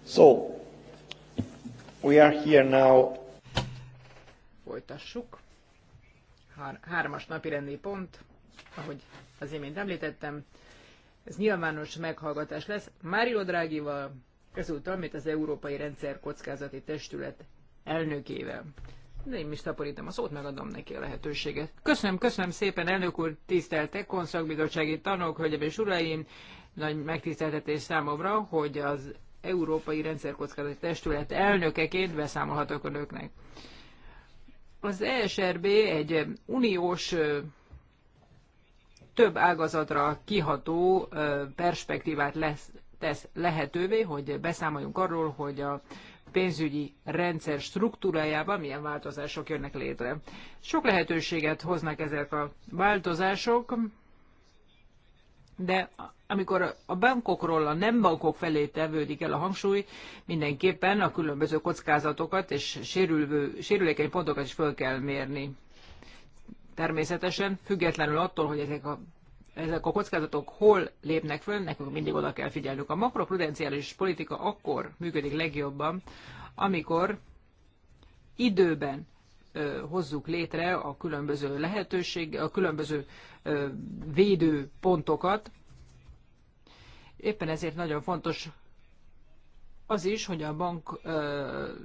So, we are here now. Folytassuk hármas napi rendi pont, ahogy az imént említettem, ez nyilvános meghallgatás lesz Mário Drágival, ezúttal, mint az Európai Rendszer Kockázati Testület elnökével. De én is szaporítom a szót, megadom neki a lehetőséget. Köszönöm, köszönöm szépen, elnök úr, tiszteltek, konszakbizottsági tanok, hölgyeim és uraim, nagy megtiszteltetés számomra, hogy az Európai Rendszerkockázati Testület elnökeként beszámolhatok önöknek. Az ESRB egy uniós több ágazatra kiható perspektívát lesz, tesz lehetővé, hogy beszámoljunk arról, hogy a pénzügyi rendszer struktúrájában milyen változások jönnek létre. Sok lehetőséget hoznak ezek a változások, de amikor a bankokról a nem bankok felé tevődik el a hangsúly, mindenképpen a különböző kockázatokat és sérülő, sérülékeny pontokat is föl kell mérni. Természetesen, függetlenül attól, hogy ezek a ezek a kockázatok hol lépnek föl, nekünk mindig oda kell figyelnünk. A makroprudenciális politika akkor működik legjobban, amikor időben hozzuk létre a különböző lehetőség, a különböző védő pontokat. Éppen ezért nagyon fontos az is, hogy a bank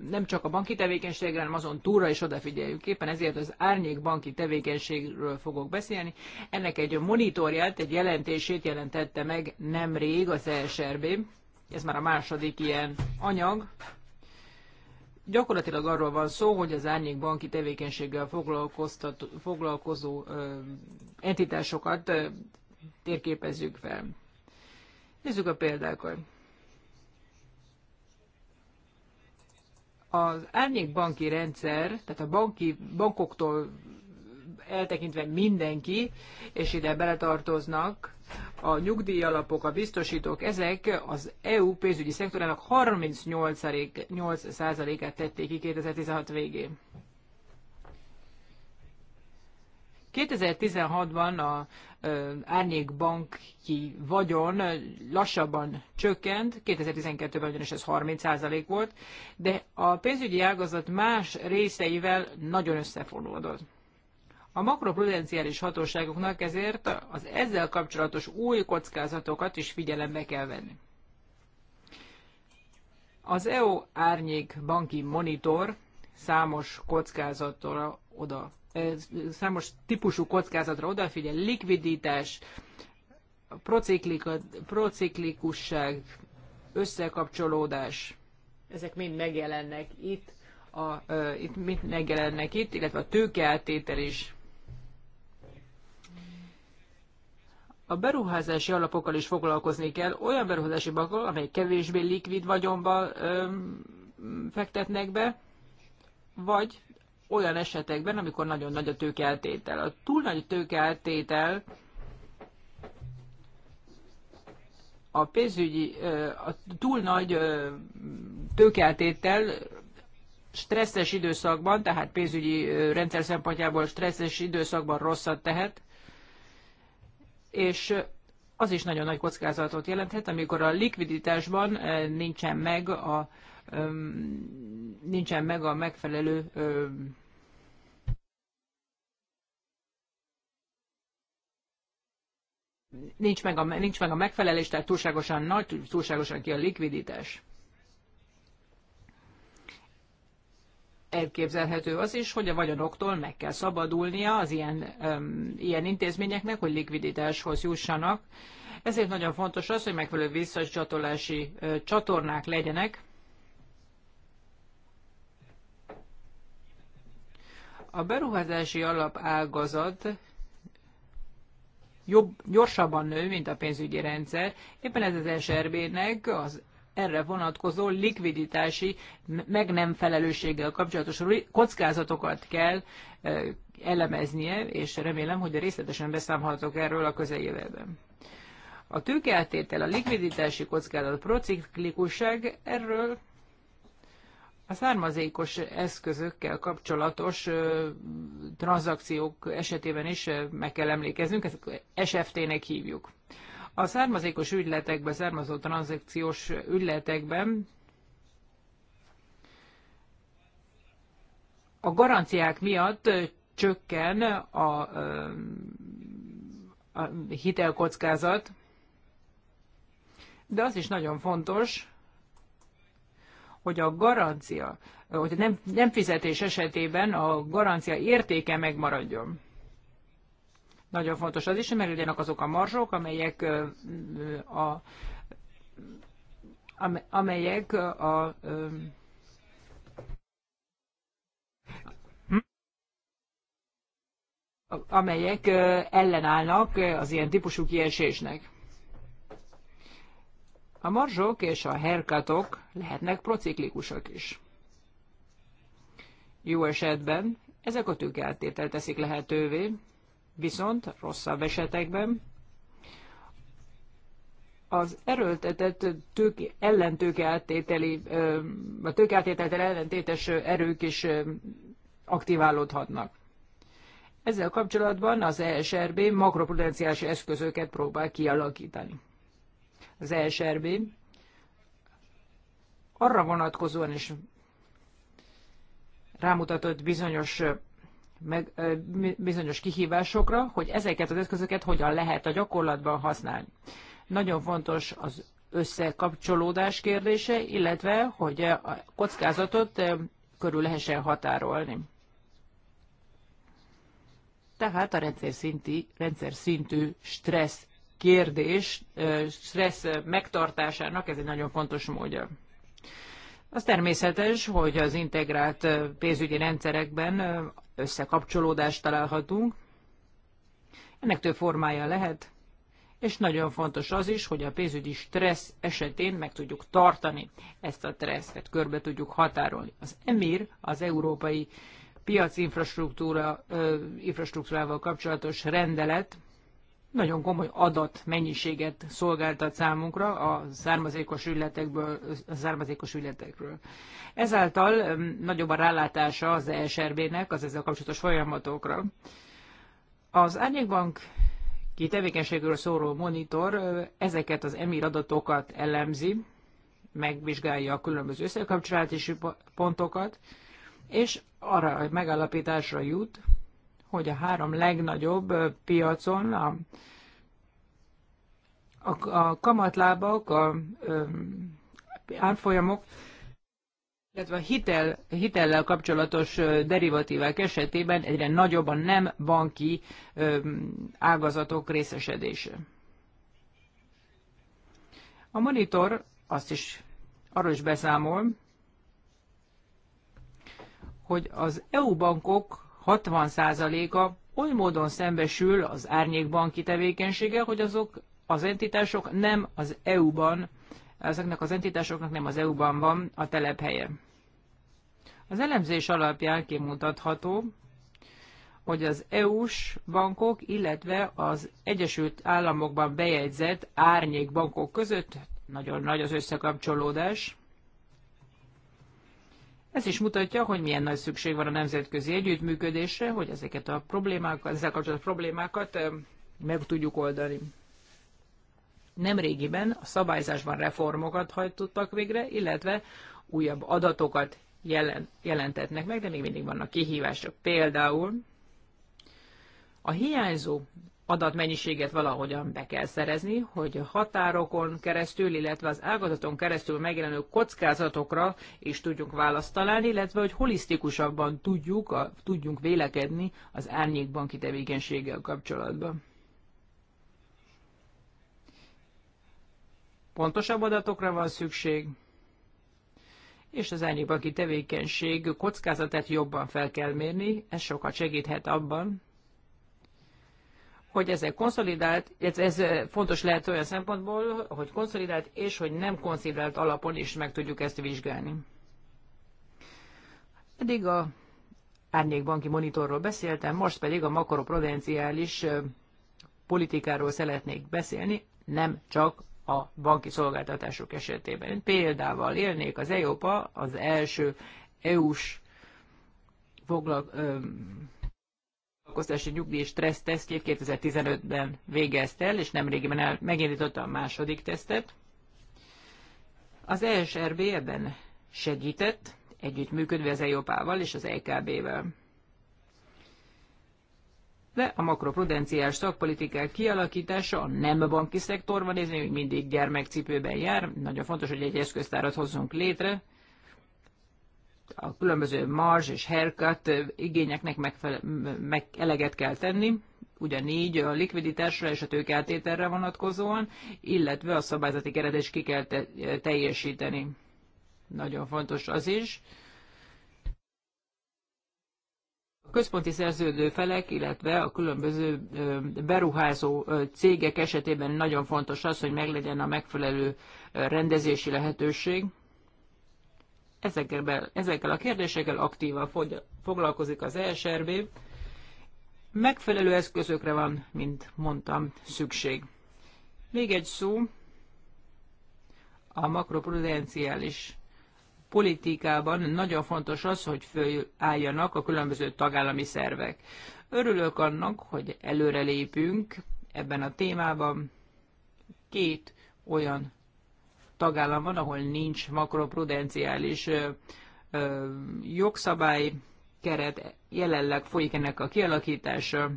nem csak a banki tevékenységre, hanem azon túlra is odafigyeljük. Éppen ezért az árnyék banki tevékenységről fogok beszélni. Ennek egy monitorját, egy jelentését jelentette meg nemrég az ESRB. Ez már a második ilyen anyag. Gyakorlatilag arról van szó, hogy az árnyék banki tevékenységgel foglalkozó entitásokat térképezzük fel. Nézzük a példákat. Az árnyékbanki rendszer, tehát a banki, bankoktól eltekintve mindenki, és ide beletartoznak a nyugdíjalapok, a biztosítók, ezek az EU pénzügyi szektorának 38%-át tették ki 2016 végén. 2016-ban a banki vagyon lassabban csökkent, 2012-ben ugyanis ez 30% volt, de a pénzügyi ágazat más részeivel nagyon összefonódott. A makroprudenciális hatóságoknak ezért az ezzel kapcsolatos új kockázatokat is figyelembe kell venni. Az EU árnyék banki monitor számos kockázatra oda, számos típusú kockázatra odafigyel, likviditás, prociklikusság, összekapcsolódás, ezek mind megjelennek itt, a, itt mind megjelennek itt, illetve a tőkeáttétel is a beruházási alapokkal is foglalkozni kell, olyan beruházási bankokkal, amely kevésbé likvid vagyonba öm, fektetnek be, vagy olyan esetekben, amikor nagyon nagy a tőkeáltétel. A túl nagy tőkeáltétel a pénzügyi, a túl nagy tőkeáltétel stresszes időszakban, tehát pénzügyi rendszer szempontjából stresszes időszakban rosszat tehet, és az is nagyon nagy kockázatot jelenthet, amikor a likviditásban nincsen meg a, nincsen meg a megfelelő nincs meg, a, nincs meg a megfelelés, tehát túlságosan nagy, túlságosan ki a likviditás. elképzelhető az is, hogy a vagyonoktól meg kell szabadulnia az ilyen, um, ilyen intézményeknek, hogy likviditáshoz jussanak. Ezért nagyon fontos az, hogy megfelelő visszacsatolási uh, csatornák legyenek. A beruházási alap ágazat jobb, gyorsabban nő, mint a pénzügyi rendszer. Éppen ez az SRB-nek az erre vonatkozó likviditási, meg nem felelősséggel kapcsolatos kockázatokat kell elemeznie, és remélem, hogy részletesen beszámolhatok erről a közeljövőben. A tőkeáttétel, a likviditási kockázat, a prociklikusság, erről a származékos eszközökkel kapcsolatos ö, tranzakciók esetében is ö, meg kell emlékeznünk, ezt SFT-nek hívjuk. A származékos ügyletekben, származó tranzakciós ügyletekben a garanciák miatt csökken a, a hitelkockázat, de az is nagyon fontos, hogy a garancia, hogy nem, nem fizetés esetében a garancia értéke megmaradjon. Nagyon fontos az is, mert legyenek azok a marzsok, amelyek a amelyek a amelyek ellenállnak az ilyen típusú kiesésnek. A marzsok és a herkatok lehetnek prociklikusok is. Jó esetben ezek a tőkeáttételt teszik lehetővé, Viszont rosszabb esetekben az erőltetett tők, áttételi, a tőkeáttételtel ellentétes erők is aktiválódhatnak. Ezzel kapcsolatban az ESRB makroprudenciális eszközöket próbál kialakítani. Az ESRB arra vonatkozóan is rámutatott bizonyos meg bizonyos kihívásokra, hogy ezeket az eszközöket hogyan lehet a gyakorlatban használni. Nagyon fontos az összekapcsolódás kérdése, illetve hogy a kockázatot körül lehessen határolni. Tehát a rendszer, szinti, rendszer szintű stressz kérdés, stressz megtartásának ez egy nagyon fontos módja. Az természetes, hogy az integrált pénzügyi rendszerekben összekapcsolódást találhatunk. Ennek több formája lehet, és nagyon fontos az is, hogy a pénzügyi stressz esetén meg tudjuk tartani ezt a stresszet, körbe tudjuk határolni. Az EMIR, az Európai Piac infrastruktúra, ö, infrastruktúrával kapcsolatos rendelet nagyon komoly adat mennyiséget szolgáltat számunkra a származékos, ügyletekből, a származékos ügyletekről. Ezáltal nagyobb a rálátása az ESRB-nek az ezzel kapcsolatos folyamatokra. Az Árnyékbank kitevékenységről szóró szóló monitor ezeket az EMIR adatokat elemzi, megvizsgálja a különböző összekapcsolási pontokat, és arra a megállapításra jut, hogy a három legnagyobb piacon a, a, a kamatlábak, a, a árfolyamok, illetve a hitel, hitellel kapcsolatos derivatívák esetében egyre nagyobb a nem banki ágazatok részesedése. A monitor azt is arról is beszámol, hogy az EU bankok 60%-a oly módon szembesül az árnyékbanki tevékenysége, hogy azok az entitások nem az EU-ban, ezeknek az entitásoknak nem az EU-ban van a telephelye. Az elemzés alapján kimutatható, hogy az EU-s bankok, illetve az Egyesült Államokban bejegyzett árnyék bankok között nagyon nagy az összekapcsolódás. Ez is mutatja, hogy milyen nagy szükség van a nemzetközi együttműködésre, hogy ezeket a problémákat, ezzel kapcsolatos problémákat meg tudjuk oldani. Nemrégiben a szabályzásban reformokat hajtottak végre, illetve újabb adatokat jelen, jelentetnek meg, de még mindig vannak kihívások. Például a hiányzó adatmennyiséget valahogyan be kell szerezni, hogy határokon keresztül, illetve az ágazaton keresztül megjelenő kockázatokra is tudjunk választ találni, illetve hogy holisztikusabban tudjuk, a, tudjunk vélekedni az árnyékbanki tevékenységgel kapcsolatban. Pontosabb adatokra van szükség, és az árnyékbanki tevékenység kockázatát jobban fel kell mérni, ez sokat segíthet abban, hogy ezek konszolidált, ez, ez eh, fontos lehet olyan szempontból, hogy konszolidált és hogy nem konszolidált alapon is meg tudjuk ezt vizsgálni. Eddig a árnyékbanki monitorról beszéltem, most pedig a makroprudenciális eh, politikáról szeretnék beszélni, nem csak a banki szolgáltatások esetében. Példával élnék az EOPA, az első EU-s foglal, foglalkoztási nyugdíj stressz tesztjét 2015-ben végezte el, és nemrégiben megindította a második tesztet. Az ESRB ebben segített, együttműködve az EIOPA-val és az EKB-vel. De a makroprudenciális szakpolitikák kialakítása a nem banki szektorban nézni, hogy mindig gyermekcipőben jár. Nagyon fontos, hogy egy eszköztárat hozzunk létre, a különböző marzs és haircut igényeknek megfele- meg eleget kell tenni, ugyanígy a likviditásra és a tőkeltételre vonatkozóan, illetve a szabályzati keretet is ki kell te- teljesíteni. Nagyon fontos az is. A központi szerződő felek, illetve a különböző beruházó cégek esetében nagyon fontos az, hogy meglegyen a megfelelő rendezési lehetőség ezekkel, ezekkel a kérdésekkel aktívan foglalkozik az ESRB. Megfelelő eszközökre van, mint mondtam, szükség. Még egy szó a makroprudenciális politikában nagyon fontos az, hogy följálljanak a különböző tagállami szervek. Örülök annak, hogy előrelépünk ebben a témában. Két olyan tagállam van, ahol nincs makroprudenciális jogszabály keret, jelenleg folyik ennek a kialakítása.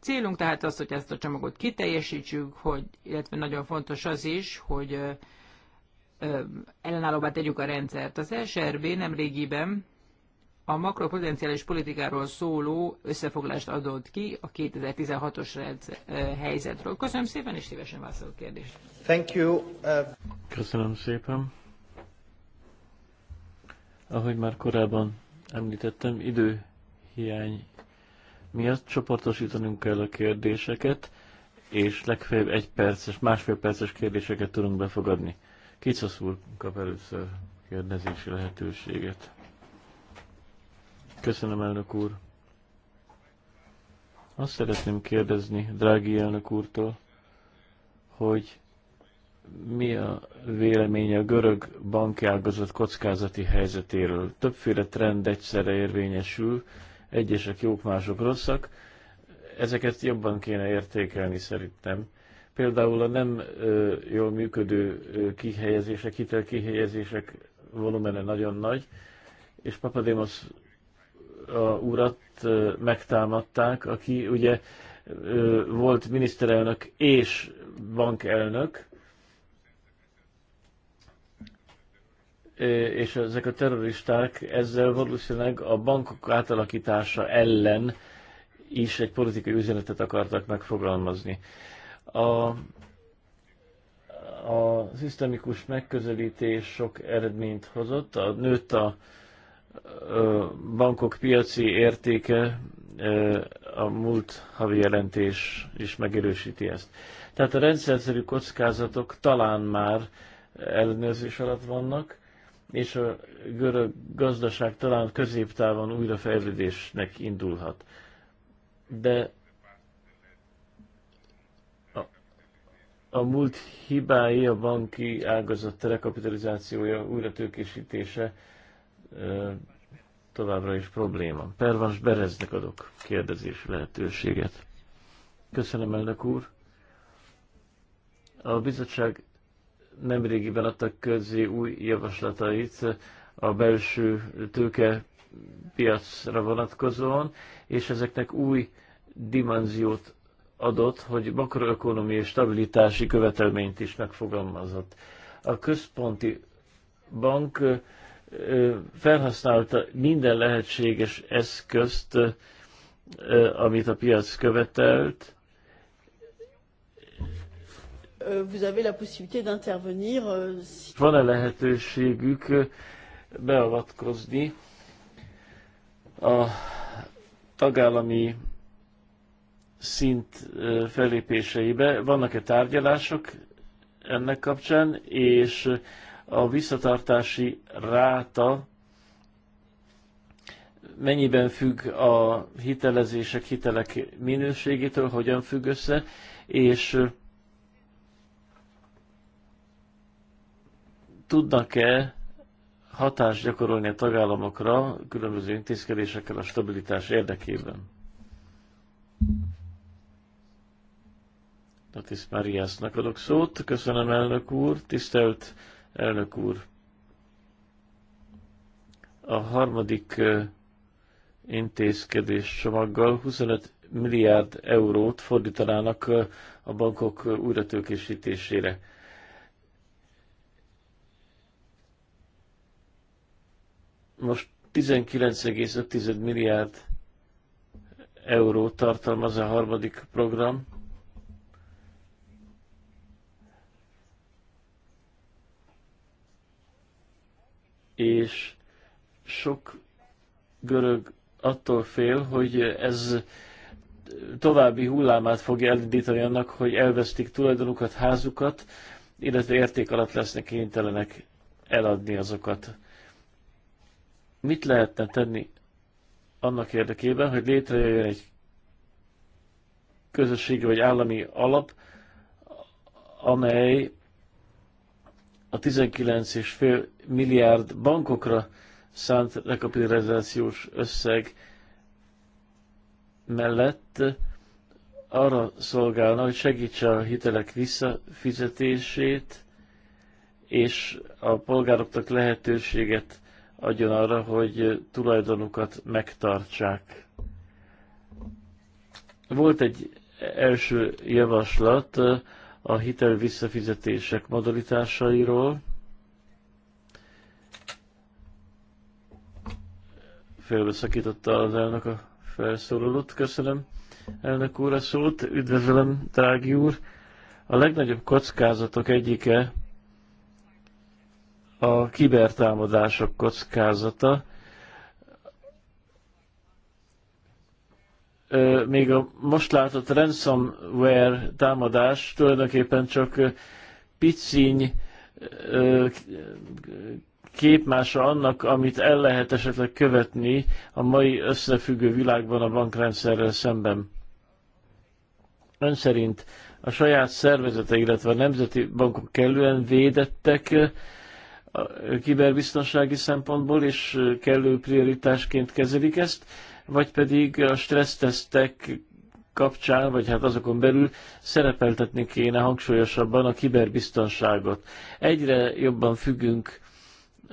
Célunk tehát az, hogy ezt a csomagot kiteljesítsük, hogy, illetve nagyon fontos az is, hogy ellenállóbbá tegyük a rendszert. Az SRB nemrégiben a makropotenciális politikáról szóló összefoglást adott ki a 2016-os eh, helyzetről. Köszönöm szépen, és szívesen válaszolok kérdést. Thank you. Uh... Köszönöm szépen. Ahogy már korábban említettem, időhiány miatt csoportosítanunk kell a kérdéseket, és legfeljebb egy perces, másfél perces kérdéseket tudunk befogadni. Kicasz úr kap először kérdezési lehetőséget. Köszönöm, elnök úr. Azt szeretném kérdezni drági elnök úrtól, hogy mi a véleménye a görög ágazat kockázati helyzetéről. Többféle trend egyszerre érvényesül, egyesek jók, mások rosszak. Ezeket jobban kéne értékelni szerintem. Például a nem ö, jól működő ö, kihelyezések, hitelkihelyezések volumene nagyon nagy, és Papadémosz a urat megtámadták, aki ugye volt miniszterelnök és bankelnök, és ezek a terroristák ezzel valószínűleg a bankok átalakítása ellen is egy politikai üzenetet akartak megfogalmazni. A, a szisztemikus megközelítés sok eredményt hozott, a, nőtt a, bankok piaci értéke a múlt havi jelentés is megerősíti ezt. Tehát a rendszerszerű kockázatok talán már ellenőrzés alatt vannak, és a görög gazdaság talán középtávon újrafejlődésnek indulhat. De a, a múlt hibái, a banki ágazat telekapitalizációja, újratőkésítése továbbra is probléma. Pervans Bereznek adok kérdezés lehetőséget. Köszönöm, elnök úr. A bizottság nemrégiben adta közé új javaslatait a belső tőke piacra vonatkozóan, és ezeknek új dimenziót adott, hogy makroökonomiai stabilitási követelményt is megfogalmazott. A központi bank felhasználta minden lehetséges eszközt, amit a piac követelt. Vous avez la possibilité d'intervenir. Euh, Van-e lehetőségük beavatkozni a tagállami szint felépéseibe? Vannak-e tárgyalások ennek kapcsán, és a visszatartási ráta mennyiben függ a hitelezések, hitelek minőségétől, hogyan függ össze, és tudnak-e hatást gyakorolni a tagállamokra különböző intézkedésekkel a stabilitás érdekében? Tatis Mariasnak adok szót. Köszönöm, elnök úr. Tisztelt Elnök úr, a harmadik intézkedés csomaggal 25 milliárd eurót fordítanának a bankok újratőkésítésére. Most 19,5 milliárd euró tartalmaz a harmadik program, és sok görög attól fél, hogy ez további hullámát fog elindítani annak, hogy elvesztik tulajdonukat, házukat, illetve érték alatt lesznek kénytelenek eladni azokat. Mit lehetne tenni annak érdekében, hogy létrejöjjön egy közösségi vagy állami alap, amely a 19,5 milliárd bankokra szánt rekapitalizációs összeg mellett arra szolgálna, hogy segítse a hitelek visszafizetését, és a polgároknak lehetőséget adjon arra, hogy tulajdonukat megtartsák. Volt egy első javaslat, a hitel visszafizetések modalitásairól, félbeszakította az elnök a felszólalót. Köszönöm elnök úr a szót, üdvözlöm, drági úr. A legnagyobb kockázatok egyike a kibertámadások kockázata, még a most látott ransomware támadás tulajdonképpen csak piciny képmása annak, amit el lehet esetleg követni a mai összefüggő világban a bankrendszerrel szemben. Ön szerint a saját szervezete, illetve a nemzeti bankok kellően védettek a kiberbiztonsági szempontból, és kellő prioritásként kezelik ezt, vagy pedig a stressztesztek kapcsán, vagy hát azokon belül szerepeltetni kéne hangsúlyosabban a kiberbiztonságot. Egyre jobban függünk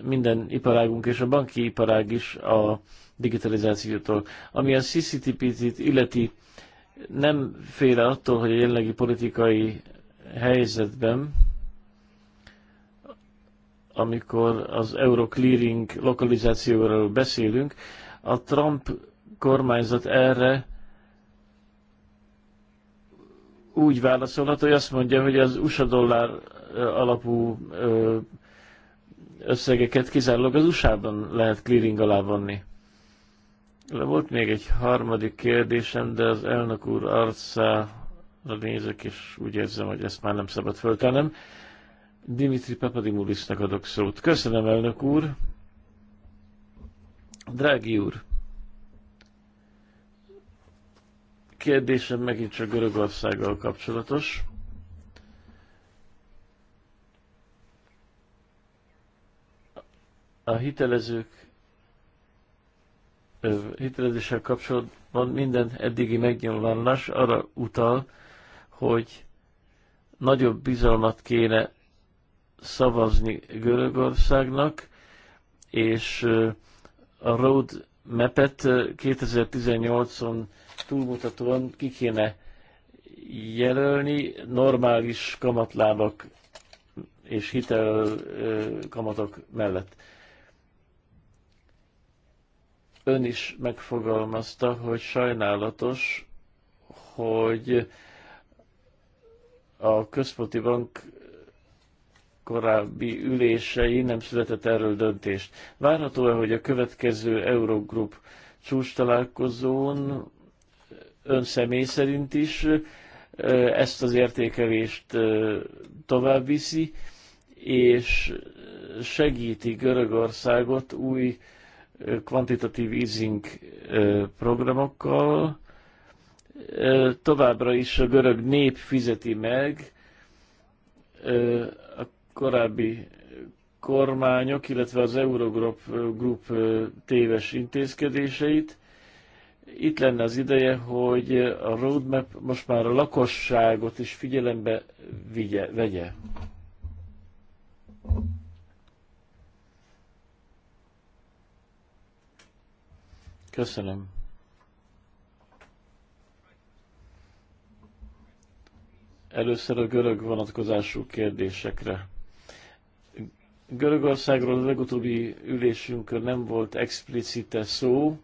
minden iparágunk és a banki iparág is a digitalizációtól. Ami a CCTP-t illeti, nem féle attól, hogy a jelenlegi politikai helyzetben, amikor az Euroclearing lokalizációról beszélünk, a Trump kormányzat erre úgy válaszolhat, hogy azt mondja, hogy az USA dollár alapú összegeket kizárólag az USA-ban lehet clearing alá vonni. De volt még egy harmadik kérdésem, de az elnök úr arcára nézek, és úgy érzem, hogy ezt már nem szabad föltenem. Dimitri Papadimulisnak adok szót. Köszönöm, elnök úr! Drági úr! kérdésem megint csak Görögországgal kapcsolatos. A hitelezők hitelezéssel kapcsolatban minden eddigi megnyilvánulás arra utal, hogy nagyobb bizalmat kéne szavazni Görögországnak, és a road mapet 2018-on túlmutatóan ki kéne jelölni normális kamatlábak és hitel kamatok mellett. Ön is megfogalmazta, hogy sajnálatos, hogy a központi bank korábbi ülései nem született erről döntést. Várható-e, hogy a következő Eurogroup csúcs találkozón ön személy szerint is ezt az értékelést tovább viszi, és segíti Görögországot új kvantitatív easing programokkal. Továbbra is a görög nép fizeti meg a korábbi kormányok, illetve az Eurogroup Group téves intézkedéseit itt lenne az ideje, hogy a roadmap most már a lakosságot is figyelembe vigye, vegye. Köszönöm. Először a görög vonatkozású kérdésekre. Görögországról a legutóbbi ülésünkön nem volt explicite szó,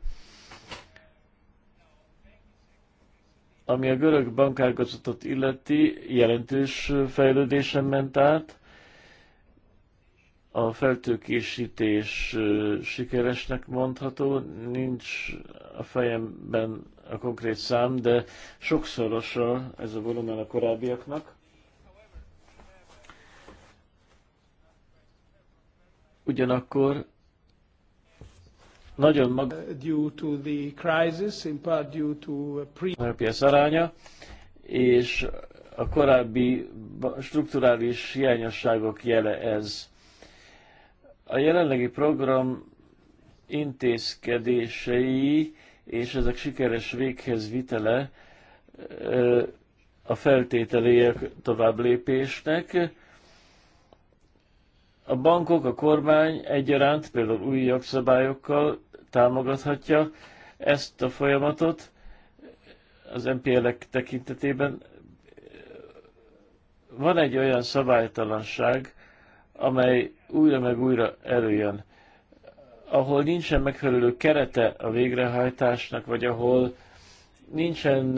Ami a görög bankágazatot illeti, jelentős fejlődésen ment át. A feltőkésítés sikeresnek mondható, nincs a fejemben a konkrét szám, de sokszorosa ez a volumen a korábbiaknak. Ugyanakkor nagyon to pre. piac aránya, és a korábbi strukturális hiányosságok jele ez. A jelenlegi program intézkedései és ezek sikeres véghez vitele uh, a feltételéje tovább lépésnek. A bankok, a kormány egyaránt, például új jogszabályokkal támogathatja ezt a folyamatot az MPL-ek tekintetében. Van egy olyan szabálytalanság, amely újra meg újra előjön, ahol nincsen megfelelő kerete a végrehajtásnak, vagy ahol nincsen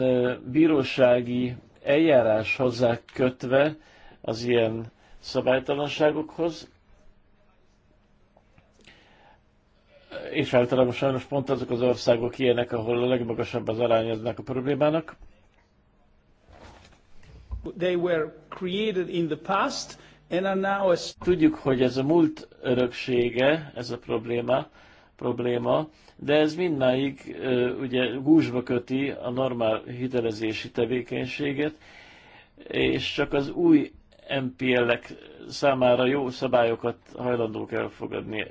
bírósági eljárás hozzá kötve az ilyen szabálytalanságokhoz, és általában sajnos pont azok az országok ilyenek, ahol a legmagasabb az arány a problémának. They were created in the past and are now a... Tudjuk, hogy ez a múlt öröksége, ez a probléma, probléma, de ez mindmáig ugye gúzsba köti a normál hitelezési tevékenységet, és csak az új MPL-ek számára jó szabályokat hajlandók elfogadni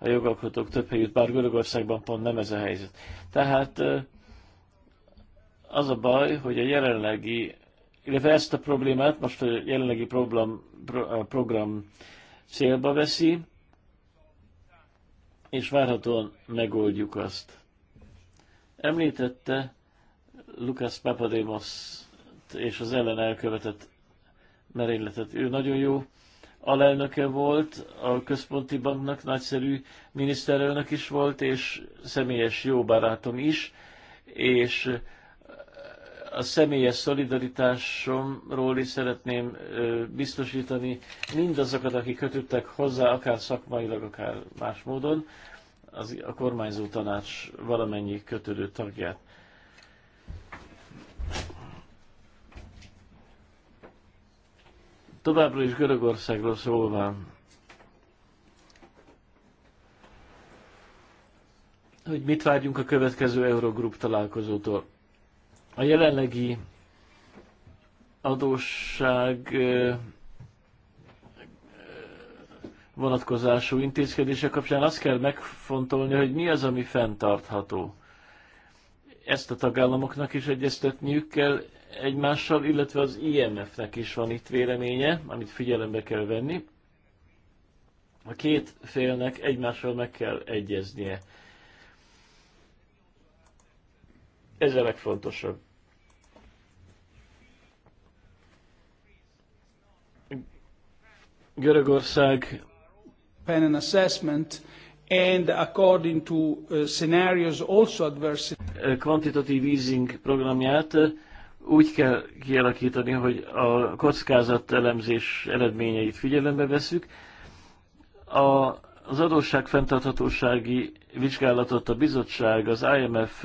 a jogalkotók több helyütt, bár Görögországban pont nem ez a helyzet. Tehát az a baj, hogy a jelenlegi, illetve ezt a problémát most a jelenlegi program, program célba veszi, és várhatóan megoldjuk azt. Említette Lukasz Papademos és az ellen elkövetett merényletet. Ő nagyon jó alelnöke volt, a központi banknak nagyszerű miniszterelnök is volt, és személyes jó barátom is, és a személyes szolidaritásomról is szeretném biztosítani mindazokat, akik kötöttek hozzá, akár szakmailag, akár más módon, az, a kormányzó tanács valamennyi kötődő tagját. Továbbra is Görögországról szólván, hogy mit várjunk a következő Eurogroup találkozótól. A jelenlegi adósság vonatkozású intézkedése kapcsán azt kell megfontolni, hogy mi az, ami fenntartható. Ezt a tagállamoknak is egyeztetniük kell, egymással, illetve az IMF-nek is van itt véleménye, amit figyelembe kell venni. A két félnek egymással meg kell egyeznie. Ez a legfontosabb. Görögország an assessment and according to uh, scenarios also adverse. Kvantitatív easing programját úgy kell kialakítani, hogy a kockázat elemzés eredményeit figyelembe veszük. A, az adósság fenntarthatósági vizsgálatot a bizottság, az IMF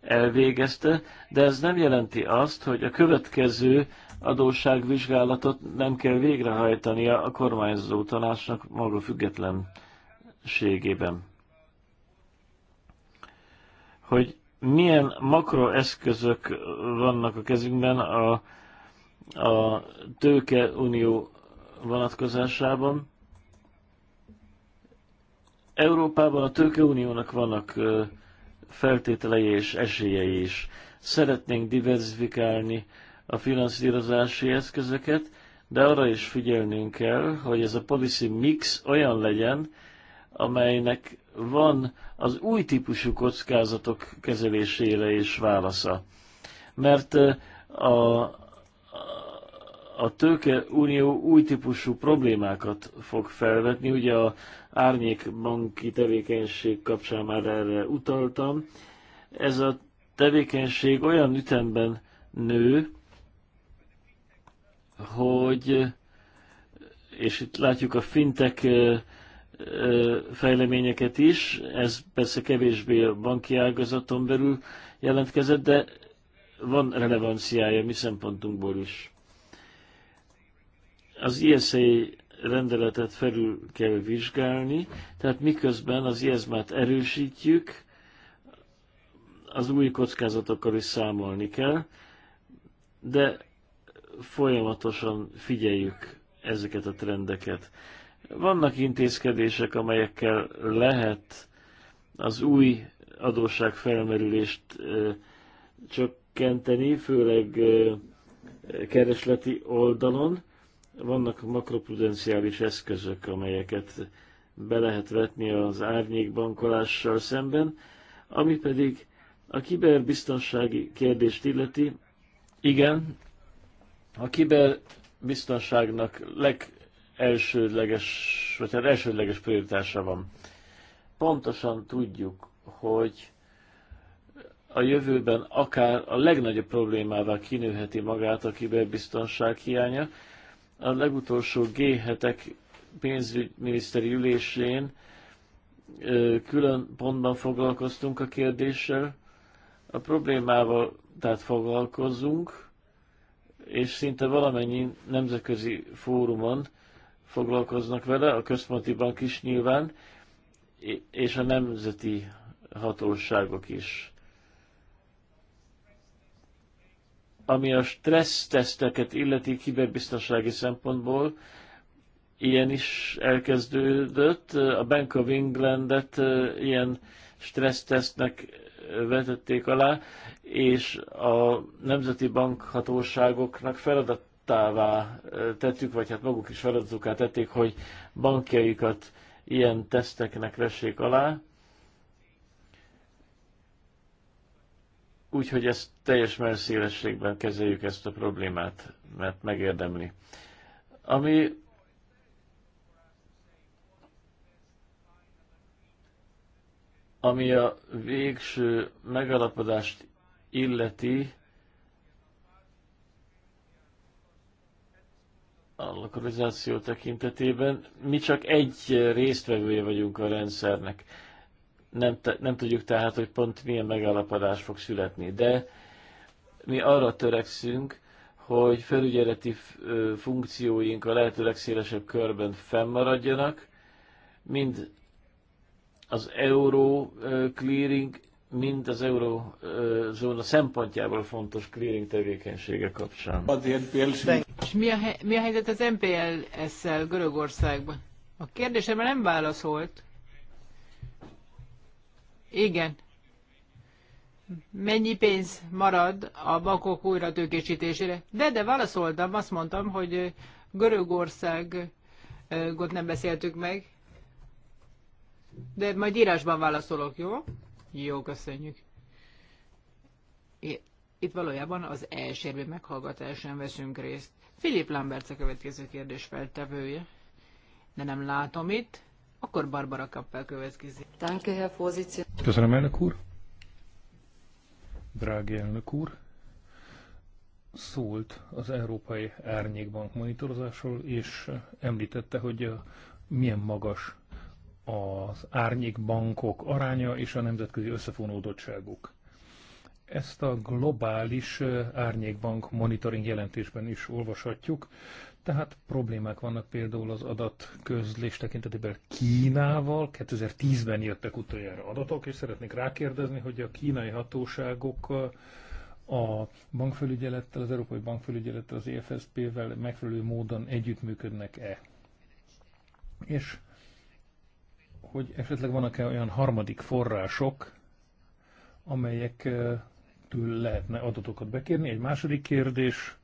elvégezte, de ez nem jelenti azt, hogy a következő adósságvizsgálatot nem kell végrehajtani a kormányzó tanácsnak maga függetlenségében. Hogy milyen makroeszközök vannak a kezünkben a, a tőke unió vonatkozásában. Európában a Uniónak vannak feltételei és esélyei is. Szeretnénk diversifikálni a finanszírozási eszközöket, de arra is figyelnünk kell, hogy ez a policy mix olyan legyen, amelynek van az új típusú kockázatok kezelésére és válasza. Mert a, a tőke unió új típusú problémákat fog felvetni. Ugye a árnyékbanki tevékenység kapcsán már erre utaltam. Ez a tevékenység olyan ütemben nő, hogy és itt látjuk a fintek fejleményeket is, ez persze kevésbé a banki ágazaton belül jelentkezett, de van relevanciája mi szempontunkból is. Az ISA rendeletet felül kell vizsgálni, tehát miközben az ISMA-t erősítjük, az új kockázatokkal is számolni kell, de folyamatosan figyeljük ezeket a trendeket. Vannak intézkedések, amelyekkel lehet az új adósság felmerülést csökkenteni, főleg keresleti oldalon. Vannak makroprudenciális eszközök, amelyeket be lehet vetni az árnyékbankolással szemben, ami pedig a kiberbiztonsági kérdést illeti, igen, a kiberbiztonságnak leg elsődleges, vagy hát elsődleges prioritása van. Pontosan tudjuk, hogy a jövőben akár a legnagyobb problémává kinőheti magát a kiberbiztonság hiánya. A legutolsó G7-ek pénzügyminiszteri ülésén külön pontban foglalkoztunk a kérdéssel. A problémával tehát foglalkozunk, és szinte valamennyi nemzetközi fórumon foglalkoznak vele, a központi bank is nyilván, és a nemzeti hatóságok is. Ami a stresszteszteket illeti kiberbiztonsági szempontból, ilyen is elkezdődött. A Bank of Englandet ilyen stressztesztnek vetették alá, és a nemzeti bankhatóságoknak feladat feladatává tettük, vagy hát maguk is feladatokká tették, hogy bankjaikat ilyen teszteknek vessék alá. Úgyhogy ezt teljes merszélességben kezeljük ezt a problémát, mert megérdemli. Ami ami a végső megalapodást illeti, a lokalizáció tekintetében. Mi csak egy résztvevője vagyunk a rendszernek. Nem, nem tudjuk tehát, hogy pont milyen megállapodás fog születni, de mi arra törekszünk, hogy felügyeleti funkcióink a lehető legszélesebb körben fennmaradjanak, mind az euró clearing mind az eurózóna szempontjából fontos clearing tevékenysége kapcsán. És mi a, mi a helyzet az MPLS-szel Görögországban? A kérdésemre nem válaszolt. Igen. Mennyi pénz marad a bankok újra tőkésítésére? De, de válaszoltam, azt mondtam, hogy Görögországot nem beszéltük meg. De majd írásban válaszolok, jó? Jó, köszönjük. Itt valójában az elsőbb meghallgatásán veszünk részt. Filip Lambert a következő kérdés feltevője, de nem látom itt. Akkor Barbara Kappel következik. Köszönöm, elnök úr. Drági elnök úr, szólt az Európai Árnyékbank monitorozásról, és említette, hogy uh, milyen magas az árnyékbankok aránya és a nemzetközi összefonódottságuk. Ezt a globális árnyékbank monitoring jelentésben is olvashatjuk, tehát problémák vannak például az adatközlés tekintetében Kínával. 2010-ben jöttek utoljára adatok, és szeretnék rákérdezni, hogy a kínai hatóságok a bankfelügyelettel, az Európai Bankfelügyelettel, az EFSP-vel megfelelő módon együttműködnek-e. És hogy esetleg vannak-e olyan harmadik források, amelyek től lehetne adatokat bekérni. Egy második kérdés,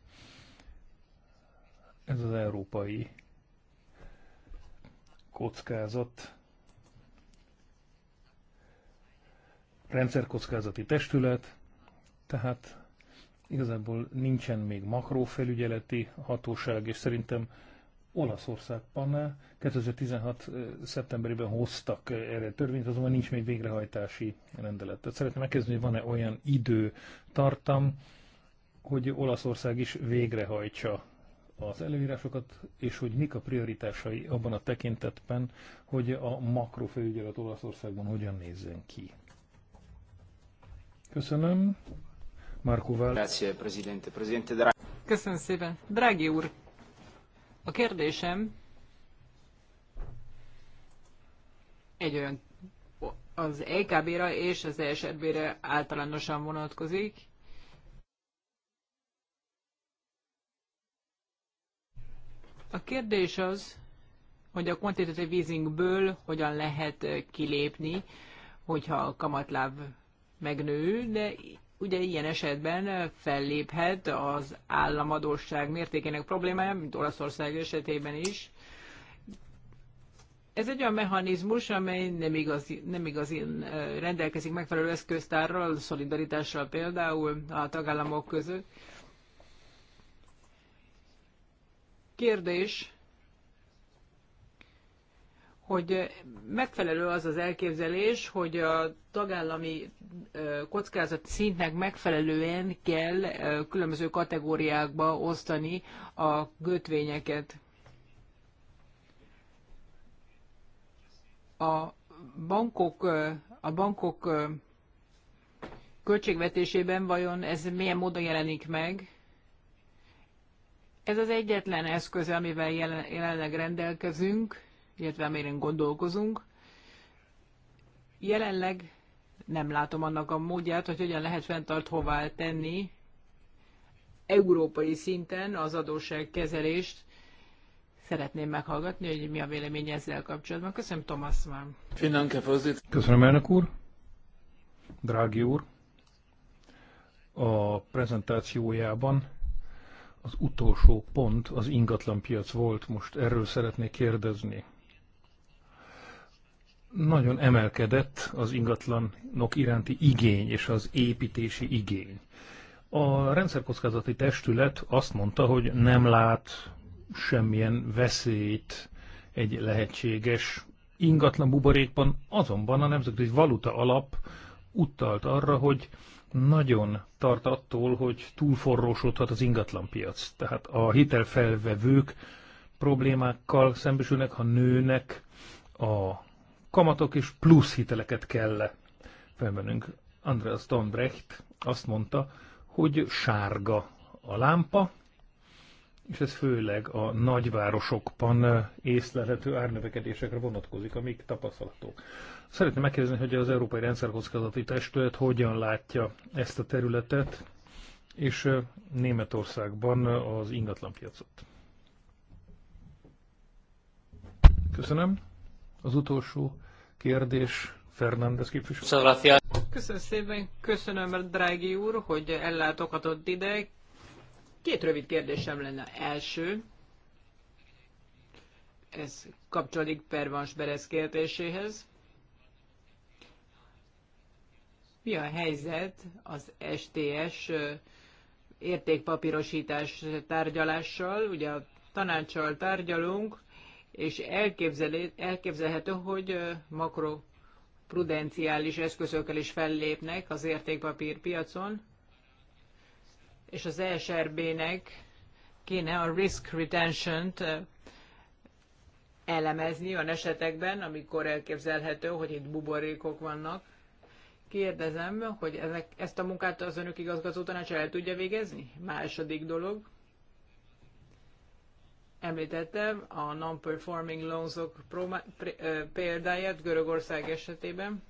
ez az európai kockázat, rendszerkockázati testület, tehát igazából nincsen még makrófelügyeleti hatóság, és szerintem Olaszországban 2016. Eh, eh, szeptemberében hoztak eh, erre törvényt, azonban nincs még végrehajtási rendelet. Tehát szeretném megkezdeni, hogy van-e olyan idő tartam, hogy Olaszország is végrehajtsa az előírásokat, és hogy mik a prioritásai abban a tekintetben, hogy a makrofőügyelet Olaszországban hogyan nézzen ki. Köszönöm. Marco Val. Köszönöm szépen. Drági úr, a kérdésem egy olyan az EKB-ra és az ESRB-re általánosan vonatkozik. A kérdés az, hogy a quantitative easingből hogyan lehet kilépni, hogyha a kamatláb megnő, de ugye ilyen esetben felléphet az államadóság mértékének problémája, mint Olaszország esetében is. Ez egy olyan mechanizmus, amely nem, igazi, nem igazin rendelkezik megfelelő eszköztárral, szolidaritással például a tagállamok között. Kérdés, hogy megfelelő az az elképzelés, hogy a tagállami kockázat szintnek megfelelően kell különböző kategóriákba osztani a kötvényeket. A bankok, a bankok költségvetésében vajon ez milyen módon jelenik meg? Ez az egyetlen eszköz, amivel jelenleg rendelkezünk illetve amelyen gondolkozunk. Jelenleg nem látom annak a módját, hogy hogyan lehet fenntarthová tenni európai szinten az adósságkezelést. Szeretném meghallgatni, hogy mi a vélemény ezzel kapcsolatban. Köszönöm, Thomas Mann. Köszönöm, elnök úr. Drági úr. A prezentációjában az utolsó pont az ingatlanpiac volt, most erről szeretnék kérdezni nagyon emelkedett az ingatlanok iránti igény és az építési igény. A rendszerkockázati testület azt mondta, hogy nem lát semmilyen veszélyt egy lehetséges ingatlan buborékban, azonban a Nemzetközi Valuta Alap utalt arra, hogy nagyon tart attól, hogy túlforrósodhat az ingatlanpiac. Tehát a hitelfelvevők problémákkal szembesülnek, ha nőnek a kamatok és plusz hiteleket kell felvennünk. Andreas Stonebrecht azt mondta, hogy sárga a lámpa, és ez főleg a nagyvárosokban észlelhető árnövekedésekre vonatkozik, amik tapasztalatok. Szeretném megkérdezni, hogy az Európai Rendszerkockázati Testület hogyan látja ezt a területet, és Németországban az ingatlanpiacot. Köszönöm. Az utolsó kérdés. Fernández képviselő. Köszönöm szépen, köszönöm, drági úr, hogy ellátogatott ide. Két rövid kérdésem lenne. Első, ez kapcsolódik Pervans Berez kérdéséhez. Mi a helyzet az STS értékpapírosítás tárgyalással? Ugye a tanácssal tárgyalunk, és elképzelhető, hogy makroprudenciális eszközökkel is fellépnek az piacon, és az ESRB-nek kéne a risk retention-t elemezni olyan esetekben, amikor elképzelhető, hogy itt buborékok vannak. Kérdezem, hogy ezek, ezt a munkát az önök igazgató tanács el tudja végezni? Második dolog. Említettem a non-performing loansok példáját Görögország esetében.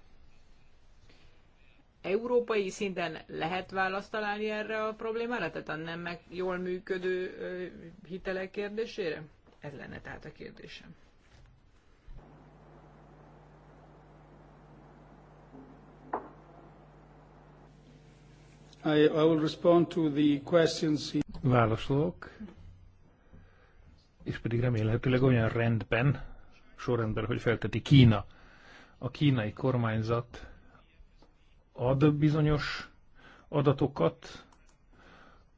Európai szinten lehet választ találni erre a problémára, tehát a nem meg jól működő hitelek kérdésére? Ez lenne tehát a kérdésem. I, I will respond to the questions. Válaszolok és pedig remélhetőleg olyan rendben, sorrendben, hogy felteti Kína. A kínai kormányzat ad bizonyos adatokat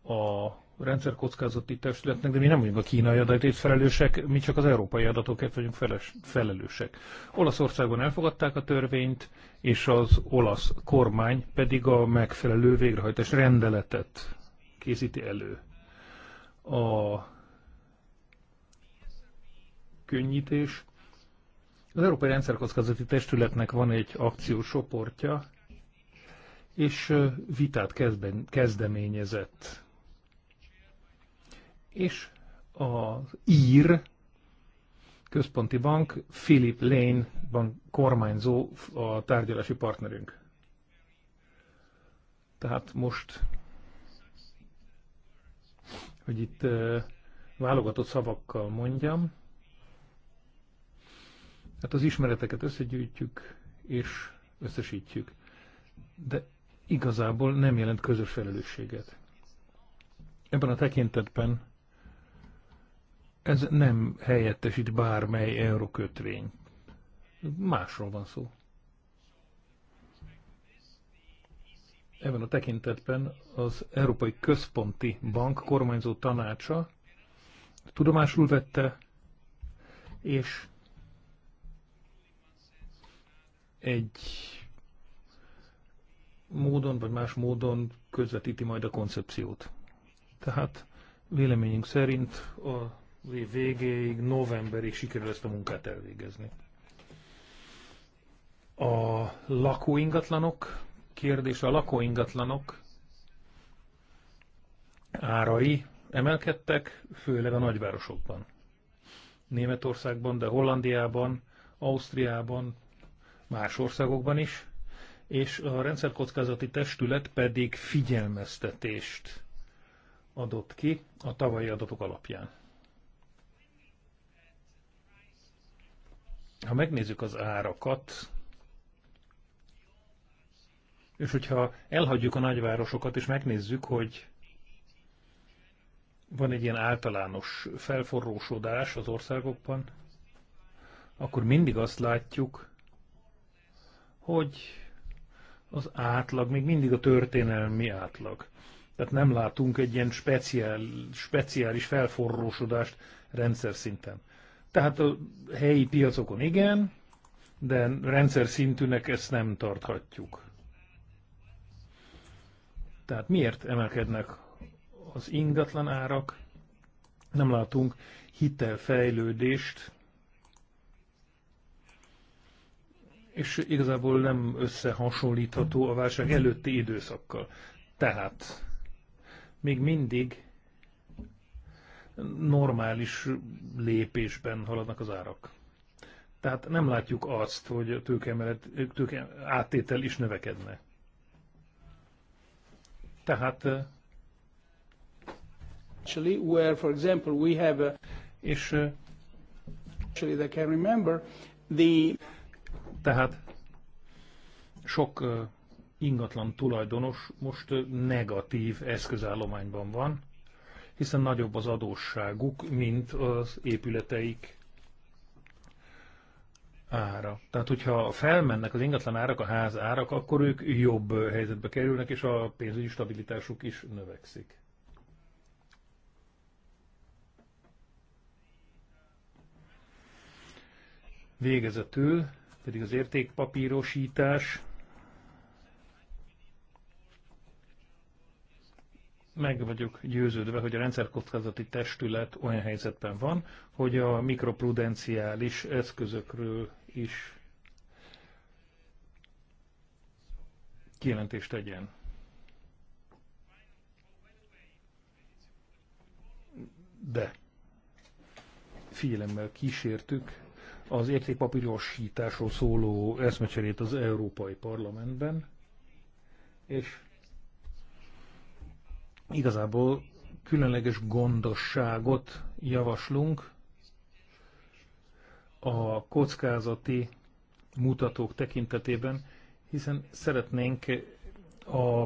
a rendszerkockázati testületnek, de mi nem vagyunk a kínai adatért felelősek, mi csak az európai adatokért vagyunk felelősek. Olaszországban elfogadták a törvényt, és az olasz kormány pedig a megfelelő végrehajtás rendeletet készíti elő. A könnyítés. Az Európai Rendszerkockázati Testületnek van egy akciócsoportja, és vitát kezdeményezett. És az ír központi bank, Philip Lane bank kormányzó a tárgyalási partnerünk. Tehát most, hogy itt válogatott szavakkal mondjam, Hát az ismereteket összegyűjtjük és összesítjük. De igazából nem jelent közös felelősséget. Ebben a tekintetben ez nem helyettesít bármely eurokötvény. Másról van szó. Ebben a tekintetben az Európai Központi Bank kormányzó tanácsa tudomásul vette, és egy módon vagy más módon közvetíti majd a koncepciót. Tehát véleményünk szerint a év végéig, novemberig sikerül ezt a munkát elvégezni. A lakóingatlanok kérdése, a lakóingatlanok árai emelkedtek, főleg a nagyvárosokban. Németországban, de Hollandiában, Ausztriában, más országokban is, és a rendszerkockázati testület pedig figyelmeztetést adott ki a tavalyi adatok alapján. Ha megnézzük az árakat, és hogyha elhagyjuk a nagyvárosokat, és megnézzük, hogy van egy ilyen általános felforrósodás az országokban, akkor mindig azt látjuk, hogy az átlag még mindig a történelmi átlag. Tehát nem látunk egy ilyen speciál, speciális felforrósodást rendszer szinten. Tehát a helyi piacokon igen, de rendszer szintűnek ezt nem tarthatjuk. Tehát miért emelkednek az ingatlan árak? Nem látunk hitelfejlődést és igazából nem összehasonlítható a válság előtti időszakkal. Tehát még mindig normális lépésben haladnak az árak. Tehát nem látjuk azt, hogy a tőkeemelet tőke áttétel is növekedne. Tehát actually where for example we have a, és actually they can remember the tehát sok ingatlan tulajdonos most negatív eszközállományban van, hiszen nagyobb az adósságuk, mint az épületeik ára. Tehát, hogyha felmennek az ingatlan árak, a ház árak, akkor ők jobb helyzetbe kerülnek, és a pénzügyi stabilitásuk is növekszik. Végezetül pedig az értékpapírosítás meg vagyok győződve, hogy a rendszerkockázati testület olyan helyzetben van, hogy a mikroprudenciális eszközökről is kijelentést tegyen. De figyelemmel kísértük az értékpapírosításról szóló eszmecserét az Európai Parlamentben, és igazából különleges gondosságot javaslunk a kockázati mutatók tekintetében, hiszen szeretnénk a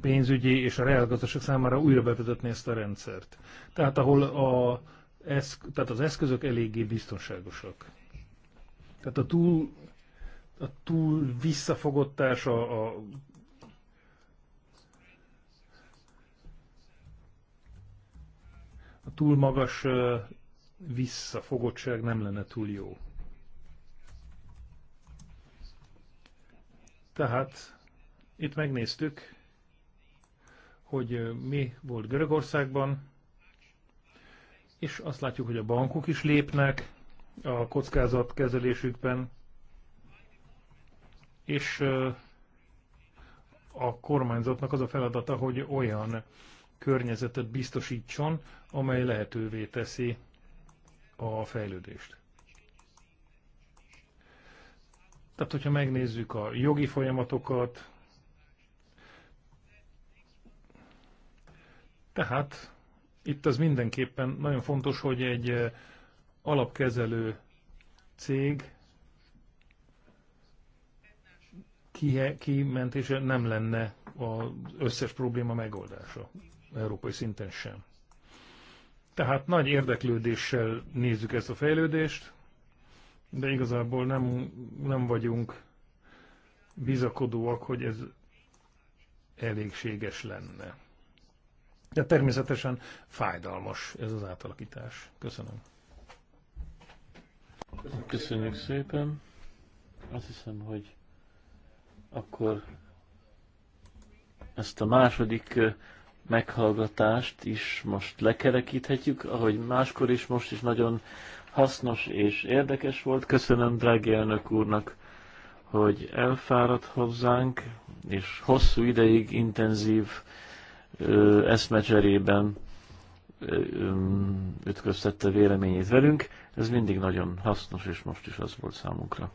pénzügyi és a reálgazdaság számára újra bevezetni ezt a rendszert. Tehát ahol a eszk, tehát az eszközök eléggé biztonságosak. Tehát a túl, a túl visszafogottás a, a a túl magas visszafogottság nem lenne túl jó. Tehát itt megnéztük, hogy mi volt Görögországban, és azt látjuk, hogy a bankok is lépnek a kockázatkezelésükben, és a kormányzatnak az a feladata, hogy olyan környezetet biztosítson, amely lehetővé teszi a fejlődést. Tehát, hogyha megnézzük a jogi folyamatokat, tehát itt az mindenképpen nagyon fontos, hogy egy alapkezelő cég kimentése nem lenne az összes probléma megoldása, európai szinten sem. Tehát nagy érdeklődéssel nézzük ezt a fejlődést, de igazából nem, nem vagyunk bizakodóak, hogy ez elégséges lenne. De természetesen fájdalmas ez az átalakítás. Köszönöm. Köszönjük szépen. Azt hiszem, hogy akkor ezt a második meghallgatást is most lekerekíthetjük, ahogy máskor is, most is nagyon hasznos és érdekes volt. Köszönöm drági elnök úrnak, hogy elfáradt hozzánk, és hosszú ideig intenzív eszmecserében ütköztette véleményét velünk. Ez mindig nagyon hasznos, és most is az volt számunkra.